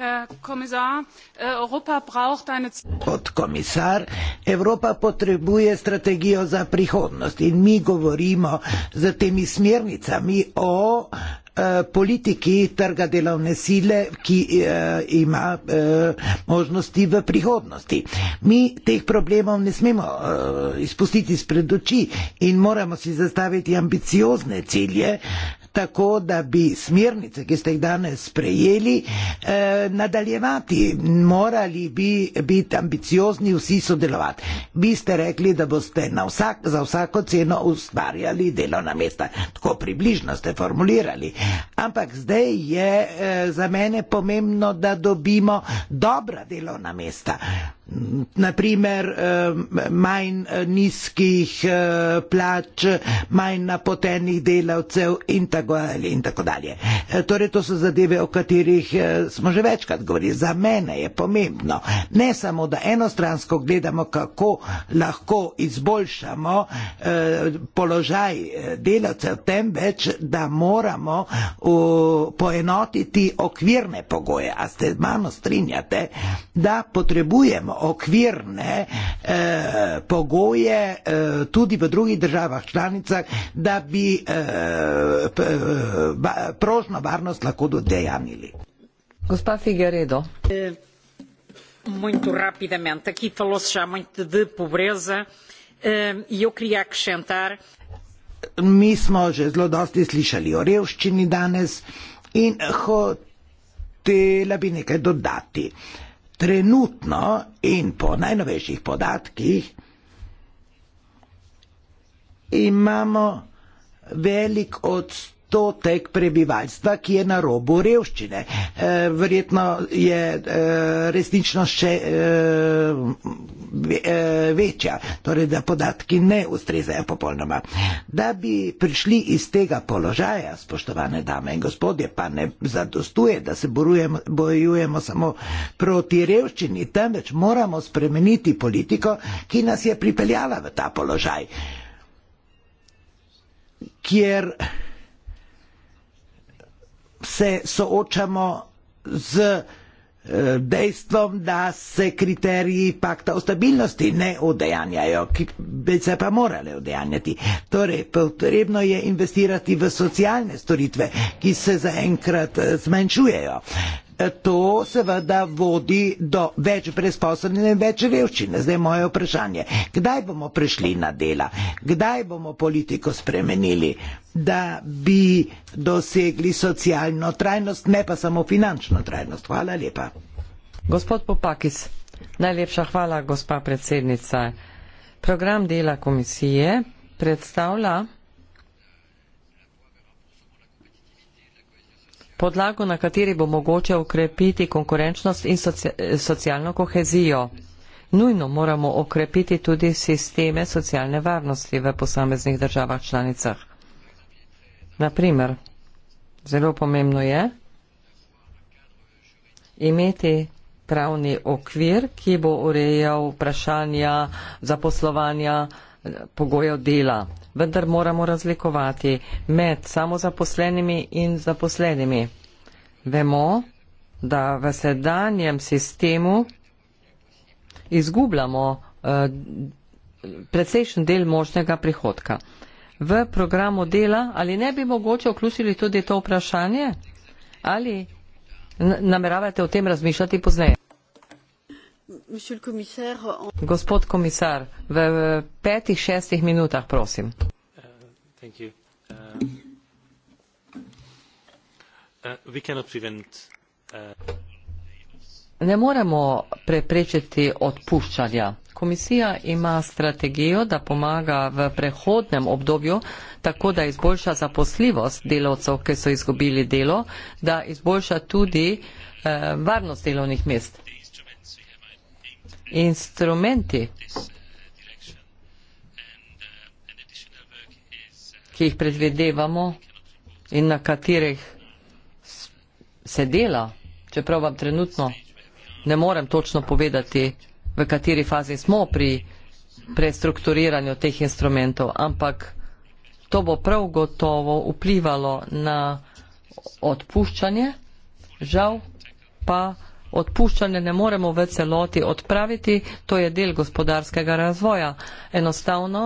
Äh, Kot komisar, Evropa potrebuje strategijo za prihodnost in mi govorimo z temi smernicami o eh, politiki trga delovne sile, ki eh, ima eh, možnosti v prihodnosti. Mi teh problemov ne smemo eh, izpustiti spred oči in moramo si zastaviti ambiciozne cilje, tako da bi smernice, ki ste jih danes sprejeli, eh, nadaljevati, morali bi biti ambiciozni vsi sodelovati. Vi ste rekli, da boste vsak, za vsako ceno ustvarjali delovna mesta. Tako približno ste formulirali. Ampak zdaj je eh, za mene pomembno, da dobimo dobra delovna mesta naprimer eh, manj eh, nizkih eh, plač, manj napotenih delavcev in tako dalje in tako dalje. Torej, to so zadeve, o katerih smo že večkrat govorili. Za mene je pomembno ne samo, da enostransko gledamo, kako lahko izboljšamo položaj delavcev, temveč, da moramo poenotiti okvirne pogoje. A ste z mano strinjate, da potrebujemo okvirne e, eh, pogoje e, tudi v drugih državah članicah, da bi e, p, ba, prožno varnost lahko dodejanili. Gospa Figueredo. Muito rapidamente, aqui falou-se já muito de pobreza e eu queria acrescentar. Mi smo že zelo dosti slišali o revščini danes in hotela bi nekaj dodati trenutno in po najnovejših podatkih imamo velik odstotek odstotek prebivalstva, ki je na robu revščine. E, verjetno je e, resnično še e, e, večja, torej da podatki ne ustrezajo popolnoma. Da bi prišli iz tega položaja, spoštovane dame in gospodje, pa ne zadostuje, da se borujemo, bojujemo samo proti revščini, temveč moramo spremeniti politiko, ki nas je pripeljala v ta položaj. Kjer se soočamo z eh, dejstvom, da se kriteriji pakta o stabilnosti ne udejanjajo, ki bi se pa morali udejanjati. Torej, potrebno je investirati v socialne storitve, ki se zaenkrat eh, zmanjšujejo to seveda vodi do več brezposobnih in več revščine. Zdaj je moje vprašanje, kdaj bomo prišli na dela, kdaj bomo politiko spremenili, da bi dosegli socialno trajnost, ne pa samo finančno trajnost. Hvala lepa. Gospod Popakis, najlepša hvala, gospa predsednica. Program dela komisije predstavlja podlago, na kateri bo mogoče okrepiti konkurenčnost in socia socialno kohezijo. Nujno moramo okrepiti tudi sisteme socialne varnosti v posameznih državah članicah. Naprimer, zelo pomembno je imeti pravni okvir, ki bo urejal vprašanja zaposlovanja, pogojev dela. Vendar moramo razlikovati med samozaposlenimi in zaposlenimi. Vemo, da v sedanjem sistemu izgubljamo eh, precejšen del možnega prihodka. V programu dela ali ne bi mogoče vključili tudi to vprašanje? Ali nameravate o tem razmišljati pozneje? Gospod komisar, v petih, šestih minutah, prosim. Uh, uh, uh, ne moremo preprečiti odpuščanja. Komisija ima strategijo, da pomaga v prehodnem obdobju, tako da izboljša zaposljivost delovcev, ki so izgubili delo, da izboljša tudi eh, varnost delovnih mest instrumenti, ki jih predvidevamo in na katerih se dela, čeprav vam trenutno ne morem točno povedati, v kateri fazi smo pri prestrukturiranju teh instrumentov, ampak to bo prav gotovo vplivalo na odpuščanje, žal pa. Odpuščanje ne moremo v celoti odpraviti, to je del gospodarskega razvoja. Enostavno,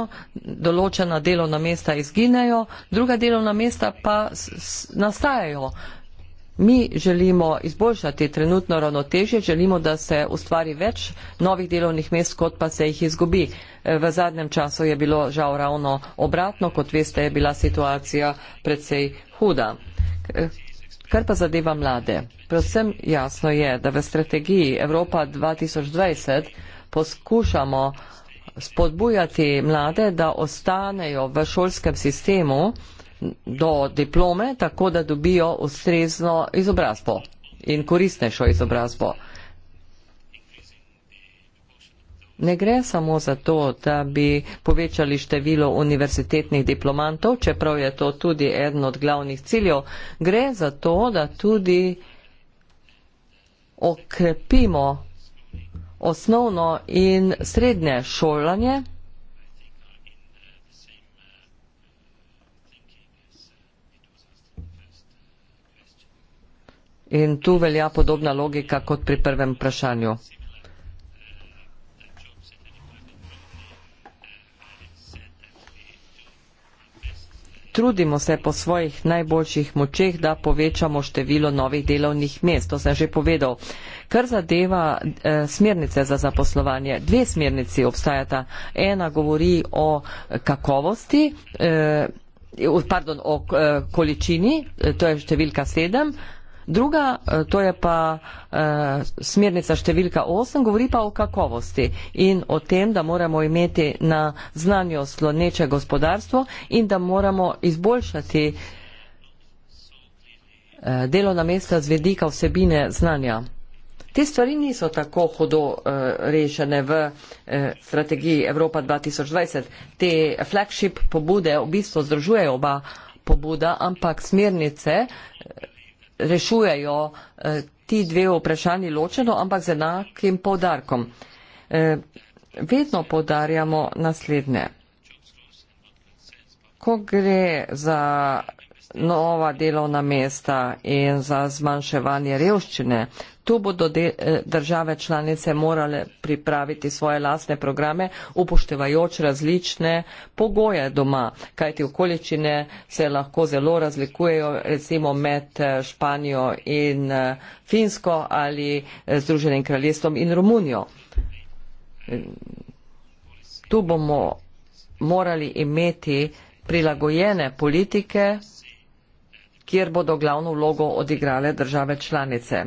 določena delovna mesta izginejo, druga delovna mesta pa nastajajo. Mi želimo izboljšati trenutno ravnotežje, želimo, da se ustvari več novih delovnih mest, kot pa se jih izgubi. E, v zadnjem času je bilo žal ravno obratno, kot veste, je bila situacija predvsej huda. Kar pa zadeva mlade. Predvsem jasno je, da v strategiji Evropa 2020 poskušamo spodbujati mlade, da ostanejo v šolskem sistemu do diplome, tako da dobijo ustrezno izobrazbo in korisnejšo izobrazbo. Ne gre samo za to, da bi povečali število univerzitetnih diplomantov, čeprav je to tudi eden od glavnih ciljev, gre za to, da tudi okrepimo osnovno in srednje šolanje. In tu velja podobna logika kot pri prvem vprašanju. trudimo se po svojih najboljših močeh, da povečamo število novih delovnih mest. To sem že povedal. Kar zadeva e, smernice za zaposlovanje, dve smernici obstajata. Ena govori o kakovosti. E, Pardon, o eh, količini, to je številka sedem, Druga, eh, to je pa eh, smernica številka 8, govori pa o kakovosti in o tem, da moramo imeti na znanju sloneče gospodarstvo in da moramo izboljšati eh, delovna mesta z vedika vsebine znanja. Te stvari niso tako hodo rešene v strategiji Evropa 2020. Te flagship pobude v bistvu združujejo oba pobuda, ampak smernice rešujejo eh, ti dve vprašanji ločeno, ampak z enakim podarkom. Eh, vedno podarjamo naslednje. Ko gre za nova delovna mesta in za zmanjševanje revščine. Tu bodo eh, države članice morale pripraviti svoje lasne programe, upoštevajoč različne pogoje doma, kajti okoličine se lahko zelo razlikujejo, recimo med eh, Španijo in eh, Finsko ali Združenim kraljestvom in Romunijo. Tu bomo morali imeti prilagojene politike kjer bodo glavno vlogo odigrale države članice.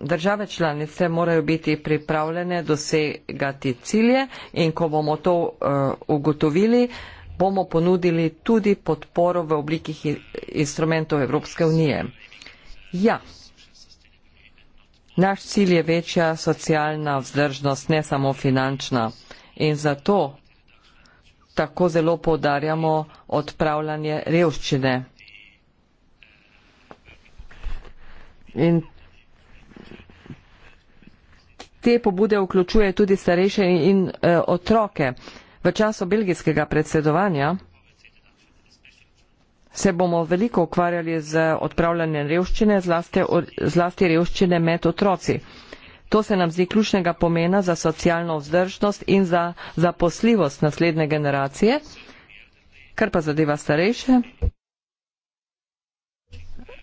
Države članice morajo biti pripravljene dosegati cilje in ko bomo to uh, ugotovili, bomo ponudili tudi podporo v oblikih instrumentov Evropske unije. Ja, naš cilj je večja socialna vzdržnost, ne samo finančna in zato tako zelo podarjamo odpravljanje revščine. In te pobude vključuje tudi starejše in uh, otroke. V času belgijskega predsedovanja se bomo veliko ukvarjali z odpravljanjem revščine, zlasti, zlasti revščine med otroci. To se nam zdi ključnega pomena za socialno vzdržnost in za zaposljivost naslednje generacije. Kar pa zadeva starejše,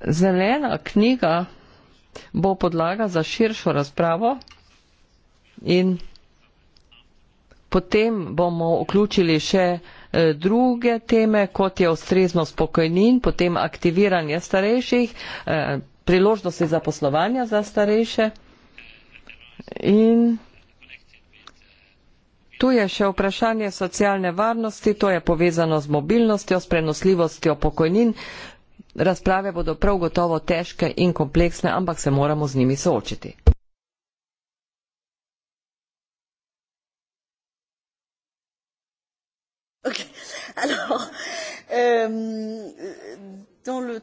zelena knjiga bo podlaga za širšo razpravo in potem bomo vključili še eh, druge teme, kot je ustreznost pokojnin, potem aktiviranje starejših, eh, priložnosti za poslovanje za starejše in Tu je še vprašanje socialne varnosti, to je povezano z mobilnostjo, s prenosljivostjo pokojnin, Razprave bodo prav gotovo težke in kompleksne, ampak se moramo z njimi soočiti. Okay. Alors, euh, dans le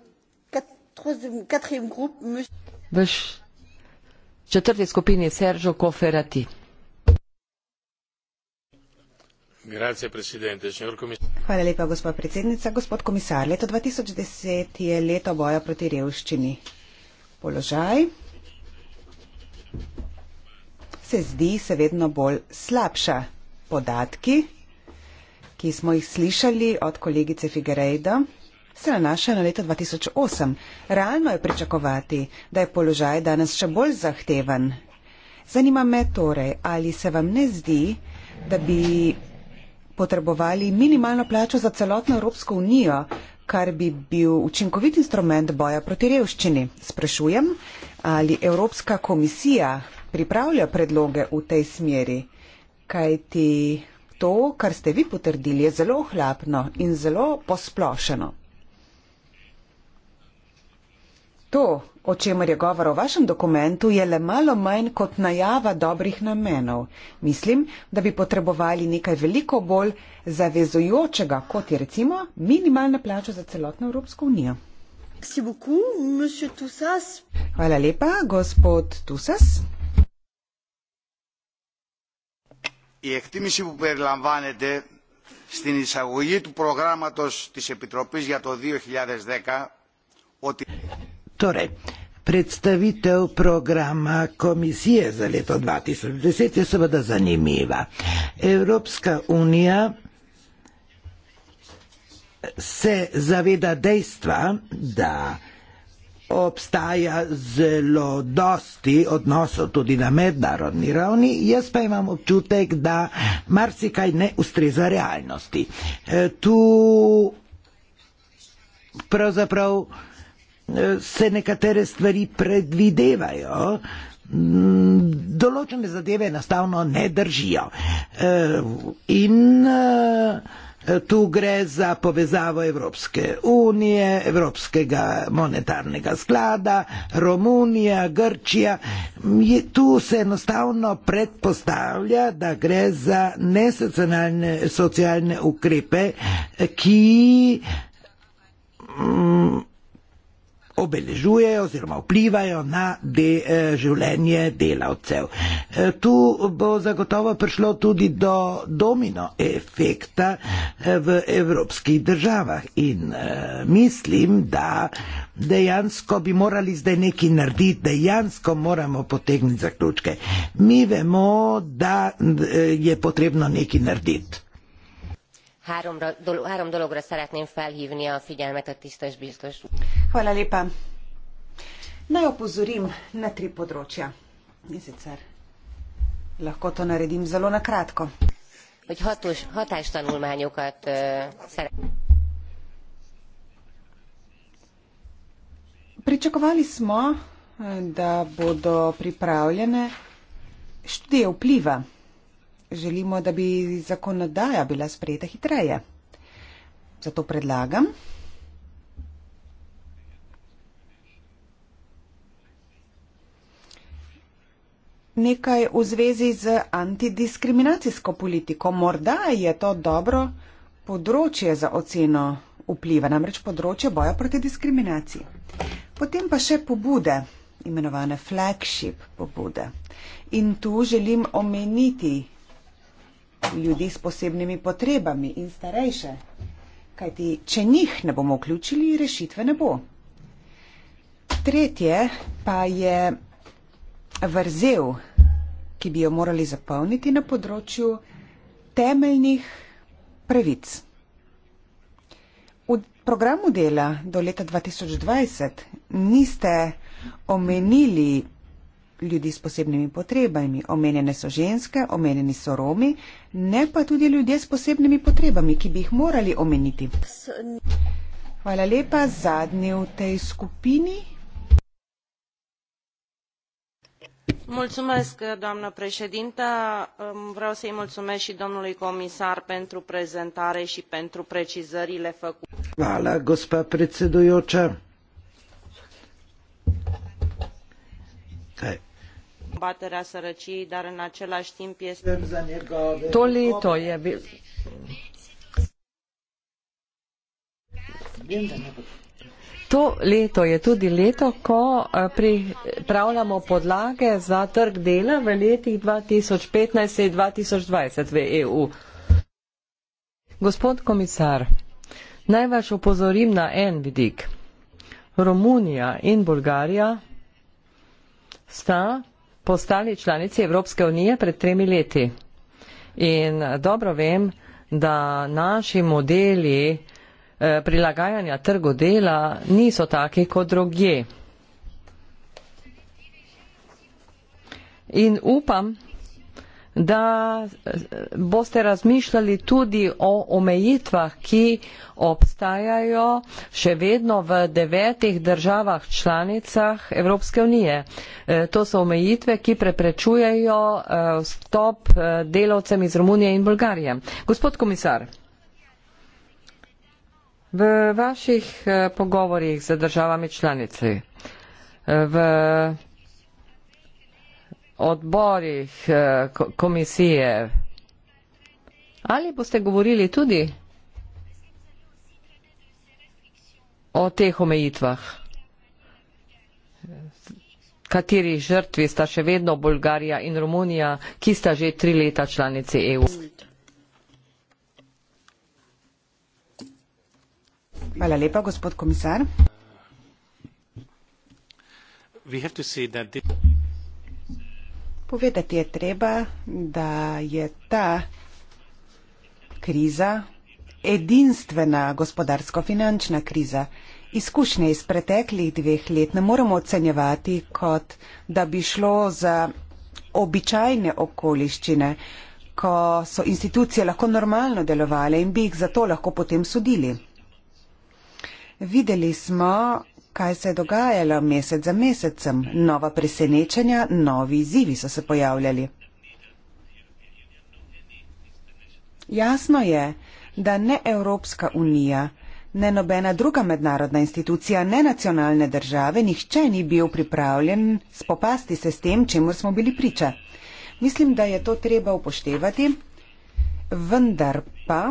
4e, 4e groupe, monsieur... V četrti skupini Seržo Koferati gospa predsednica gospod komisar leto dva tisoč deset je leto boja proti revščini položaj se zdi se vedno bolj slabša podatki ki smo jih slišali od kolegice figerejda se nanašajo na leto dva tisoč osem realno je pričakovati da je položaj danes še bolj zahteven zanima me torej ali se vam ne zdi da bi potrebovali minimalno plačo za celotno Evropsko unijo, kar bi bil učinkovit instrument boja proti revščini. Sprašujem, ali Evropska komisija pripravlja predloge v tej smeri, kajti to, kar ste vi potrdili, je zelo ohlapno in zelo posplošeno. To, O čemer je govor o vašem dokumentu, je le malo manj kot najava dobrih namenov. Mislim, da bi potrebovali nekaj veliko bolj zavezujočega, kot je recimo minimalna plača za celotno Evropsko unijo. Hvala lepa, gospod Tusas. Hvala lepa, gospod Tusas. Torej, predstavitev programa komisije za leto 2010 je seveda zanimiva. Evropska unija se zaveda dejstva, da obstaja zelo dosti odnosov tudi na mednarodni ravni, jaz pa imam občutek, da marsikaj ne ustreza realnosti. E, tu pravzaprav se nekatere stvari predvidevajo, mm, določene zadeve enostavno ne držijo. E, in e, tu gre za povezavo Evropske unije, Evropskega monetarnega sklada, Romunija, Grčija. Tu se enostavno predpostavlja, da gre za nesocialne socialne ukrepe, ki mm, obeležujejo oziroma vplivajo na de, eh, življenje delavcev. Eh, tu bo zagotovo prišlo tudi do domino efekta eh, v evropskih državah in mislim, da dejansko bi morali zdaj neki narediti, dejansko moramo potegniti zaključke. Mi vemo, da je potrebno neki narediti három dologra szeretném felhvni a figyelmet a tisztes biztos úr. Hogy hatos, hatástanulmányokat uh, szeretném. Pričakovali smo, e, da bodo pripravljene študije vpliva želimo, da bi zakonodaja bila sprejeta hitreje. Zato predlagam. Nekaj v zvezi z antidiskriminacijsko politiko. Morda je to dobro področje za oceno vpliva, namreč področje boja proti diskriminaciji. Potem pa še pobude, imenovane flagship pobude. In tu želim omeniti ljudi s posebnimi potrebami in starejše. Kajti, če njih ne bomo vključili, rešitve ne bo. Tretje pa je vrzel, ki bi jo morali zapolniti na področju temeljnih pravic. V programu dela do leta 2020 niste omenili ljudi s posebnimi potrebami. Omenjene so ženske, omenjeni so romi, ne pa tudi ljudje s posebnimi potrebami, ki bi jih morali omeniti. Hvala lepa, zadnji v tej skupini. Mulțumesc, doamnă președintă. Vreau să-i mulțumesc și domnului comisar pentru prezentare și pentru precizările făcute. Vala, gospa predsedujoča. combaterea sărăciei, dar în același timp este... Tolito je... To leto je tudi leto, ko eh, pripravljamo podlage za trg dela v letih 2015 in 2020 v EU. Gospod komisar, naj vas opozorim na en vidik. Romunija in Bolgarija sta postali članici Evropske unije pred tremi leti. In dobro vem, da naši modeli eh, prilagajanja trgu dela niso taki kot drugje. In upam, da eh, boste razmišljali tudi o omejitvah, ki obstajajo še vedno v devetih državah članicah Evropske unije. Eh, to so omejitve, ki preprečujejo eh, vstop delavcem iz Romunije in Bolgarije. Gospod komisar, v vaših pogovorjih z državami članici, v odborih eh, komisije. Ali boste govorili tudi o teh omejitvah, kateri žrtvi sta še vedno Bolgarija in Romunija, ki sta že tri leta članice EU? Hvala lepa, gospod komisar. Povedati je treba, da je ta kriza edinstvena gospodarsko-finančna kriza. Izkušnje iz preteklih dveh let ne moremo ocenjevati kot, da bi šlo za običajne okoliščine, ko so institucije lahko normalno delovale in bi jih zato lahko potem sodili. Videli smo, kaj se je dogajalo mesec za mesecem. Nova presenečenja, novi izzivi so se pojavljali. Jasno je, da ne Evropska unija, ne nobena druga mednarodna institucija, ne nacionalne države, nihče ni bil pripravljen spopasti se s tem, čemu smo bili priča. Mislim, da je to treba upoštevati, vendar pa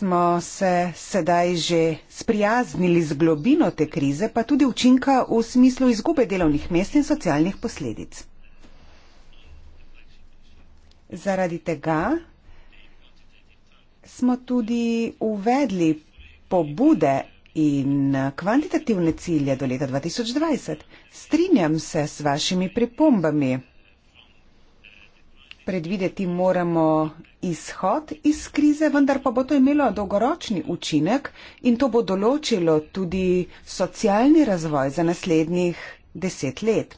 smo se sedaj že sprijaznili z globino te krize, pa tudi učinka v smislu izgube delovnih mest in socialnih posledic. Zaradi tega smo tudi uvedli pobude in kvantitativne cilje do leta 2020. Strinjam se s vašimi pripombami. Predvideti moramo izhod iz krize, vendar pa bo to imelo dolgoročni učinek in to bo določilo tudi socialni razvoj za naslednjih deset let.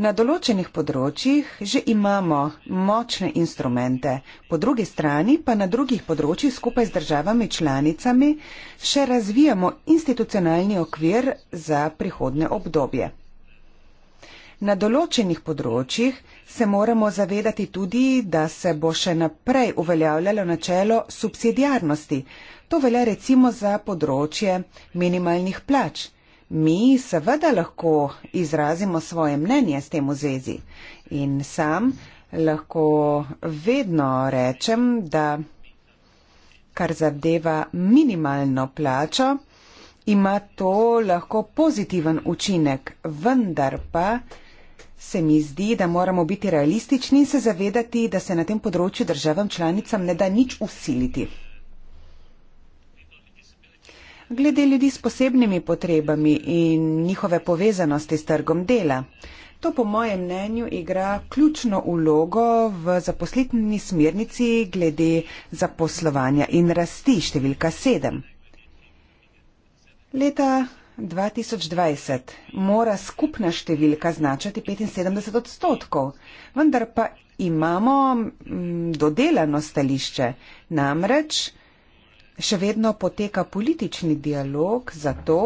Na določenih področjih že imamo močne instrumente, po drugi strani pa na drugih področjih skupaj z državami članicami še razvijamo institucionalni okvir za prihodne obdobje. Na določenih področjih se moramo zavedati tudi, da se bo še naprej uveljavljalo načelo subsidiarnosti. To velja recimo za področje minimalnih plač. Mi seveda lahko izrazimo svoje mnenje s tem v zvezi in sam lahko vedno rečem, da kar zadeva minimalno plačo, ima to lahko pozitiven učinek, vendar pa se mi zdi, da moramo biti realistični in se zavedati, da se na tem področju državam članicam ne da nič usiliti. Glede ljudi s posebnimi potrebami in njihove povezanosti s trgom dela, to po mojem mnenju igra ključno ulogo v zaposlitni smernici glede zaposlovanja in rasti številka 7. Leta 2020 mora skupna številka značati 75 odstotkov, vendar pa imamo mm, dodelano stališče. Namreč še vedno poteka politični dialog za to,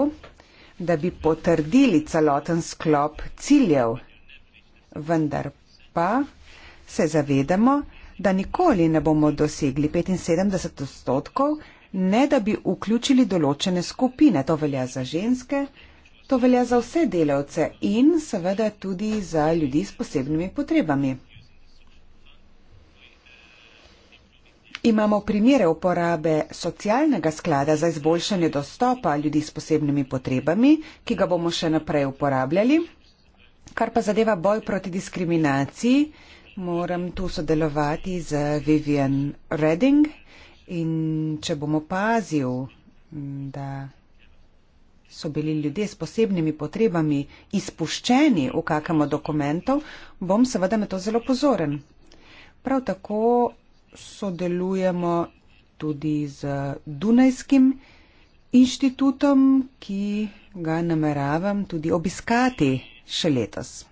da bi potrdili celoten sklop ciljev, vendar pa se zavedamo, da nikoli ne bomo dosegli 75 odstotkov, ne da bi vključili določene skupine. To velja za ženske, to velja za vse delavce in seveda tudi za ljudi s posebnimi potrebami. Imamo primere uporabe socialnega sklada za izboljšanje dostopa ljudi s posebnimi potrebami, ki ga bomo še naprej uporabljali. Kar pa zadeva boj proti diskriminaciji, moram tu sodelovati z Vivian Redding, In če bom opazil, mm, da so bili ljudje s posebnimi potrebami izpuščeni v kakem od dokumentov, bom seveda na to zelo pozoren. Prav tako sodelujemo tudi z Dunajskim inštitutom, ki ga nameravam tudi obiskati še letos.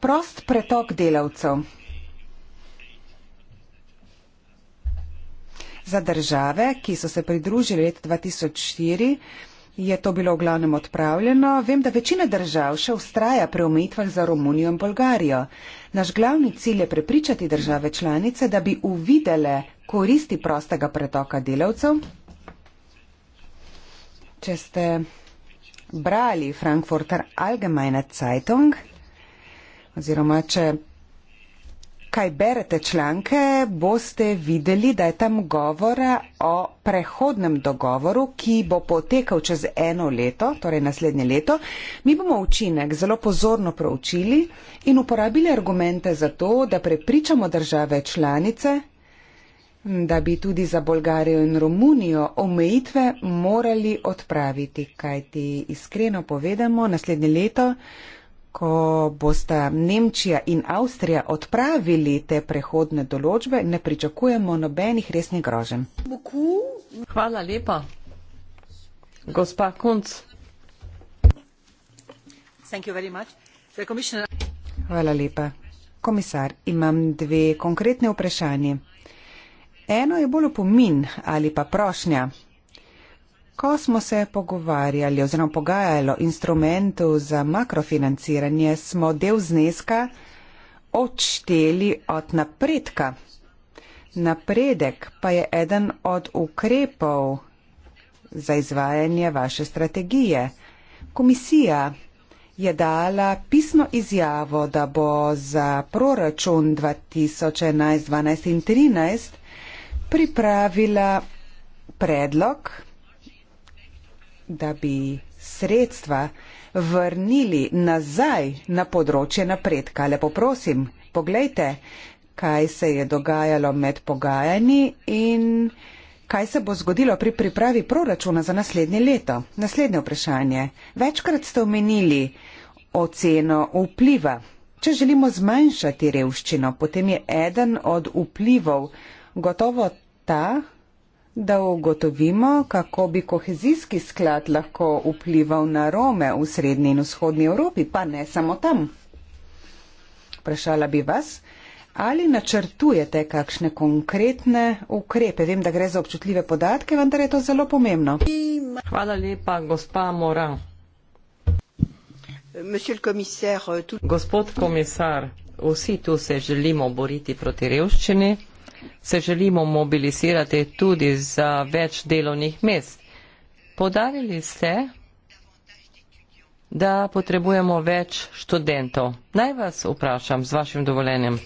Prost pretok delavcev. Za države, ki so se pridružili leta 2004, je to bilo v glavnem odpravljeno. Vem, da večina držav še ustraja pri omejitvah za Romunijo in Bolgarijo. Naš glavni cilj je prepričati države članice, da bi uvidele koristi prostega pretoka delavcev. Če ste brali Frankfurter Allgemeine Zeitung oziroma če kaj berete članke, boste videli, da je tam govora o prehodnem dogovoru, ki bo potekal čez eno leto, torej naslednje leto. Mi bomo učinek zelo pozorno proučili in uporabili argumente za to, da prepričamo države članice, da bi tudi za Bolgarijo in Romunijo omejitve morali odpraviti, kajti iskreno povedamo, naslednje leto ko bosta Nemčija in Avstrija odpravili te prehodne določbe, ne pričakujemo nobenih resnih grožen. Hvala lepa. Gospa Kunc. Hvala lepa. Komisar, imam dve konkretne vprašanje. Eno je bolj opomin ali pa prošnja. Ko smo se pogovarjali oziroma pogajali o instrumentu za makrofinanciranje, smo del zneska odšteli od napredka. Napredek pa je eden od ukrepov za izvajanje vaše strategije. Komisija je dala pisno izjavo, da bo za proračun 2011, 2012 in 2013 pripravila predlog, da bi sredstva vrnili nazaj na področje napredka. Lepo prosim, poglejte, kaj se je dogajalo med pogajanji in kaj se bo zgodilo pri pripravi proračuna za naslednje leto. Naslednje vprašanje. Večkrat ste omenili oceno vpliva. Če želimo zmanjšati revščino, potem je eden od vplivov gotovo ta, da ugotovimo, kako bi kohezijski sklad lahko vplival na Rome v srednji in vzhodnji Evropi, pa ne samo tam. Vprašala bi vas, ali načrtujete kakšne konkretne ukrepe. Vem, da gre za občutljive podatke, vendar je to zelo pomembno. Hvala lepa, gospa Mora. Gospod komisar, vsi tu se želimo boriti proti revščini se želimo mobilizirati tudi za več delovnih mest. Podarili ste, da potrebujemo več študentov. Naj vas vprašam z vašim dovolenjem.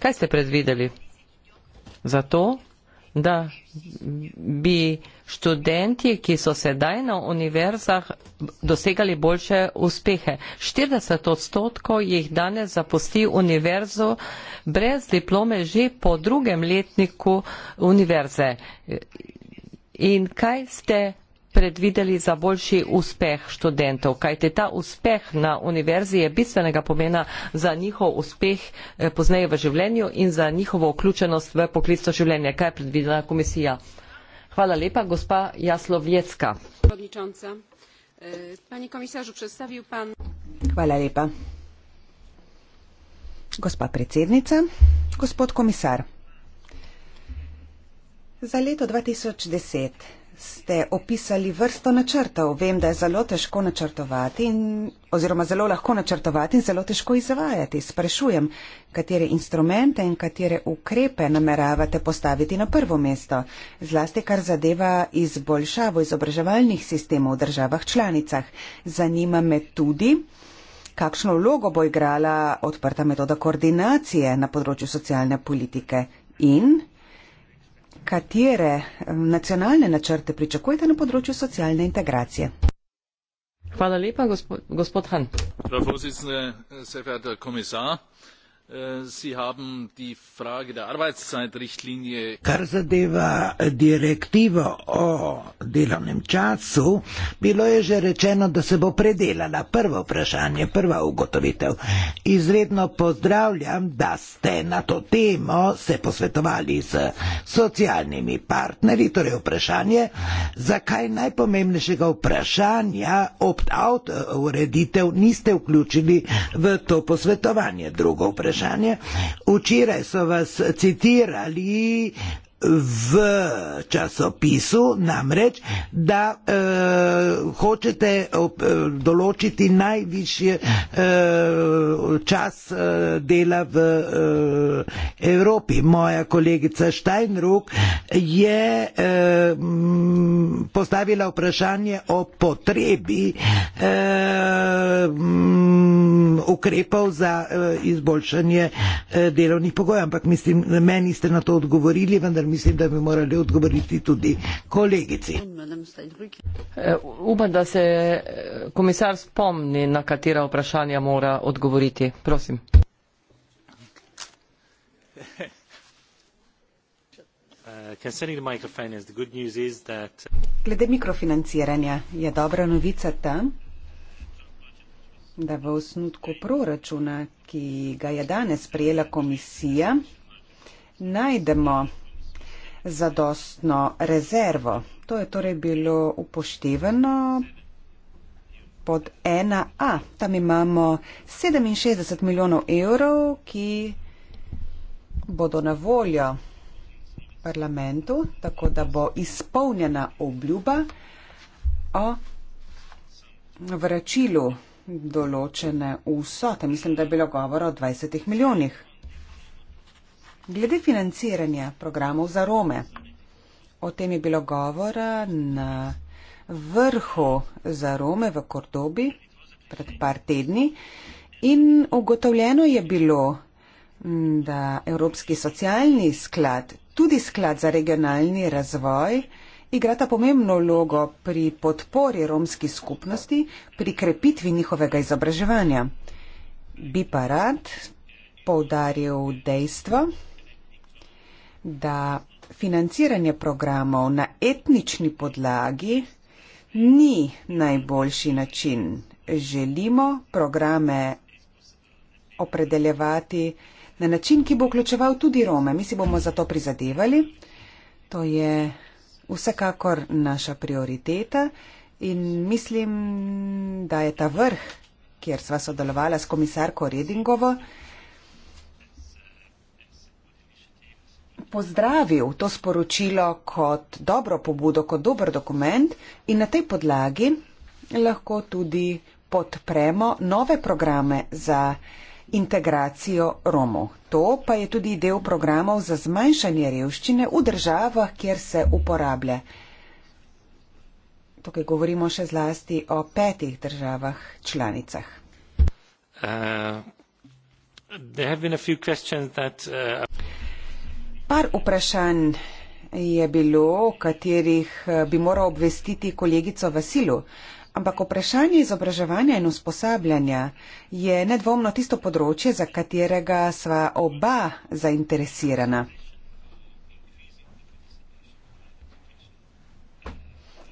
Kaj ste predvideli? Zato da bi študenti, ki so sedaj na univerzah, dosegali boljše uspehe. 40 odstotkov jih danes zapusti univerzo brez diplome že po drugem letniku univerze. In kaj ste predvideli za boljši uspeh študentov? Kajte ta uspeh na univerzi je bistvenega pomena za njihov uspeh eh, pozneje v življenju in za njihovo vključenost v poklicno življenje. Kaj je predvidela komisija? Hvala lepa, gospa Jaslovjecka. Eh, Pani komisarž, predstavil pan. Hvala lepa. Gospa predsednica, gospod komisar. Za leto 2010 ste opisali vrsto načrtov. Vem, da je zelo težko načrtovati in, oziroma zelo lahko načrtovati in zelo težko izvajati. Sprašujem, katere instrumente in katere ukrepe nameravate postaviti na prvo mesto, zlasti kar zadeva izboljšavo izobraževalnih sistemov v državah članicah. Zanima me tudi, kakšno vlogo bo igrala odprta metoda koordinacije na področju socialne politike in katere eh, nacionalne načrte pričakujete na področju socialne integracije? Hvala lepa, gospod, gospod Han. Hvala, Äh, Sie haben die Frage der Arbeitszeitrichtlinie. Kar zadeva äh, direktivo o delovnem času, bilo je že rečeno, da se bo predelala prvo vprašanje, prva ugotovitev. Izredno pozdravljam, da ste na to temo se posvetovali z socialnimi partnerji, torej vprašanje, zakaj najpomembnejšega vprašanja opt-out ureditev niste vključili v to posvetovanje. Drugo vprašanje vprašanje. Včeraj so vas citirali, v časopisu, namreč, da e, hočete op, eh, določiti najvišji e, eh, čas dela v e, Evropi. Moja kolegica Steinruck je e, postavila vprašanje o potrebi e, ukrepov za e, izboljšanje e, delovnih pogojev, ampak mislim, meni ste na to odgovorili, vendar mi mislim, da bi morali odgovoriti tudi kolegici. E, upam, da se e, komisar spomni, na katera vprašanja mora odgovoriti. Prosim. Uh, uh, Glede mikrofinanciranja je dobra novica ta, da v osnutku proračuna, ki ga je danes prijela komisija, najdemo zadostno rezervo. To je torej bilo upoštevano pod 1A. Tam imamo 67 milijonov evrov, ki bodo na voljo parlamentu, tako da bo izpolnjena obljuba o vračilu določene vsote. Mislim, da je bilo govora o 20 milijonih. Glede financiranja programov za Rome, o tem je bilo govora na vrhu za Rome v Kordobi pred par tedni in ugotovljeno je bilo, da Evropski socialni sklad, tudi sklad za regionalni razvoj, igrata pomembno vlogo pri podpori romski skupnosti, pri krepitvi njihovega izobraževanja. Bi pa rad poudaril dejstvo, da financiranje programov na etnični podlagi ni najboljši način. Želimo programe opredeljevati na način, ki bo vključeval tudi Rome. Mi si bomo za to prizadevali. To je vsekakor naša prioriteta in mislim, da je ta vrh, kjer sva sodelovala s komisarko Redingovo, pozdravil to sporočilo kot dobro pobudo, kot dober dokument in na tej podlagi lahko tudi podpremo nove programe za integracijo Romov. To pa je tudi del programov za zmanjšanje revščine v državah, kjer se uporablja. Tukaj govorimo še zlasti o petih državah članicah. Uh, that, uh... Par vprašanj je bilo, o katerih eh, bi moral obvestiti kolegico Vasilu, ampak vprašanje izobraževanja in usposabljanja je nedvomno tisto področje, za katerega sva oba zainteresirana.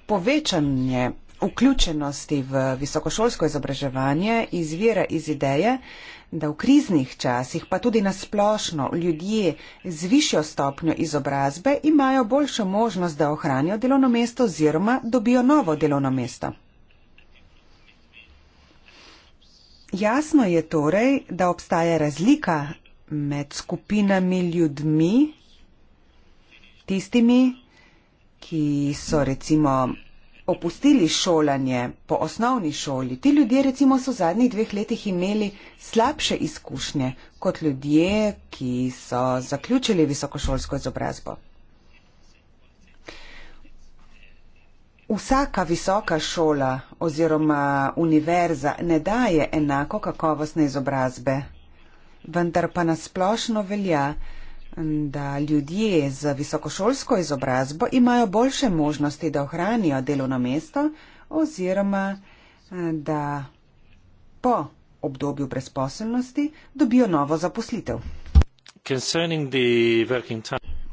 Povečanje vključenosti v visokošolsko izobraževanje izvira iz ideje, da v kriznih časih, pa tudi nasplošno, ljudje z višjo stopnjo izobrazbe imajo boljšo možnost, da ohranijo delovno mesto oziroma dobijo novo delovno mesto. Jasno je torej, da obstaja razlika med skupinami ljudmi, tistimi, ki so recimo opustili šolanje po osnovni šoli. Ti ljudje recimo so v zadnjih dveh letih imeli slabše izkušnje kot ljudje, ki so zaključili visokošolsko izobrazbo. Vsaka visoka šola oziroma univerza ne daje enako kakovostne izobrazbe, vendar pa nasplošno velja, da ljudje z visokošolsko izobrazbo imajo boljše možnosti, da ohranijo delovno mesto oziroma eh, da po obdobju brezposelnosti dobijo novo zaposlitev.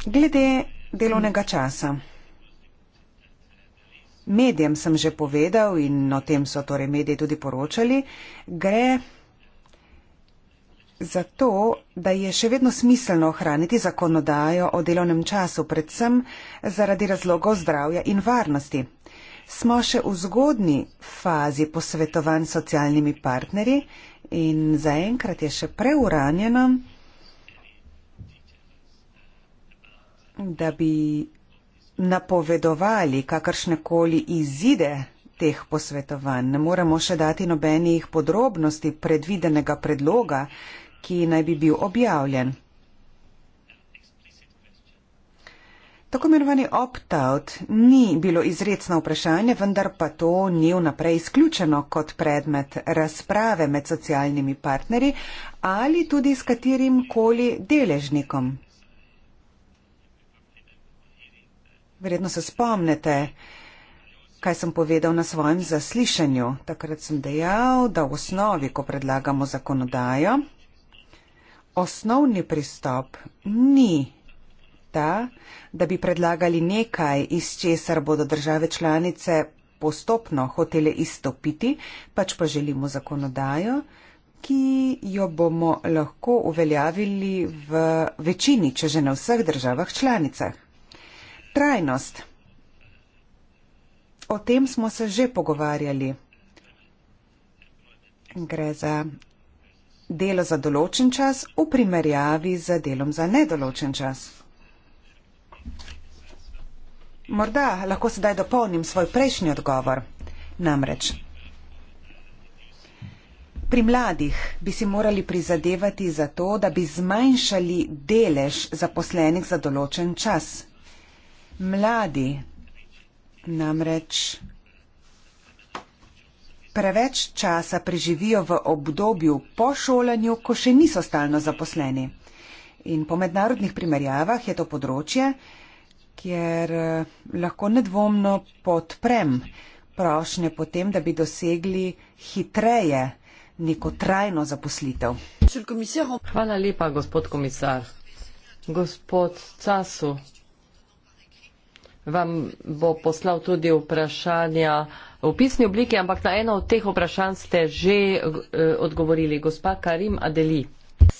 Glede delovnega časa. Medijem sem že povedal in o tem so torej mediji tudi poročali, gre zato, da je še vedno smiselno ohraniti zakonodajo o delovnem času, predvsem zaradi razlogov zdravja in varnosti. Smo še v zgodni fazi posvetovanj s socialnimi partnerji in zaenkrat je še preuranjeno, da bi napovedovali kakršnekoli izide teh posvetovanj. Ne moremo še dati nobenih podrobnosti predvidenega predloga, ki naj bi bil objavljen. Tako imenovani opt-out ni bilo izredno vprašanje, vendar pa to ni vnaprej izključeno kot predmet razprave med socialnimi partnerji ali tudi s katerim koli deležnikom. Verjetno se spomnite, kaj sem povedal na svojem zaslišanju. Takrat sem dejal, da v osnovi, ko predlagamo zakonodajo, osnovni pristop ni ta, da bi predlagali nekaj, iz česar bodo države članice postopno hotele izstopiti, pač pa želimo zakonodajo, ki jo bomo lahko uveljavili v večini, če že na vseh državah članicah. Trajnost. O tem smo se že pogovarjali. Gre za delo za določen čas v primerjavi z delom za nedoločen čas. Morda lahko sedaj dopolnim svoj prejšnji odgovor. Namreč, pri mladih bi si morali prizadevati za to, da bi zmanjšali delež zaposlenih za določen čas. Mladi namreč preveč časa preživijo v obdobju po šolanju, ko še niso stalno zaposleni. In po mednarodnih primerjavah je to področje, kjer eh, lahko nedvomno podprem prošnje potem, da bi dosegli hitreje neko trajno zaposlitev. Hvala lepa, gospod komisar. Gospod Casu vam bo poslal tudi vprašanja v pisni obliki, ampak na eno od teh vprašanj ste že uh, odgovorili. Gospa Karim Adeli.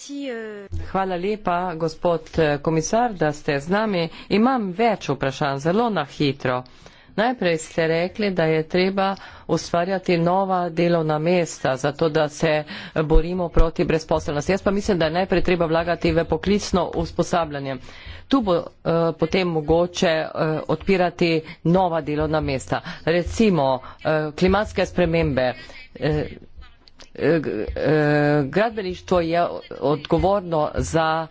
Eh, Hvala lepa, gospod eh, komisar, da ste z nami. Imam več vprašanj, zelo na hitro. Uh, Najprej ste rekli, da je treba ustvarjati nova delovna mesta, zato da se borimo proti brezposelnosti. Jaz pa mislim, da je najprej treba vlagati v poklicno usposabljanje. Tu bo uh, potem mogoče uh, odpirati nova delovna mesta. Recimo uh, klimatske spremembe. Uh, Gradbeništvo je odgovorno za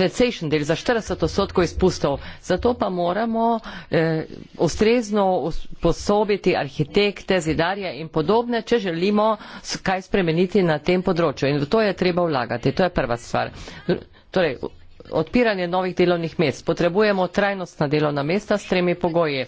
precejšen del, za 40 odstotkov izpustov. Zato pa moramo eh, ustrezno usposobiti arhitekte, zidarje in podobne, če želimo kaj spremeniti na tem področju. In v to je treba vlagati. To je prva stvar. Torej, odpiranje novih delovnih mest. Potrebujemo trajnostna delovna mesta s tremi pogoji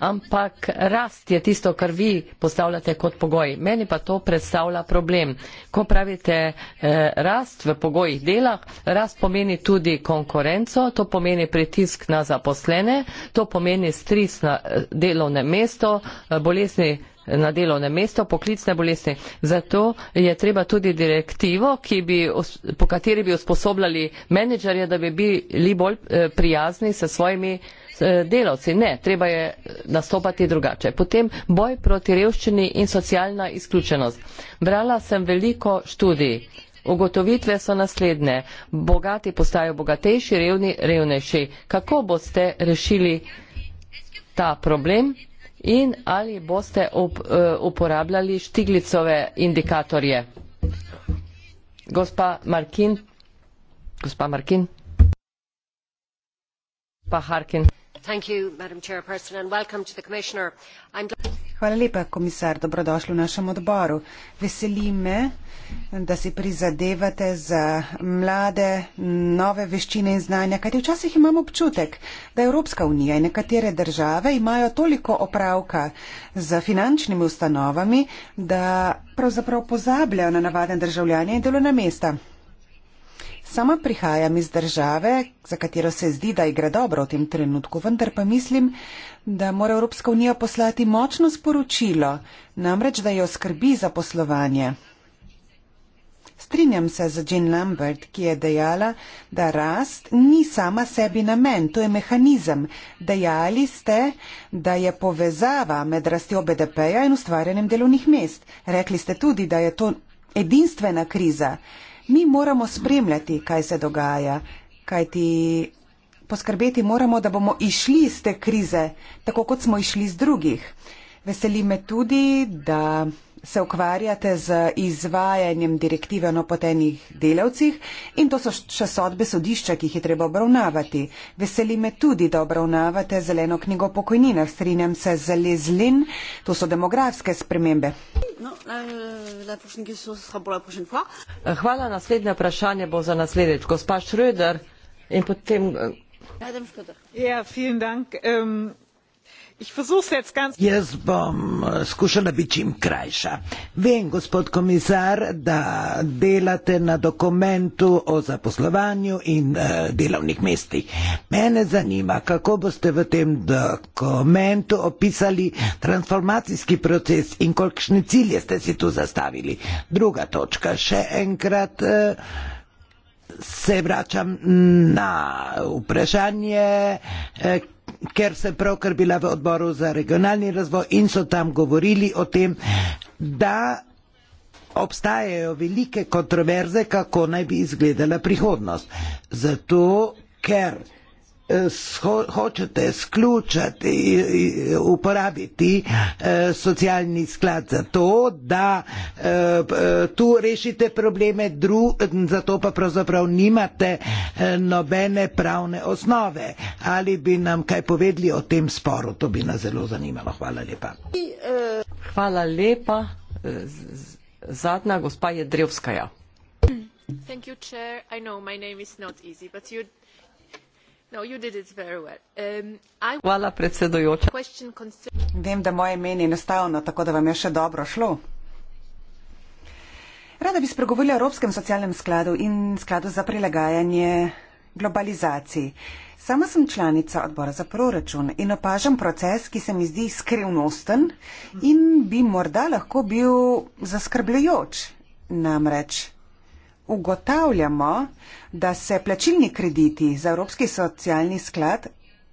ampak rast je tisto, kar vi postavljate kot pogoj. Meni pa to predstavlja problem. Ko pravite eh, rast v pogojih dela, rast pomeni tudi konkurenco, to pomeni pritisk na zaposlene, to pomeni stris na eh, delovne mesto, eh, bolesni eh, na delovne mesto, poklicne bolesti. Zato je treba tudi direktivo, bi, po kateri bi usposobljali menedžerje, da bi bili bolj prijazni s svojimi Eh, delavci. Ne, treba je nastopati drugače. Potem boj proti revščini in socialna izključenost. Brala sem veliko študij. Ugotovitve so naslednje. Bogati postajajo bogatejši, revni, revnejši. Kako boste rešili ta problem in ali boste up, eh, uporabljali štiglicove indikatorje? Gospa Markin. Gospa Markin. Pa Harkin. Hvala lepa, komisar, dobrodošli v našem odboru. Veseli me, da si prizadevate za mlade, nove veščine in znanja, kajti včasih imam občutek, da Evropska unija in nekatere države imajo toliko opravka z finančnimi ustanovami, da pravzaprav pozabljajo na navaden državljanje in delovna mesta. Sama prihajam iz države, za katero se zdi, da igra dobro v tem trenutku, vendar pa mislim, da mora Evropska unija poslati močno sporočilo, namreč, da jo skrbi za poslovanje. Strinjam se z Jean Lambert, ki je dejala, da rast ni sama sebi namen, to je mehanizem. Dejali ste, da je povezava med rastjo BDP-ja in ustvarjanjem delovnih mest. Rekli ste tudi, da je to edinstvena kriza. Mi moramo spremljati, kaj se dogaja, kajti poskrbeti moramo, da bomo išli iz te krize, tako kot smo išli iz drugih. Veseli me tudi, da se ukvarjate z izvajanjem direktive o napotenih delavcih in to so še sodbe sodišča, ki jih je treba obravnavati. Veseli me tudi, da obravnavate zeleno knjigo o pokojninah. Strinjam se z Lezlin, to so demografske spremembe. No, eh, eh, hvala, naslednje vprašanje bo za naslednjič. Gospa Šröder in potem. Eh, ja, Ich versuch's jetzt ganz. Jaz bom eh, skušala biti čim krajša. Vem, gospod komisar, da delate na dokumentu o zaposlovanju in uh, delovnih mestih. Mene zanima, kako boste v tem dokumentu opisali transformacijski proces in kolikšne cilje ste si tu zastavili. Druga točka, še enkrat. Uh, Se vračam na vprašanje, ker sem pravkar bila v odboru za regionalni razvoj in so tam govorili o tem, da obstajajo velike kontroverze, kako naj bi izgledala prihodnost. Zato, ker hočete sključati, uporabiti e, socialni sklad za to, da e, e, tu rešite probleme, dru, za to pa pravzaprav nimate nobene pravne osnove. Ali bi nam kaj povedali o tem sporu, to bi nas zelo zanimalo. Hvala lepa. Hvala lepa. Zadnja gospa je Drevskaja. Thank you, Chair. I know my name is not easy, but you No, um, vem da moje ime ni enostavno tako da vam je še dobro šlo rada bi spregovorila o evropskem socialnem skladu in skladu za prilagajanje globalizaciji sama sem članica odbora za proračun in opažam proces ki se mi zdi skrivnosten in bi morda lahko bil zaskrbljujoč namreč ugotavljamo, da se plačilni krediti za Evropski socialni sklad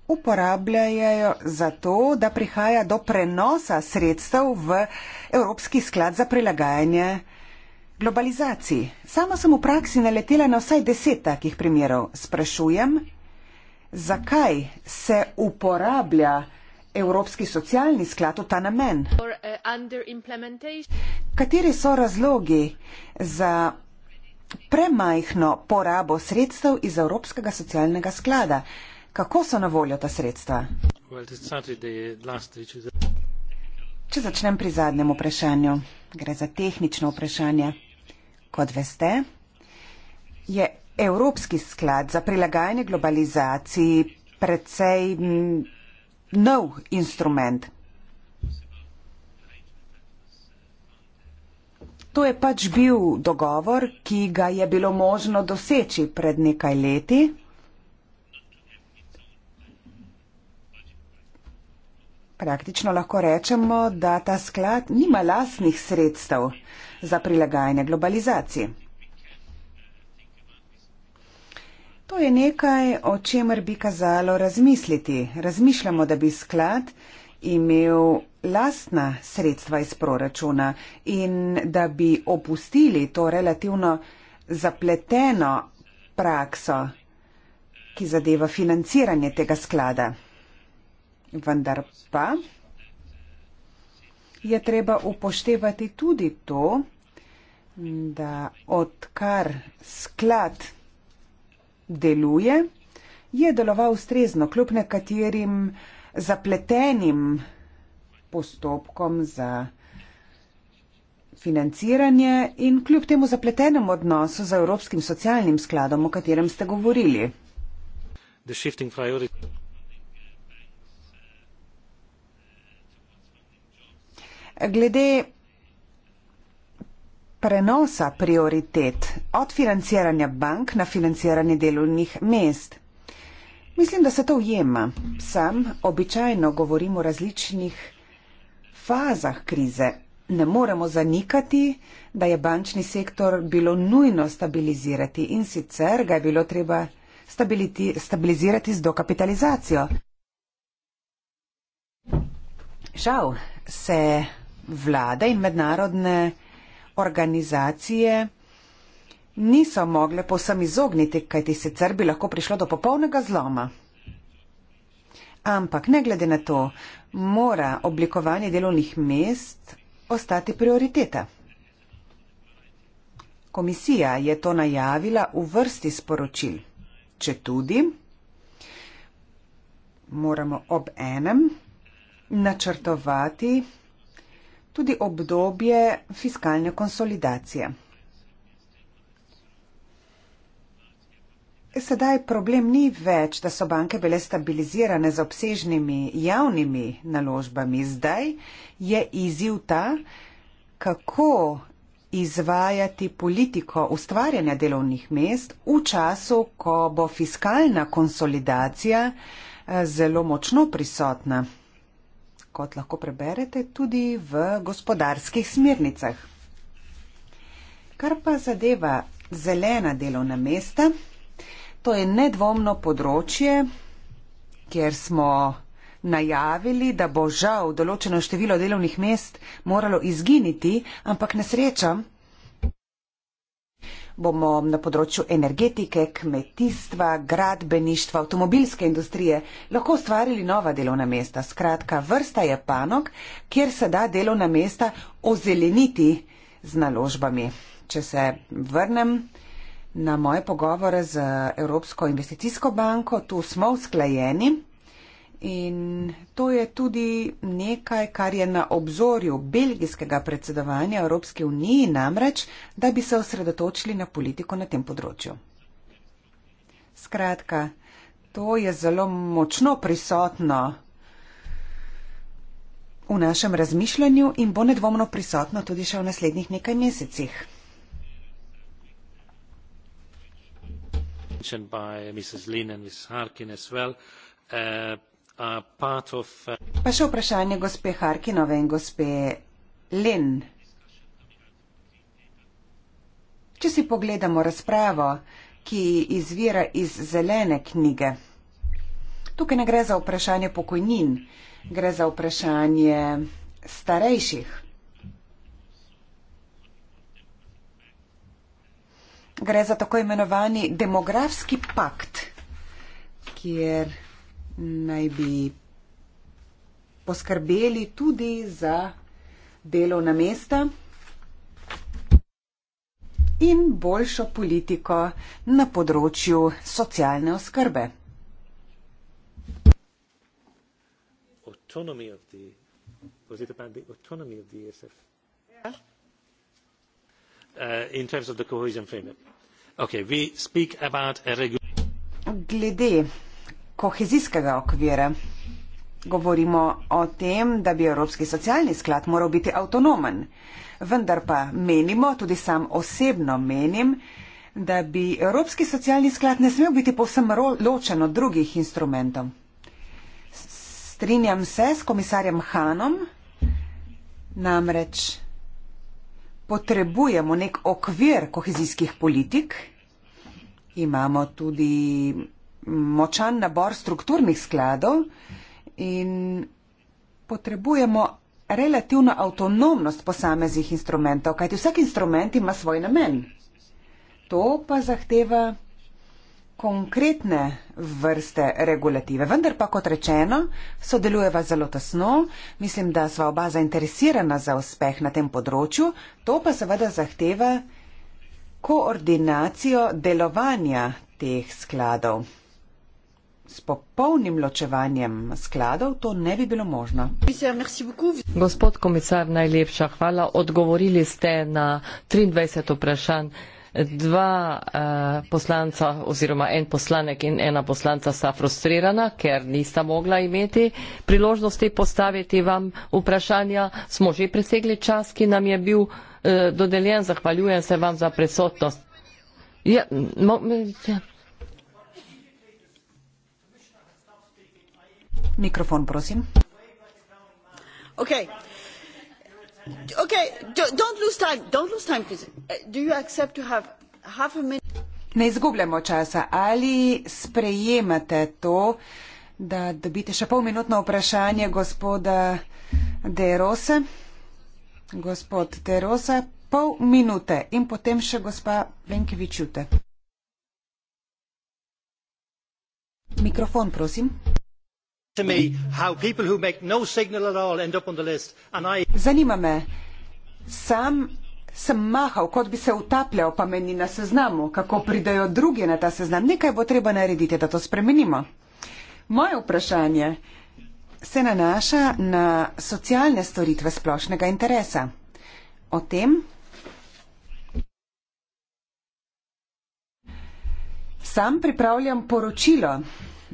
uporabljajo zato, da prihaja do prenosa sredstev v Evropski sklad za prilagajanje globalizaciji. Sama sem v praksi naletela na vsaj deset takih primerov. Sprašujem, zakaj se uporablja Evropski socialni sklad v ta namen? Eh, Kateri so razlogi za premajhno porabo sredstev iz Evropskega socialnega sklada. Kako so na voljo ta sredstva? Če začnem pri zadnjem vprašanju, gre za tehnično vprašanje. Kot veste, je Evropski sklad za prilagajanje globalizaciji precej mm, nov instrument. To je pač bil dogovor, ki ga je bilo možno doseči pred nekaj leti. Praktično lahko rečemo, da ta sklad nima lasnih sredstev za prilagajanje globalizaciji. To je nekaj, o čemer bi kazalo razmisliti. Razmišljamo, da bi sklad imel lastna sredstva iz proračuna in da bi opustili to relativno zapleteno prakso, ki zadeva financiranje tega sklada. Vendar pa je treba upoštevati tudi to, da odkar sklad deluje, je deloval ustrezno, kljub nekaterim uh, zapletenim postopkom za financiranje in kljub temu zapletenemu odnosu z Evropskim socialnim skladom, o katerem ste govorili. Glede prenosa prioritet od financiranja bank na financiranje delovnih mest. Mislim, da se to ujema. Sam običajno govorim o različnih fazah krize. Ne moremo zanikati, da je bančni sektor bilo nujno stabilizirati in sicer ga je bilo treba stabilizirati z dokapitalizacijo. Žal se vlade in mednarodne organizacije niso mogle posem izogniti, kajti sicer bi lahko prišlo do popolnega zloma. Ampak ne glede na to, mora oblikovanje delovnih mest ostati prioriteta. Komisija je to najavila v vrsti sporočil, če tudi moramo ob enem načrtovati tudi obdobje fiskalne konsolidacije. Sedaj problem ni več, da so banke bile stabilizirane z obsežnimi javnimi naložbami. Zdaj je izziv ta, kako izvajati politiko ustvarjanja delovnih mest v času, ko bo fiskalna konsolidacija eh, zelo močno prisotna, kot lahko preberete tudi v gospodarskih smernicah. Kar pa zadeva zelena delovna mesta, to je nedvomno področje, kjer smo najavili, da bo žal določeno število delovnih mest moralo izginiti, ampak nesreča bomo na področju energetike, kmetijstva, gradbeništva, avtomobilske industrije lahko ustvarili nova delovna mesta. Skratka, vrsta je panog, kjer se da delovna mesta ozeleniti z naložbami. Če se vrnem na moje pogovore z Evropsko investicijsko banko. Tu smo usklajeni in to je tudi nekaj, kar je na obzorju belgijskega predsedovanja Evropske unije namreč, da bi se osredotočili na politiko na tem področju. Skratka, to je zelo močno prisotno v našem razmišljanju in bo nedvomno prisotno tudi še v naslednjih nekaj mesecih. mentioned by mrs lynne and mrs harkin as well uh, are part of uh, Če si pogledamo razpravo, ki izvira iz zelene knjige, tukaj ne gre za vprašanje pokojnin, gre za vprašanje starejših. gre za tako imenovani demografski pakt, kjer naj bi poskrbeli tudi za delovna mesta in boljšo politiko na področju socialne oskrbe. Autonomy of the, was it about the autonomy of the ESF? Yeah. Uh, in terms of the cohesion framework okay we speak about a glede kohezijskega okvira govorimo o tem da bi evropski socialni sklad moral biti avtonomen vendar pa menimo tudi sam osebno menim da bi evropski socialni sklad ne smel biti povsem ločen od drugih instrumentov strinjam se s komisarjem hanom namreč potrebujemo nek okvir kohezijskih politik. Imamo tudi močan nabor strukturnih skladov in potrebujemo relativno avtonomnost posameznih instrumentov, kajti vsak instrument ima svoj namen. To pa zahteva konkretne vrste regulative. Vendar pa, kot rečeno, sodelujeva zelo tesno. Mislim, da sva oba zainteresirana za uspeh na tem področju. To pa seveda zahteva koordinacijo delovanja teh skladov. S popolnim ločevanjem skladov to ne bi bilo možno. Gospod komisar, najlepša hvala. Odgovorili ste na 23 vprašanj dva uh, poslanca oziroma en poslanek in ena poslanca sta frustrirana, ker nista mogla imeti priložnosti postaviti vam vprašanja. Smo že presegli čas, ki nam je bil uh, dodeljen. Zahvaljujem se vam za prisotnost. Ja, mo, ja. Mikrofon, prosim. Okay okay don't lose time don't lose time please uh, do you accept to have half a minute ne izgubljamo časa ali sprejemate to da dobite še pol minutno vprašanje gospoda derose gospod derosa pol minute in potem še gospa venkevič jute mikrofon prosim No Zanima me, sam sem mahal, kot bi se utapljal, pa meni na seznamu, kako pridajo drugi na ta seznam. Nekaj bo treba narediti, da to spremenimo. Moje vprašanje se nanaša na socialne storitve splošnega interesa. O tem sam pripravljam poročilo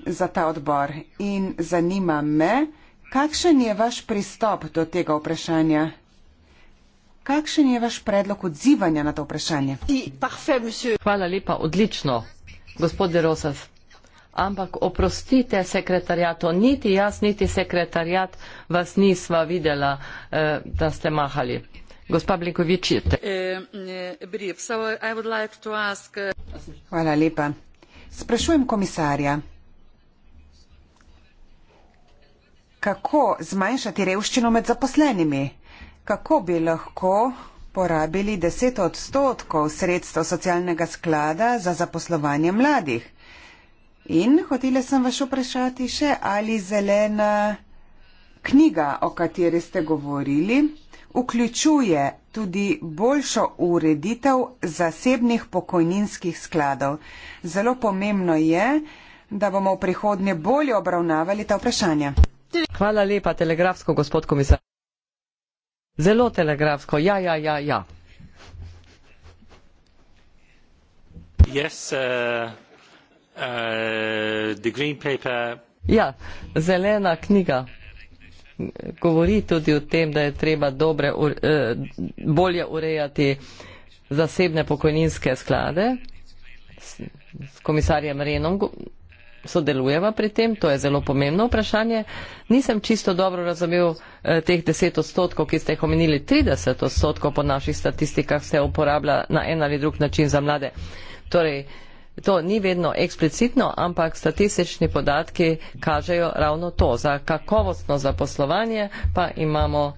za ta odbor in zanima me, kakšen je vaš pristop do tega vprašanja? Kakšen je vaš predlog odzivanja na to vprašanje? Hvala lepa, odlično, gospod De Rosas. Ampak oprostite, sekretarjato, niti jaz, niti sekretarjat vas nisva videla, eh, da ste mahali. Gospa Blinkovič, jete. Eh, eh, eh, Hvala lepa. Sprašujem komisarja. kako zmanjšati revščino med zaposlenimi? Kako bi lahko porabili 10 odstotkov sredstev socialnega sklada za zaposlovanje mladih? In hotela sem vas vprašati še, ali zelena knjiga, o kateri ste govorili, vključuje tudi boljšo ureditev zasebnih pokojninskih skladov. Zelo pomembno je, da bomo v prihodnje bolje obravnavali ta vprašanja. Hvala lepa, telegrafsko, gospod komisar. Zelo telegrafsko, ja, ja, ja. ja. Yes, uh, uh, paper... Ja, zelena knjiga govori tudi o tem, da je treba dobre, uh, bolje urejati zasebne pokojninske sklade. S, s komisarjem Renom sodelujeva pri tem, to je zelo pomembno vprašanje. Nisem čisto dobro razumel eh, teh 10 odstotkov, ki ste jih omenili, 30 odstotkov po naših statistikah se uporablja na en ali drug način za mlade. Torej, to ni vedno eksplicitno, ampak statistični podatki kažejo ravno to. Za kakovostno zaposlovanje pa imamo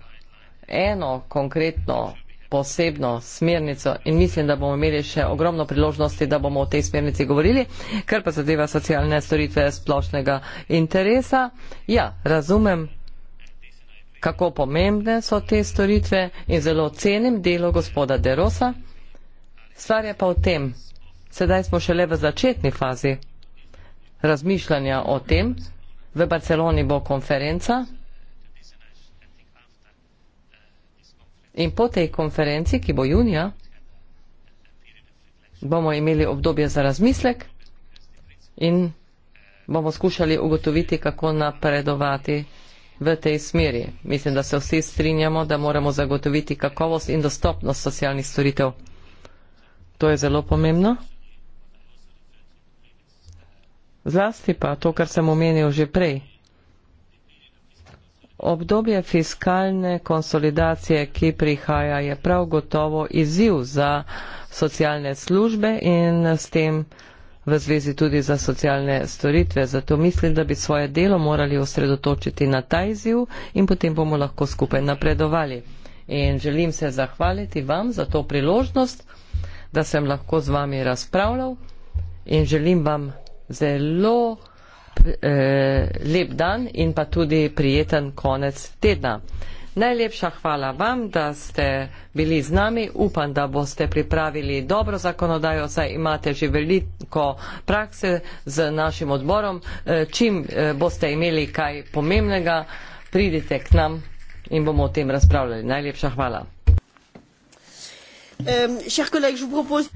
eno konkretno posebno smernico in mislim, da bomo imeli še ogromno priložnosti, da bomo o tej smernici govorili, kar pa zadeva socialne storitve splošnega interesa. Ja, razumem, kako pomembne so te storitve in zelo cenim delo gospoda Derosa. Stvar je pa v tem, sedaj smo šele v začetni fazi razmišljanja o tem, v Barceloni bo konferenca, In po tej konferenci, ki bo junija, bomo imeli obdobje za razmislek in bomo skušali ugotoviti, kako napredovati v tej smeri. Mislim, da se vsi strinjamo, da moramo zagotoviti kakovost in dostopnost socialnih storitev. To je zelo pomembno. Zlasti pa to, kar sem omenil že prej, Obdobje fiskalne konsolidacije, ki prihaja, je prav gotovo izziv za socialne službe in s tem v zvezi tudi za socialne storitve. Zato mislim, da bi svoje delo morali osredotočiti na ta izziv in potem bomo lahko skupaj napredovali. In želim se zahvaliti vam za to priložnost, da sem lahko z vami razpravljal in želim vam zelo eh, lep dan in pa tudi prijeten konec tedna. Najlepša hvala vam, da ste bili z nami. Upam, da boste pripravili dobro zakonodajo, saj imate že veliko prakse z našim odborom. Eh, čim eh, boste imeli kaj pomembnega, pridite k nam in bomo o tem razpravljali. Najlepša hvala. Eh,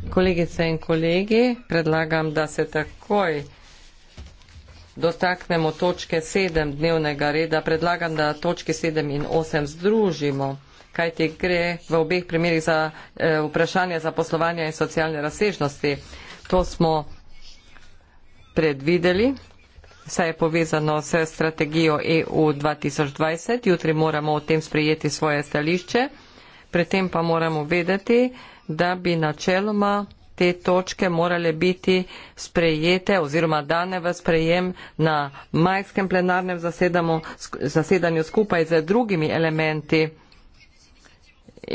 Kolegice in kolegi, predlagam, da se takoj dotaknemo točke 7 dnevnega reda. Predlagam, da točke 7 in 8 združimo, kajti gre v obeh primerih za e, vprašanje za poslovanje in socialne razsežnosti. To smo predvideli, saj je povezano s strategijo EU 2020. Jutri moramo o tem sprejeti svoje stališče. Pri tem pa moramo vedeti, da bi načeloma te točke morale biti sprejete oziroma dane v sprejem na majskem plenarnem zasedanju skupaj z drugimi elementi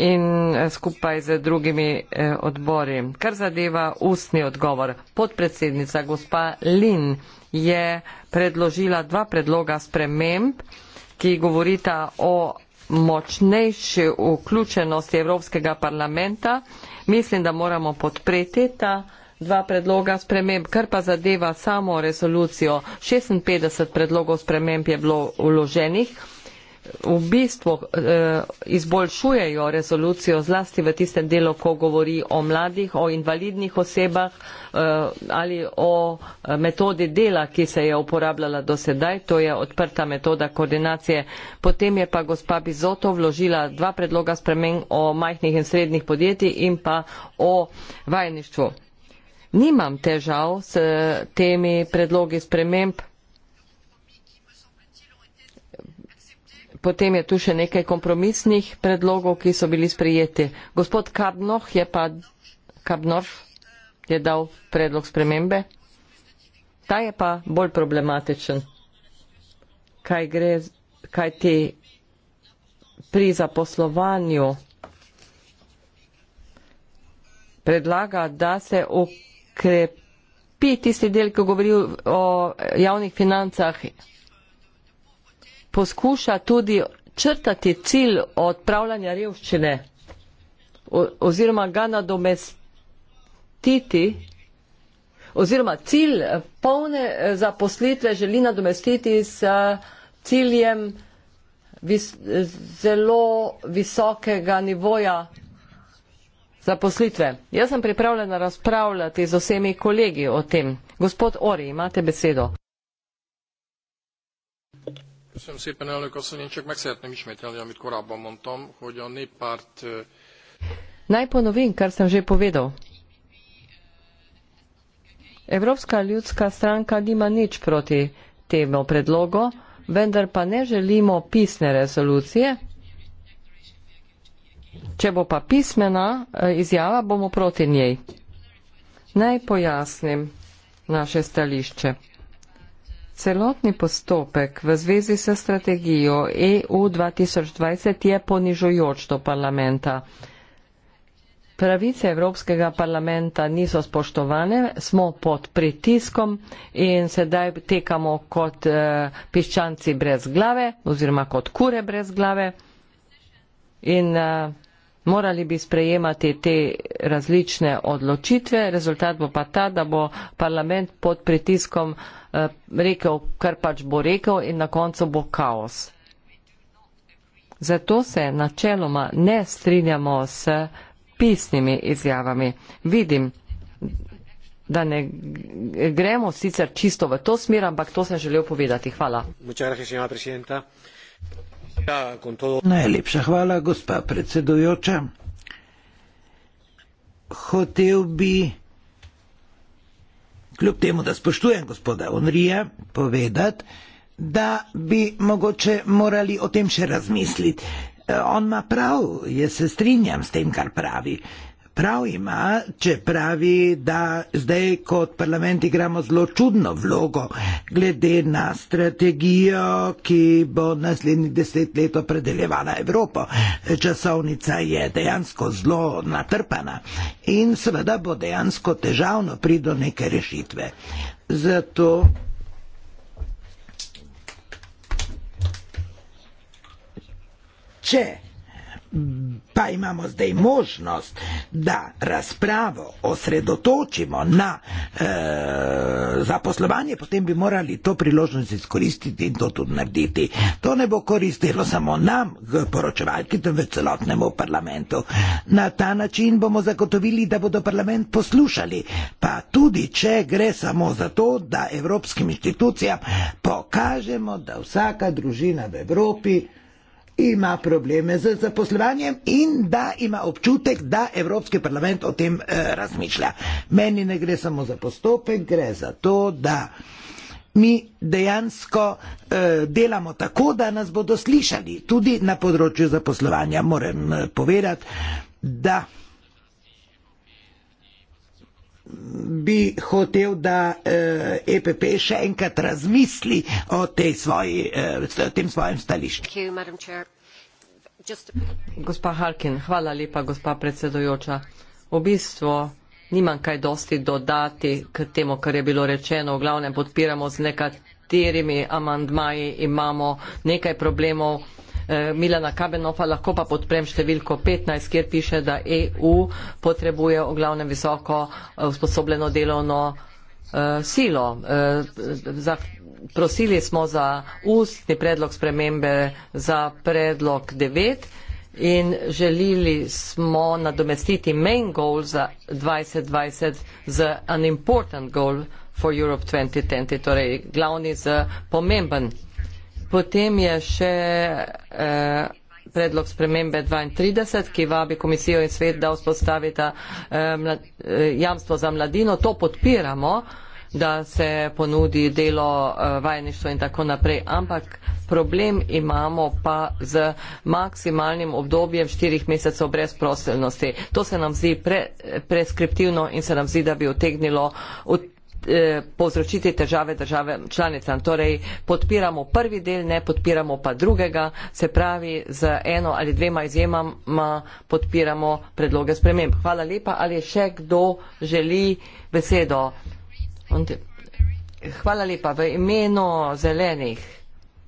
in eh, skupaj z drugimi eh, odbori. Kar zadeva ustni odgovor. Podpredsednica gospa Lin je predložila dva predloga sprememb, ki govorita o močnejši vključenosti Evropskega parlamenta mislim, da moramo podpreti ta dva predloga sprememb, kar pa zadeva samo resolucijo. 56 predlogov sprememb je bilo vloženih v bistvu eh, izboljšujejo rezolucijo, zlasti v tistem delu, ko govori o mladih, o invalidnih osebah eh, ali o eh, metodi dela, ki se je uporabljala do sedaj, to je odprta metoda koordinacije. Potem je pa gospa Bizoto vložila dva predloga spremen o majhnih in srednjih podjetij in pa o vajništvu. Nimam težav s temi predlogi sprememb. potem je tu še nekaj kompromisnih predlogov, ki so bili sprijeti. Gospod Kabnoh je pa, Kabnoh je dal predlog spremembe. Ta je pa bolj problematičen. Kaj gre, kaj ti pri zaposlovanju predlaga, da se ukrepi tisti del, ki govori o javnih financah poskuša tudi črtati cilj odpravljanja revščine oziroma ga nadomestiti oziroma cilj polne eh, zaposlitve želi nadomestiti s eh, ciljem vis zelo visokega nivoja zaposlitve. Jaz sem pripravljena razpravljati z vsemi kolegi o tem. Gospod Ori, imate besedo. Köszönöm szépen, elnök asszony. Én csak meg szeretném ismételni, amit korábban mondtam, hogy a néppárt... Naj ponovim, kar sem že povedal. Evropska ljudska stranka nima nič proti temu predlogu, vendar pa ne želimo pisne rezolucije. Če bo pa pismena e, izjava, bomo proti njej. Naj pojasnim naše stališče. Celotni postopek v zvezi s strategijo EU 2020 je ponižujoč do parlamenta. Pravice Evropskega parlamenta niso spoštovane, smo pod pritiskom in sedaj tekamo kot uh, piščanci brez glave oziroma kot kure brez glave. In, uh, morali bi sprejemati te različne odločitve, rezultat bo pa ta, da bo parlament pod pritiskom eh, rekel, kar pač bo rekel in na koncu bo kaos. Zato se načeloma ne strinjamo s pisnimi izjavami. Vidim, da ne gremo sicer čisto v to smer, ampak to sem želel povedati. Hvala. Najlepša hvala, gospa predsedujoča. Hotev bi, kljub temu, da spoštujem gospoda Onrija, povedati, da bi mogoče morali o tem še razmisliti. E, on ima prav, jaz se strinjam s tem, kar pravi prav ima, če pravi, da zdaj kot parlament igramo zelo čudno vlogo glede na strategijo, ki bo naslednji deset let opredeljevala Evropo. Časovnica je dejansko zelo natrpana in seveda bo dejansko težavno prido neke rešitve. Zato Če pa imamo zdaj možnost, da razpravo osredotočimo na e, zaposlovanje, potem bi morali to priložnost izkoristiti in to tudi narediti. To ne bo koristilo samo nam, poročevalki, temveč celotnemu parlamentu. Na ta način bomo zagotovili, da bodo parlament poslušali, pa tudi če gre samo za to, da evropskim inštitucijam pokažemo, da vsaka družina v Evropi ima probleme z zaposlovanjem in da ima občutek, da Evropski parlament o tem e, razmišlja. Meni ne gre samo za postopek, gre za to, da mi dejansko e, delamo tako, da nas bodo slišali tudi na področju zaposlovanja. Moram eh, povedati, da bi hotel, da eh, EPP še enkrat razmisli o svoji, eh, tem svojem stališču. Gospa Harkin, hvala lepa, gospa predsedojoča. V bistvu nimam kaj dosti dodati k temu, kar je bilo rečeno. V glavnem podpiramo z nekaterimi amandmaji, imamo nekaj problemov, Eh, Milana Kabenova, lahko pa podprem številko 15, kjer piše, da EU potrebuje o glavnem visoko eh, usposobljeno delovno eh, silo. Prosili smo za ustni predlog spremembe za predlog 9 in želili smo nadomestiti main goal za 2020 z an important goal for Europe 2020, torej glavni z pomemben Potem je še eh, predlog spremembe 32, ki vabi komisijo in svet, da vzpostavita eh, eh, jamstvo za mladino. To podpiramo, da se ponudi delo, eh, vajeništvo in tako naprej. Ampak problem imamo pa z maksimalnim obdobjem štirih mesecev brezprostelnosti. To se nam zdi pre, preskriptivno in se nam zdi, da bi utegnilo. Ut Eh, povzročiti težave državam članicam. Torej, podpiramo prvi del, ne podpiramo pa drugega, se pravi, z eno ali dvema izjemama podpiramo predloge sprememb. Hvala lepa. Ali še kdo želi besedo? Hvala lepa. V imenu zelenih.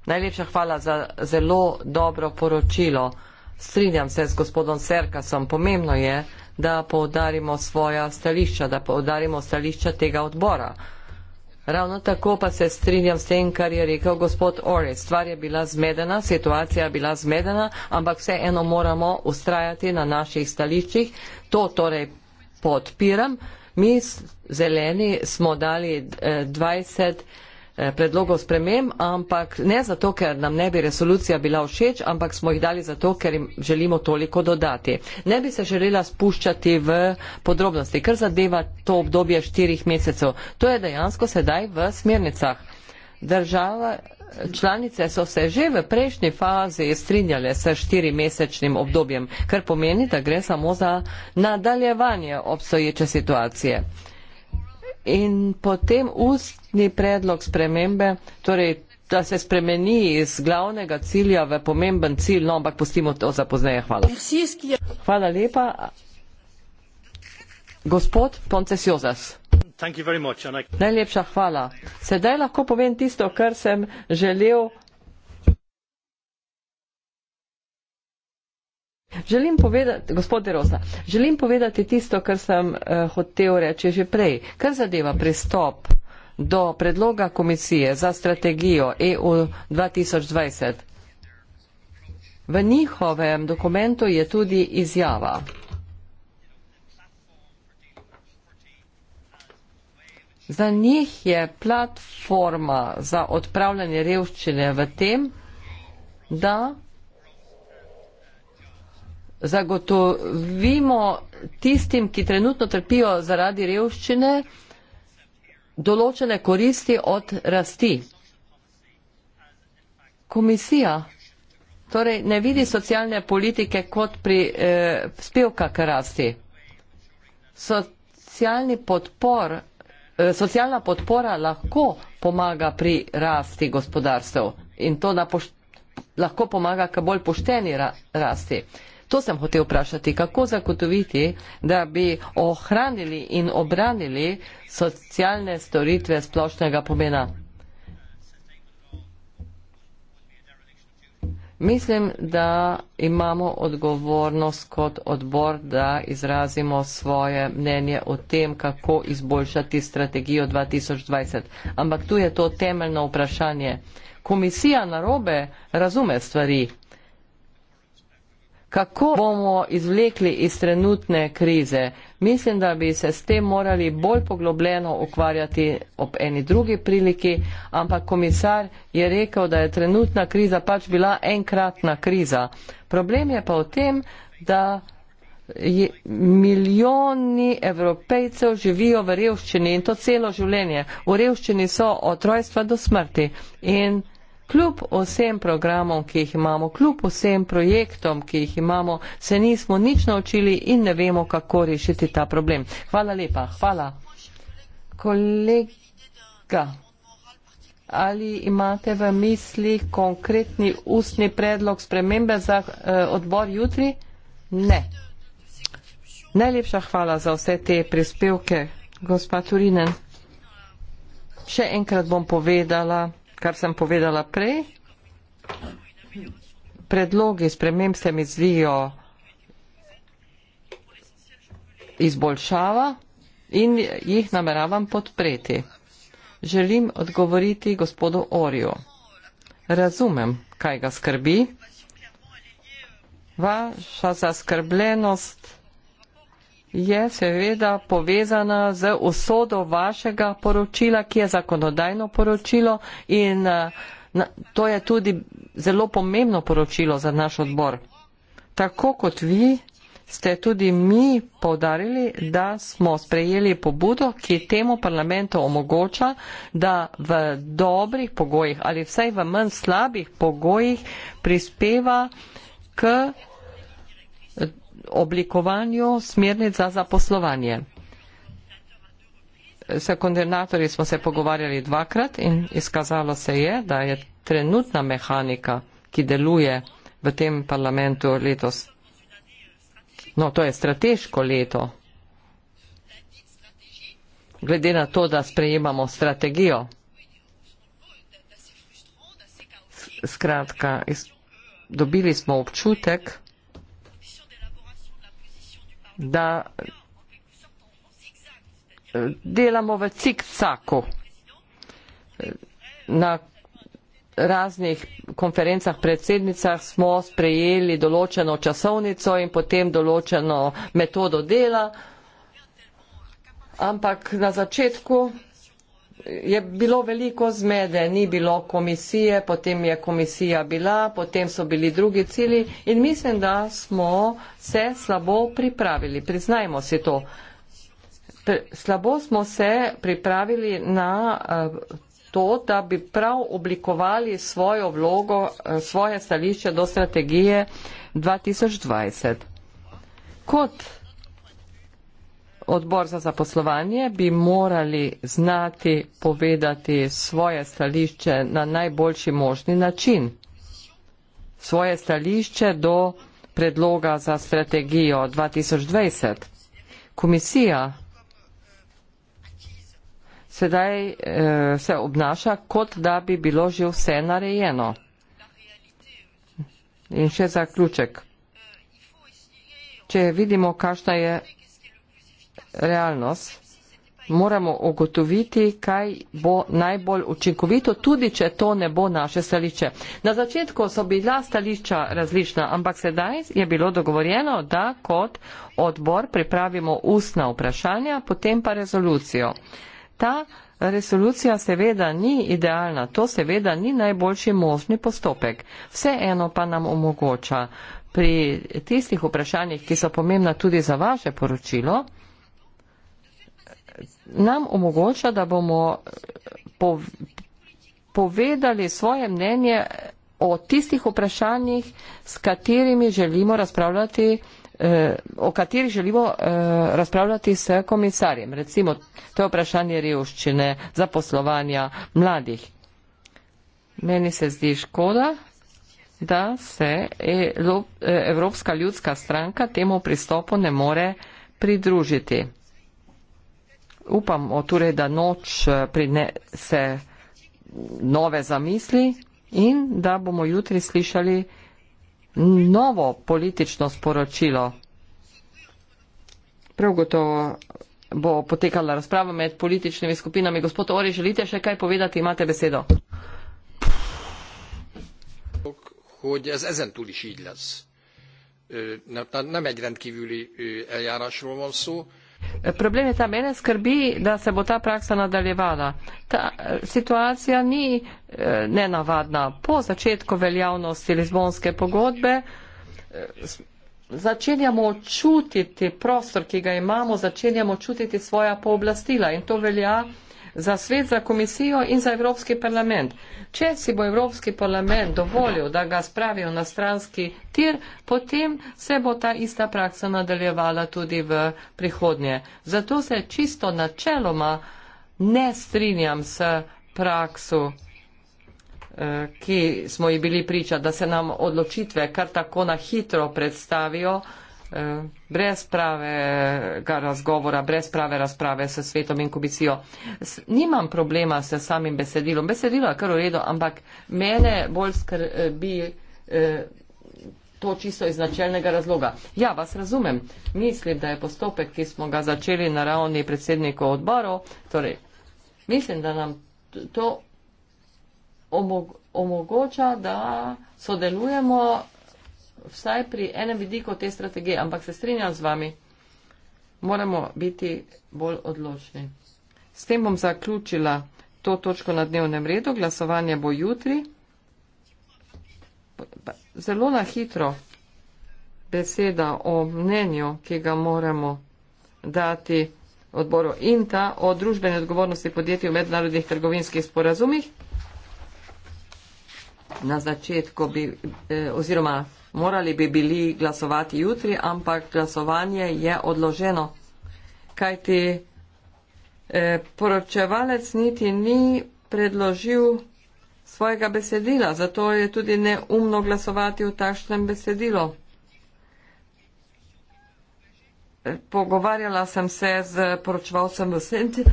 Najlepša hvala za zelo dobro poročilo. Strinjam se z gospodom Serkasom. Pomembno je, da povdarimo svoja stališča, da povdarimo stališča tega odbora. Ravno tako pa se strinjam s tem, kar je rekel gospod Orec. Stvar je bila zmedena, situacija je bila zmedena, ampak vseeno moramo ustrajati na naših stališčih. To torej podpiram. Mi zeleni smo dali 20 eh, Eh, predlogov sprememb, ampak ne zato, ker nam ne bi resolucija bila všeč, ampak smo jih dali zato, ker jim želimo toliko dodati. Ne bi se želela spuščati v podrobnosti, kar zadeva to obdobje štirih mesecev. To je dejansko sedaj v smernicah. Država, članice so se že v prejšnji fazi strinjale s štirimesečnim obdobjem, kar pomeni, da gre samo za nadaljevanje obstoječe situacije in potem ustni predlog spremembe, torej da se spremeni iz glavnega cilja v pomemben cilj, no ampak pustimo to za pozneje. Hvala. Hvala lepa. Gospod Ponces Jozas. Much, I... Najlepša hvala. Sedaj lahko povem tisto, kar sem želel Želim povedati, gospod Rosa, želim povedati tisto, kar sem uh, hotel reči že prej, kar zadeva pristop do predloga komisije za strategijo EU 2020. V njihovem dokumentu je tudi izjava. Za njih je platforma za odpravljanje revščine v tem, da zagotovimo tistim, ki trenutno trpijo zaradi revščine, določene koristi od rasti. Komisija torej ne vidi socialne politike kot pri eh, spevka k rasti. Podpor, eh, socialna podpora lahko pomaga pri rasti gospodarstev in to pošt, lahko pomaga k bolj pošteni ra, rasti. To sem hotel vprašati, kako zagotoviti, da bi ohranili in obranili socialne storitve splošnega pomena. Mislim, da imamo odgovornost kot odbor, da izrazimo svoje mnenje o tem, kako izboljšati strategijo 2020. Ampak tu je to temeljno vprašanje. Komisija narobe razume stvari kako bomo izvlekli iz trenutne krize. Mislim, da bi se s tem morali bolj poglobljeno ukvarjati ob eni drugi priliki, ampak komisar je rekel, da je trenutna kriza pač bila enkratna kriza. Problem je pa v tem, da milijoni evropejcev živijo v revščini in to celo življenje. V revščini so od rojstva do smrti. In kljub vsem programom, ki jih imamo, kljub vsem projektom, ki jih imamo, se nismo nič naučili in ne vemo, kako rešiti ta problem. Hvala lepa. Hvala. Kolega, ali imate v misli konkretni ustni predlog spremembe za eh, odbor jutri? Ne. Najlepša hvala za vse te prispevke, gospa Turinen. Še enkrat bom povedala, kar sem povedala prej. Predlogi sprememb se mi zdijo izboljšava in jih nameravam podpreti. Želim odgovoriti gospodu Orju. Razumem, kaj ga skrbi. Vaša zaskrbljenost je seveda povezana z usodo vašega poročila, ki je zakonodajno poročilo in eh, na, to je tudi zelo pomembno poročilo za naš odbor. Tako kot vi ste tudi mi povdarili, da smo sprejeli pobudo, ki temu parlamentu omogoča, da v dobrih pogojih ali vsaj v manj slabih pogojih prispeva k oblikovanju smernic za zaposlovanje. S koordinatorji smo se pogovarjali dvakrat in izkazalo se je, da je trenutna mehanika, ki deluje v tem parlamentu letos, no to je strateško leto, glede na to, da sprejemamo strategijo. Skratka, dobili smo občutek, da eh, delamo v cikcaku eh, na raznih konferencah predsednicah smo sprejeli določeno časovnico in potem določeno metodo dela, ampak na začetku je bilo veliko zmede, ni bilo komisije, potem je komisija bila, potem so bili drugi cili in mislim, da smo se slabo pripravili. Priznajmo si to. Slabo smo se pripravili na eh, to, da bi prav oblikovali svojo vlogo, eh, svoje stališče do strategije 2020. Kot odbor za zaposlovanje bi morali znati povedati svoje stališče na najboljši možni način. Svoje stališče do predloga za strategijo 2020. Komisija sedaj eh, se obnaša, kot da bi bilo že vse narejeno. In še zaključek. Če vidimo, kakšna je realnost, moramo ugotoviti, kaj bo najbolj učinkovito, tudi če to ne bo naše stališče. Na začetku so bila stališča različna, ampak sedaj je bilo dogovorjeno, da kot odbor pripravimo ustna vprašanja, potem pa rezolucijo. Ta Resolucija seveda ni idealna, to seveda ni najboljši možni postopek. Vseeno pa nam omogoča pri tistih vprašanjih, ki so pomembna tudi za vaše poročilo, nam omogoča, da bomo pov, povedali svoje mnenje o tistih vprašanjih, s katerimi želimo razpravljati, eh, o katerih želimo eh, razpravljati s komisarjem. Recimo, to je vprašanje revščine, zaposlovanja mladih. Meni se zdi škoda, da se Evropska ljudska stranka temu pristopu ne more pridružiti upamo torej, da noč eh, prinese nove zamisli in da bomo jutri slišali novo politično sporočilo. Prav gotovo bo potekala razprava med političnimi skupinami. Gospod Ori, želite še kaj povedati? Imate besedo. hogy ez ezen túl is így lesz. Nem egy rendkívüli eljárásról van szó. Problem je ta, mene skrbi, da se bo ta praksa nadaljevala. Ta eh, situacija ni eh, nenavadna. Po začetku veljavnosti Lizbonske pogodbe eh, začenjamo čutiti prostor, ki ga imamo, začenjamo čutiti svoja pooblastila in to velja za svet, za komisijo in za Evropski parlament. Če si bo Evropski parlament dovolil, da ga spravijo na stranski tir, potem se bo ta ista praksa nadaljevala tudi v prihodnje. Zato se čisto načeloma ne strinjam s prakso eh, ki smo ji bili priča, da se nam odločitve kar tako na hitro predstavijo, Eh, brez pravega razgovora, brez prave razprave s svetom in komisijo. Nimam problema s samim besedilom. Besedilo je kar v redu, ampak mene bolj skrbi eh, to čisto iz načelnega razloga. Ja, vas razumem. Mislim, da je postopek, ki smo ga začeli na ravni predsednikov odborov, torej, mislim, da nam to omogoča, da sodelujemo vsaj pri enem vidiku te strategije, ampak se strinjam z vami, moramo biti bolj odločni. S tem bom zaključila to točko na dnevnem redu. Glasovanje bo jutri. Zelo na hitro beseda o mnenju, ki ga moramo dati odboru INTA o družbeni odgovornosti podjetij v mednarodnih trgovinskih sporazumih na začetku bi, eh, oziroma morali bi bili glasovati jutri, ampak glasovanje je odloženo, kajti eh, poročevalec niti ni predložil svojega besedila, zato je tudi neumno glasovati v takšnem besedilu. Eh, pogovarjala sem se z poročevalcem v Senti.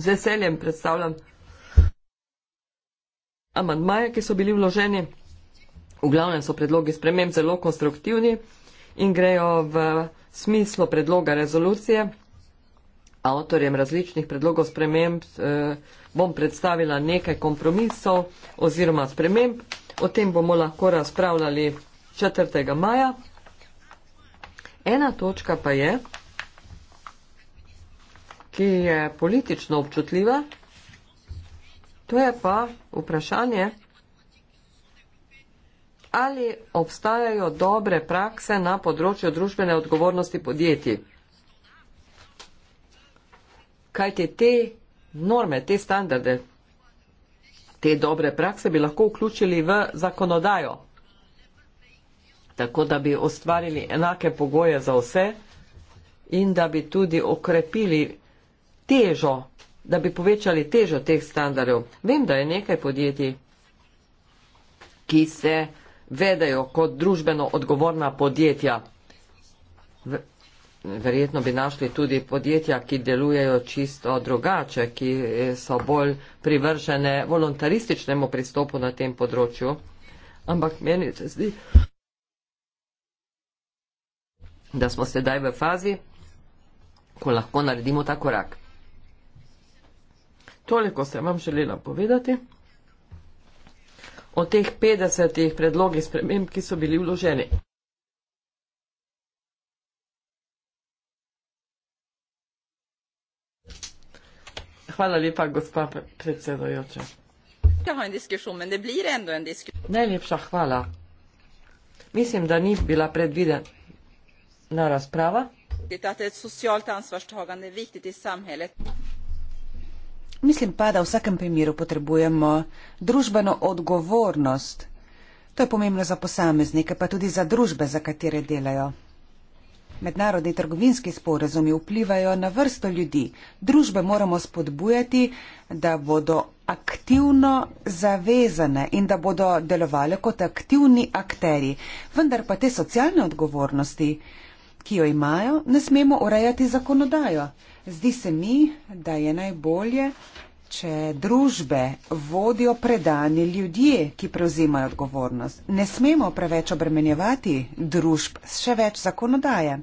z veseljem predstavljam. Amandmaje, ki so bili vloženi, v glavnem so predlogi sprememb zelo konstruktivni in grejo v smislu predloga rezolucije. Avtorjem različnih predlogov sprememb eh, bom predstavila nekaj kompromisov oziroma sprememb. O tem bomo lahko razpravljali 4. maja. Ena točka pa je, ki je politično občutljiva, to je pa vprašanje, ali obstajajo dobre prakse na področju družbene odgovornosti podjetij. Kajti te norme, te standarde, te dobre prakse bi lahko vključili v zakonodajo, tako da bi ustvarili enake pogoje za vse in da bi tudi okrepili težo, da bi povečali težo teh standardov. Vem, da je nekaj podjetij, ki se vedajo kot družbeno odgovorna podjetja. Verjetno bi našli tudi podjetja, ki delujejo čisto drugače, ki eh, so bolj privržene voluntarističnemu pristopu na tem področju. Ampak meni se zdi, da smo sedaj v fazi, ko lahko naredimo ta korak toliko sem vam želela povedati o teh 50 predlogih sprememb, ki so bili vloženi. Hvala lepa, gospa predsedojoča. Najlepša hvala. Mislim, da ni bila predvidena razprava. Mislim pa, da v vsakem primeru potrebujemo družbeno odgovornost. To je pomembno za posameznike, pa tudi za družbe, za katere delajo. Mednarodni trgovinski sporazumi vplivajo na vrsto ljudi. Družbe moramo spodbujati, da bodo aktivno zavezane in da bodo delovali kot aktivni akteri. Vendar pa te socialne odgovornosti, ki jo imajo, ne smemo urejati zakonodajo. Zdi se mi, da je najbolje, če družbe vodijo predani ljudje, ki prevzemajo odgovornost. Ne smemo preveč obremenjevati družb s še več zakonodaje.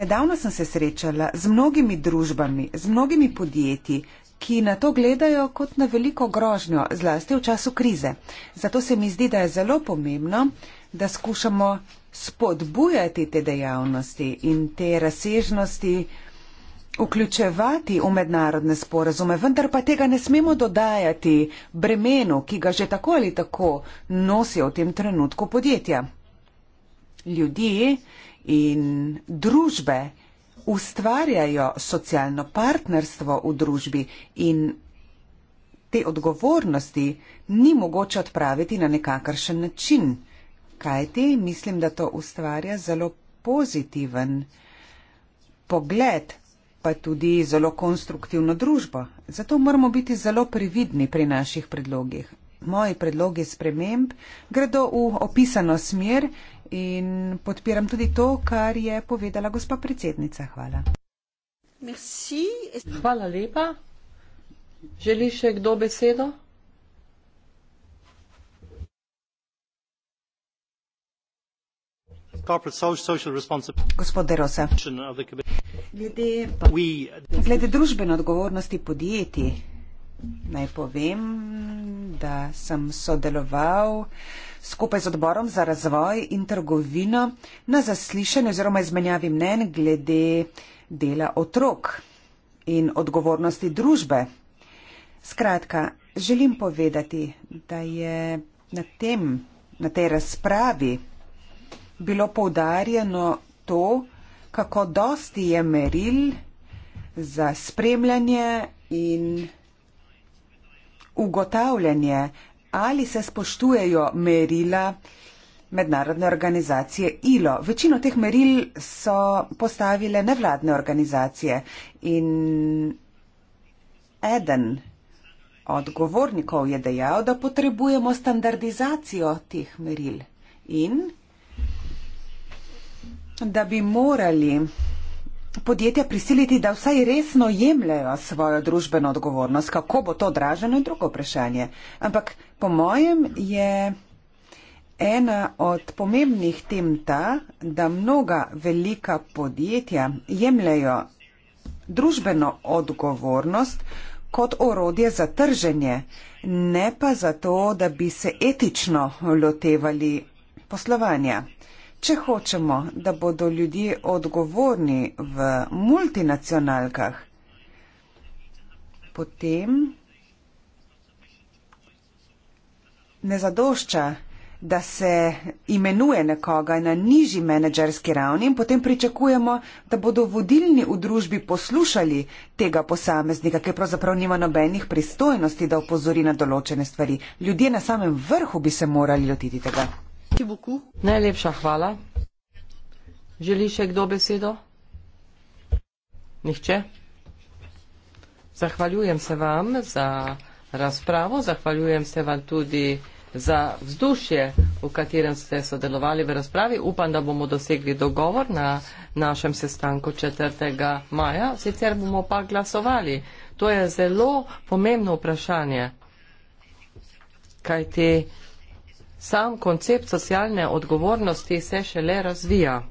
Nedavno sem se srečala z mnogimi družbami, z mnogimi podjetji, ki na to gledajo kot na veliko grožnjo, zlasti v času krize. Zato se mi zdi, da je zelo pomembno, da skušamo spodbujati te dejavnosti in te razsežnosti vključevati v mednarodne sporazume, vendar pa tega ne smemo dodajati bremenu, ki ga že tako ali tako nosijo v tem trenutku podjetja. Ljudi in družbe ustvarjajo socialno partnerstvo v družbi in te odgovornosti ni mogoče odpraviti na nekakršen način kajti mislim, da to ustvarja zelo pozitiven pogled, pa tudi zelo konstruktivno družbo. Zato moramo biti zelo previdni pri naših predlogih. Moji predlogi sprememb gredo v opisano smer in podpiram tudi to, kar je povedala gospa predsednica. Hvala. Merci. Hvala lepa. Želi še kdo besedo? Glede družbene odgovornosti podjetij naj povem, da sem sodeloval skupaj z odborom za razvoj in trgovino na zaslišanju oziroma izmenjavi mnen glede dela otrok in odgovornosti družbe. Skratka, želim povedati, da je na tem, na tej razpravi bilo poudarjeno to, kako dosti je meril za spremljanje in ugotavljanje, ali se spoštujejo merila mednarodne organizacije ILO. Večino teh meril so postavile nevladne organizacije in eden odgovornikov je dejal, da potrebujemo standardizacijo teh meril in da bi morali podjetja prisiliti, da vsaj resno jemljajo svojo družbeno odgovornost. Kako bo to draženo je drugo vprašanje. Ampak po mojem je ena od pomembnih tem ta, da mnoga velika podjetja jemljajo družbeno odgovornost kot orodje za trženje, ne pa zato, da bi se etično lotevali poslovanja. Če hočemo, da bodo ljudje odgovorni v multinacionalkah, potem ne zadošča, da se imenuje nekoga na nižji menedžerski ravni in potem pričakujemo, da bodo vodilni v družbi poslušali tega posameznika, ki pravzaprav nima nobenih pristojnosti, da opozori na določene stvari. Ljudje na samem vrhu bi se morali lotiti tega. Merci beaucoup. Najlepša hvala. Želi še kdo besedo? Nihče? Zahvaljujem se vam za razpravo, zahvaljujem se vam tudi za vzdušje, v katerem ste sodelovali v razpravi. Upam, da bomo dosegli dogovor na našem sestanku 4. maja, sicer bomo pa glasovali. To je zelo pomembno vprašanje, kaj te Sam koncept socialne odgovornosti se šele razvija.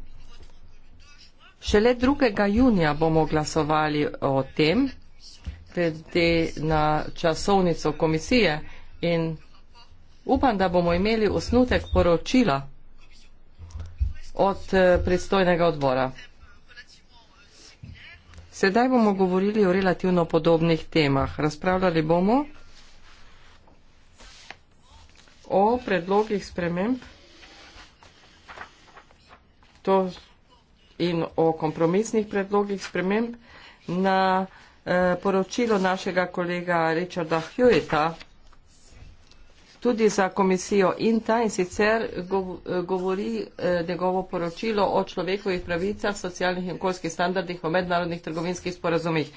Šele 2. junija bomo glasovali o tem, glede na časovnico komisije in upam, da bomo imeli osnutek poročila od eh, predstojnega odbora. Sedaj bomo govorili o relativno podobnih temah. Razpravljali bomo o predlogih sprememb to, in o kompromisnih predlogih sprememb na eh, poročilo našega kolega Richarda Hewita tudi za komisijo INTA in sicer govori eh, njegovo poročilo o človekovih pravicah, socialnih in okoljskih standardih v mednarodnih trgovinskih sporazumih.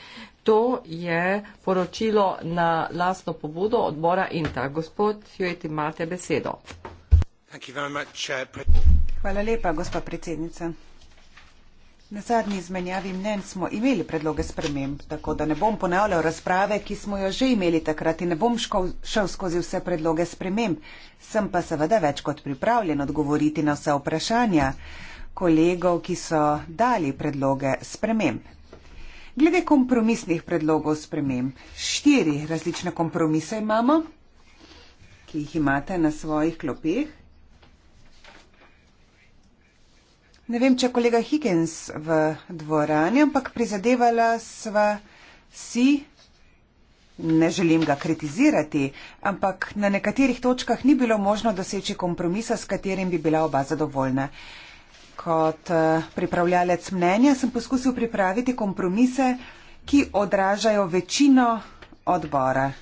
To je poročilo na lastno pobudo odbora INTA. Gospod Hjueti, imate besedo. Uh, Hvala lepa, gospa predsednica. Na zadnji izmenjavi mnen smo imeli predloge sprememb, tako da ne bom ponavljal razprave, ki smo jo že imeli takrat in ne bom škol, šel skozi vse predloge sprememb. Sem pa seveda več kot pripravljen odgovoriti na vse vprašanja kolegov, ki so dali predloge sprememb. Glede kompromisnih predlogov sprememb, štiri različne kompromise imamo, ki jih imate na svojih klopih. Ne vem, če je kolega Higgins v dvorani, ampak prizadevala sva si, ne želim ga kritizirati, ampak na nekaterih točkah ni bilo možno doseči kompromisa, s katerim bi bila oba zadovoljna. Kot eh, pripravljalec mnenja sem poskusil pripraviti kompromise, ki odražajo večino odbora.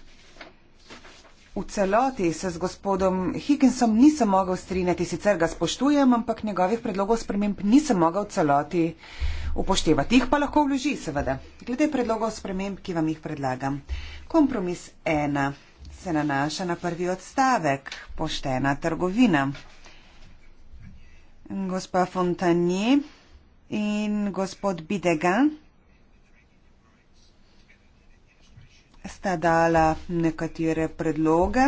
V celoti se z gospodom Higginsom nisem mogel strinjati, sicer ga spoštujem, ampak njegovih predlogov sprememb nisem mogel v celoti upoštevati. Jih pa lahko vloži, seveda. Glede predlogov sprememb, ki vam jih predlagam. Kompromis ena se nanaša na prvi odstavek, poštena trgovina. Gospa Fontanje in gospod Bidegan. sta dala nekatere predloge.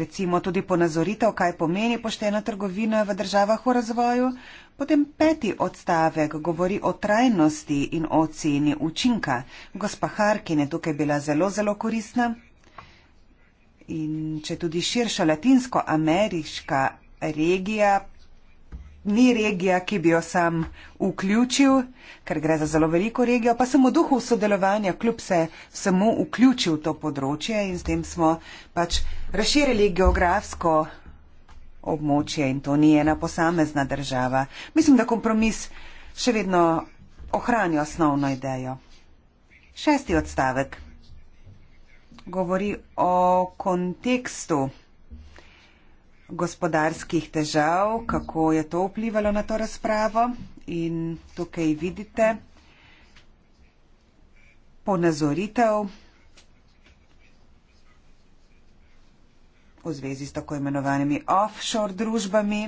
Recimo tudi ponazoritev, kaj pomeni poštena trgovina v državah v razvoju. Potem peti odstavek govori o trajnosti in o ceni učinka. Gospa Harkin je tukaj bila zelo, zelo koristna. In če tudi širša latinsko-ameriška regija ni regija, ki bi jo sam vključil, ker gre za zelo veliko regijo, pa sem v duhu sodelovanja kljub se samo vključil v to področje in s tem smo pač razširili geografsko območje in to ni ena posamezna država. Mislim, da kompromis še vedno ohranja osnovno idejo. Šesti odstavek govori o kontekstu gospodarskih težav, kako je to vplivalo na to razpravo. In tukaj vidite ponazoritev v zvezi s tako imenovanimi offshore družbami.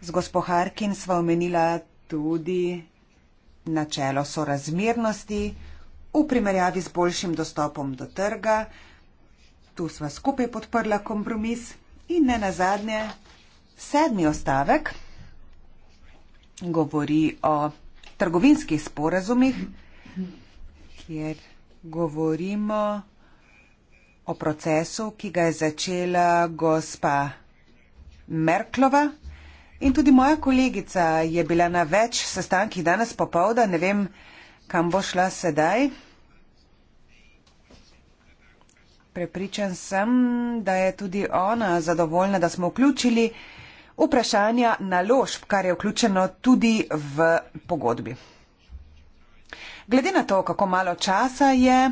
Z gospo Harkin sva omenila tudi načelo sorazmernosti v primerjavi z boljšim dostopom do trga. Tu sva skupaj podprla kompromis. In ne nazadnje, sedmi ostavek govori o trgovinskih sporazumih, kjer govorimo o procesu, ki ga je začela gospa Merklova. In tudi moja kolegica je bila na več sestankih danes popovda, ne vem, kam bo šla sedaj. Prepričan sem, da je tudi ona zadovoljna, da smo vključili vprašanja naložb, kar je vključeno tudi v pogodbi. Glede na to, kako malo časa je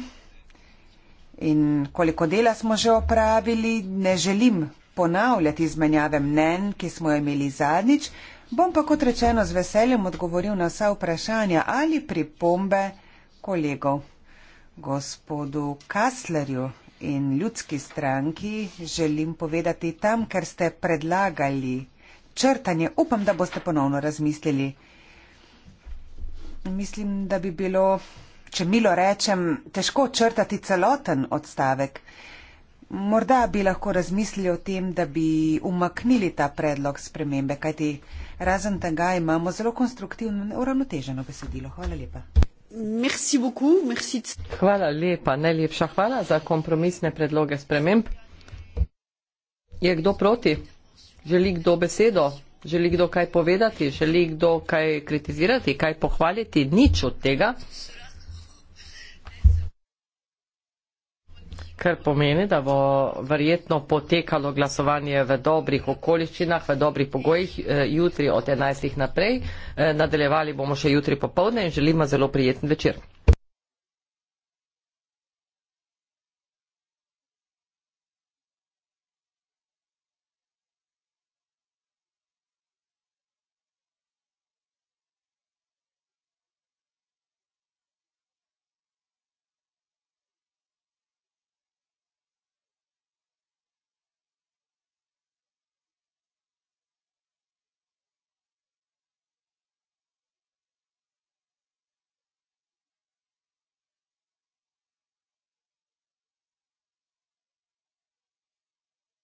in koliko dela smo že opravili, ne želim ponavljati izmenjave mnen, ki smo jo imeli zadnjič, bom pa kot rečeno z veseljem odgovoril na vsa vprašanja ali pripombe kolegov. Gospodu Kaslerju in ljudski stranki želim povedati tam, ker ste predlagali črtanje. Upam, da boste ponovno razmislili. Mislim, da bi bilo, če milo rečem, težko črtati celoten odstavek. Morda bi lahko razmislili o tem, da bi umaknili ta predlog spremembe, kajti razen tega imamo zelo konstruktivno in uravnoteženo besedilo. Hvala lepa. Hvala lepa, najlepša hvala za kompromisne predloge sprememb. Je kdo proti? Želi kdo besedo? Želi kdo kaj povedati? Želi kdo kaj kritizirati, kaj pohvaliti? Nič od tega. kar pomeni, da bo verjetno potekalo glasovanje v dobrih okoliščinah, v dobrih pogojih eh, jutri od 11. naprej. Eh, nadaljevali bomo še jutri popovdne in želimo zelo prijeten večer.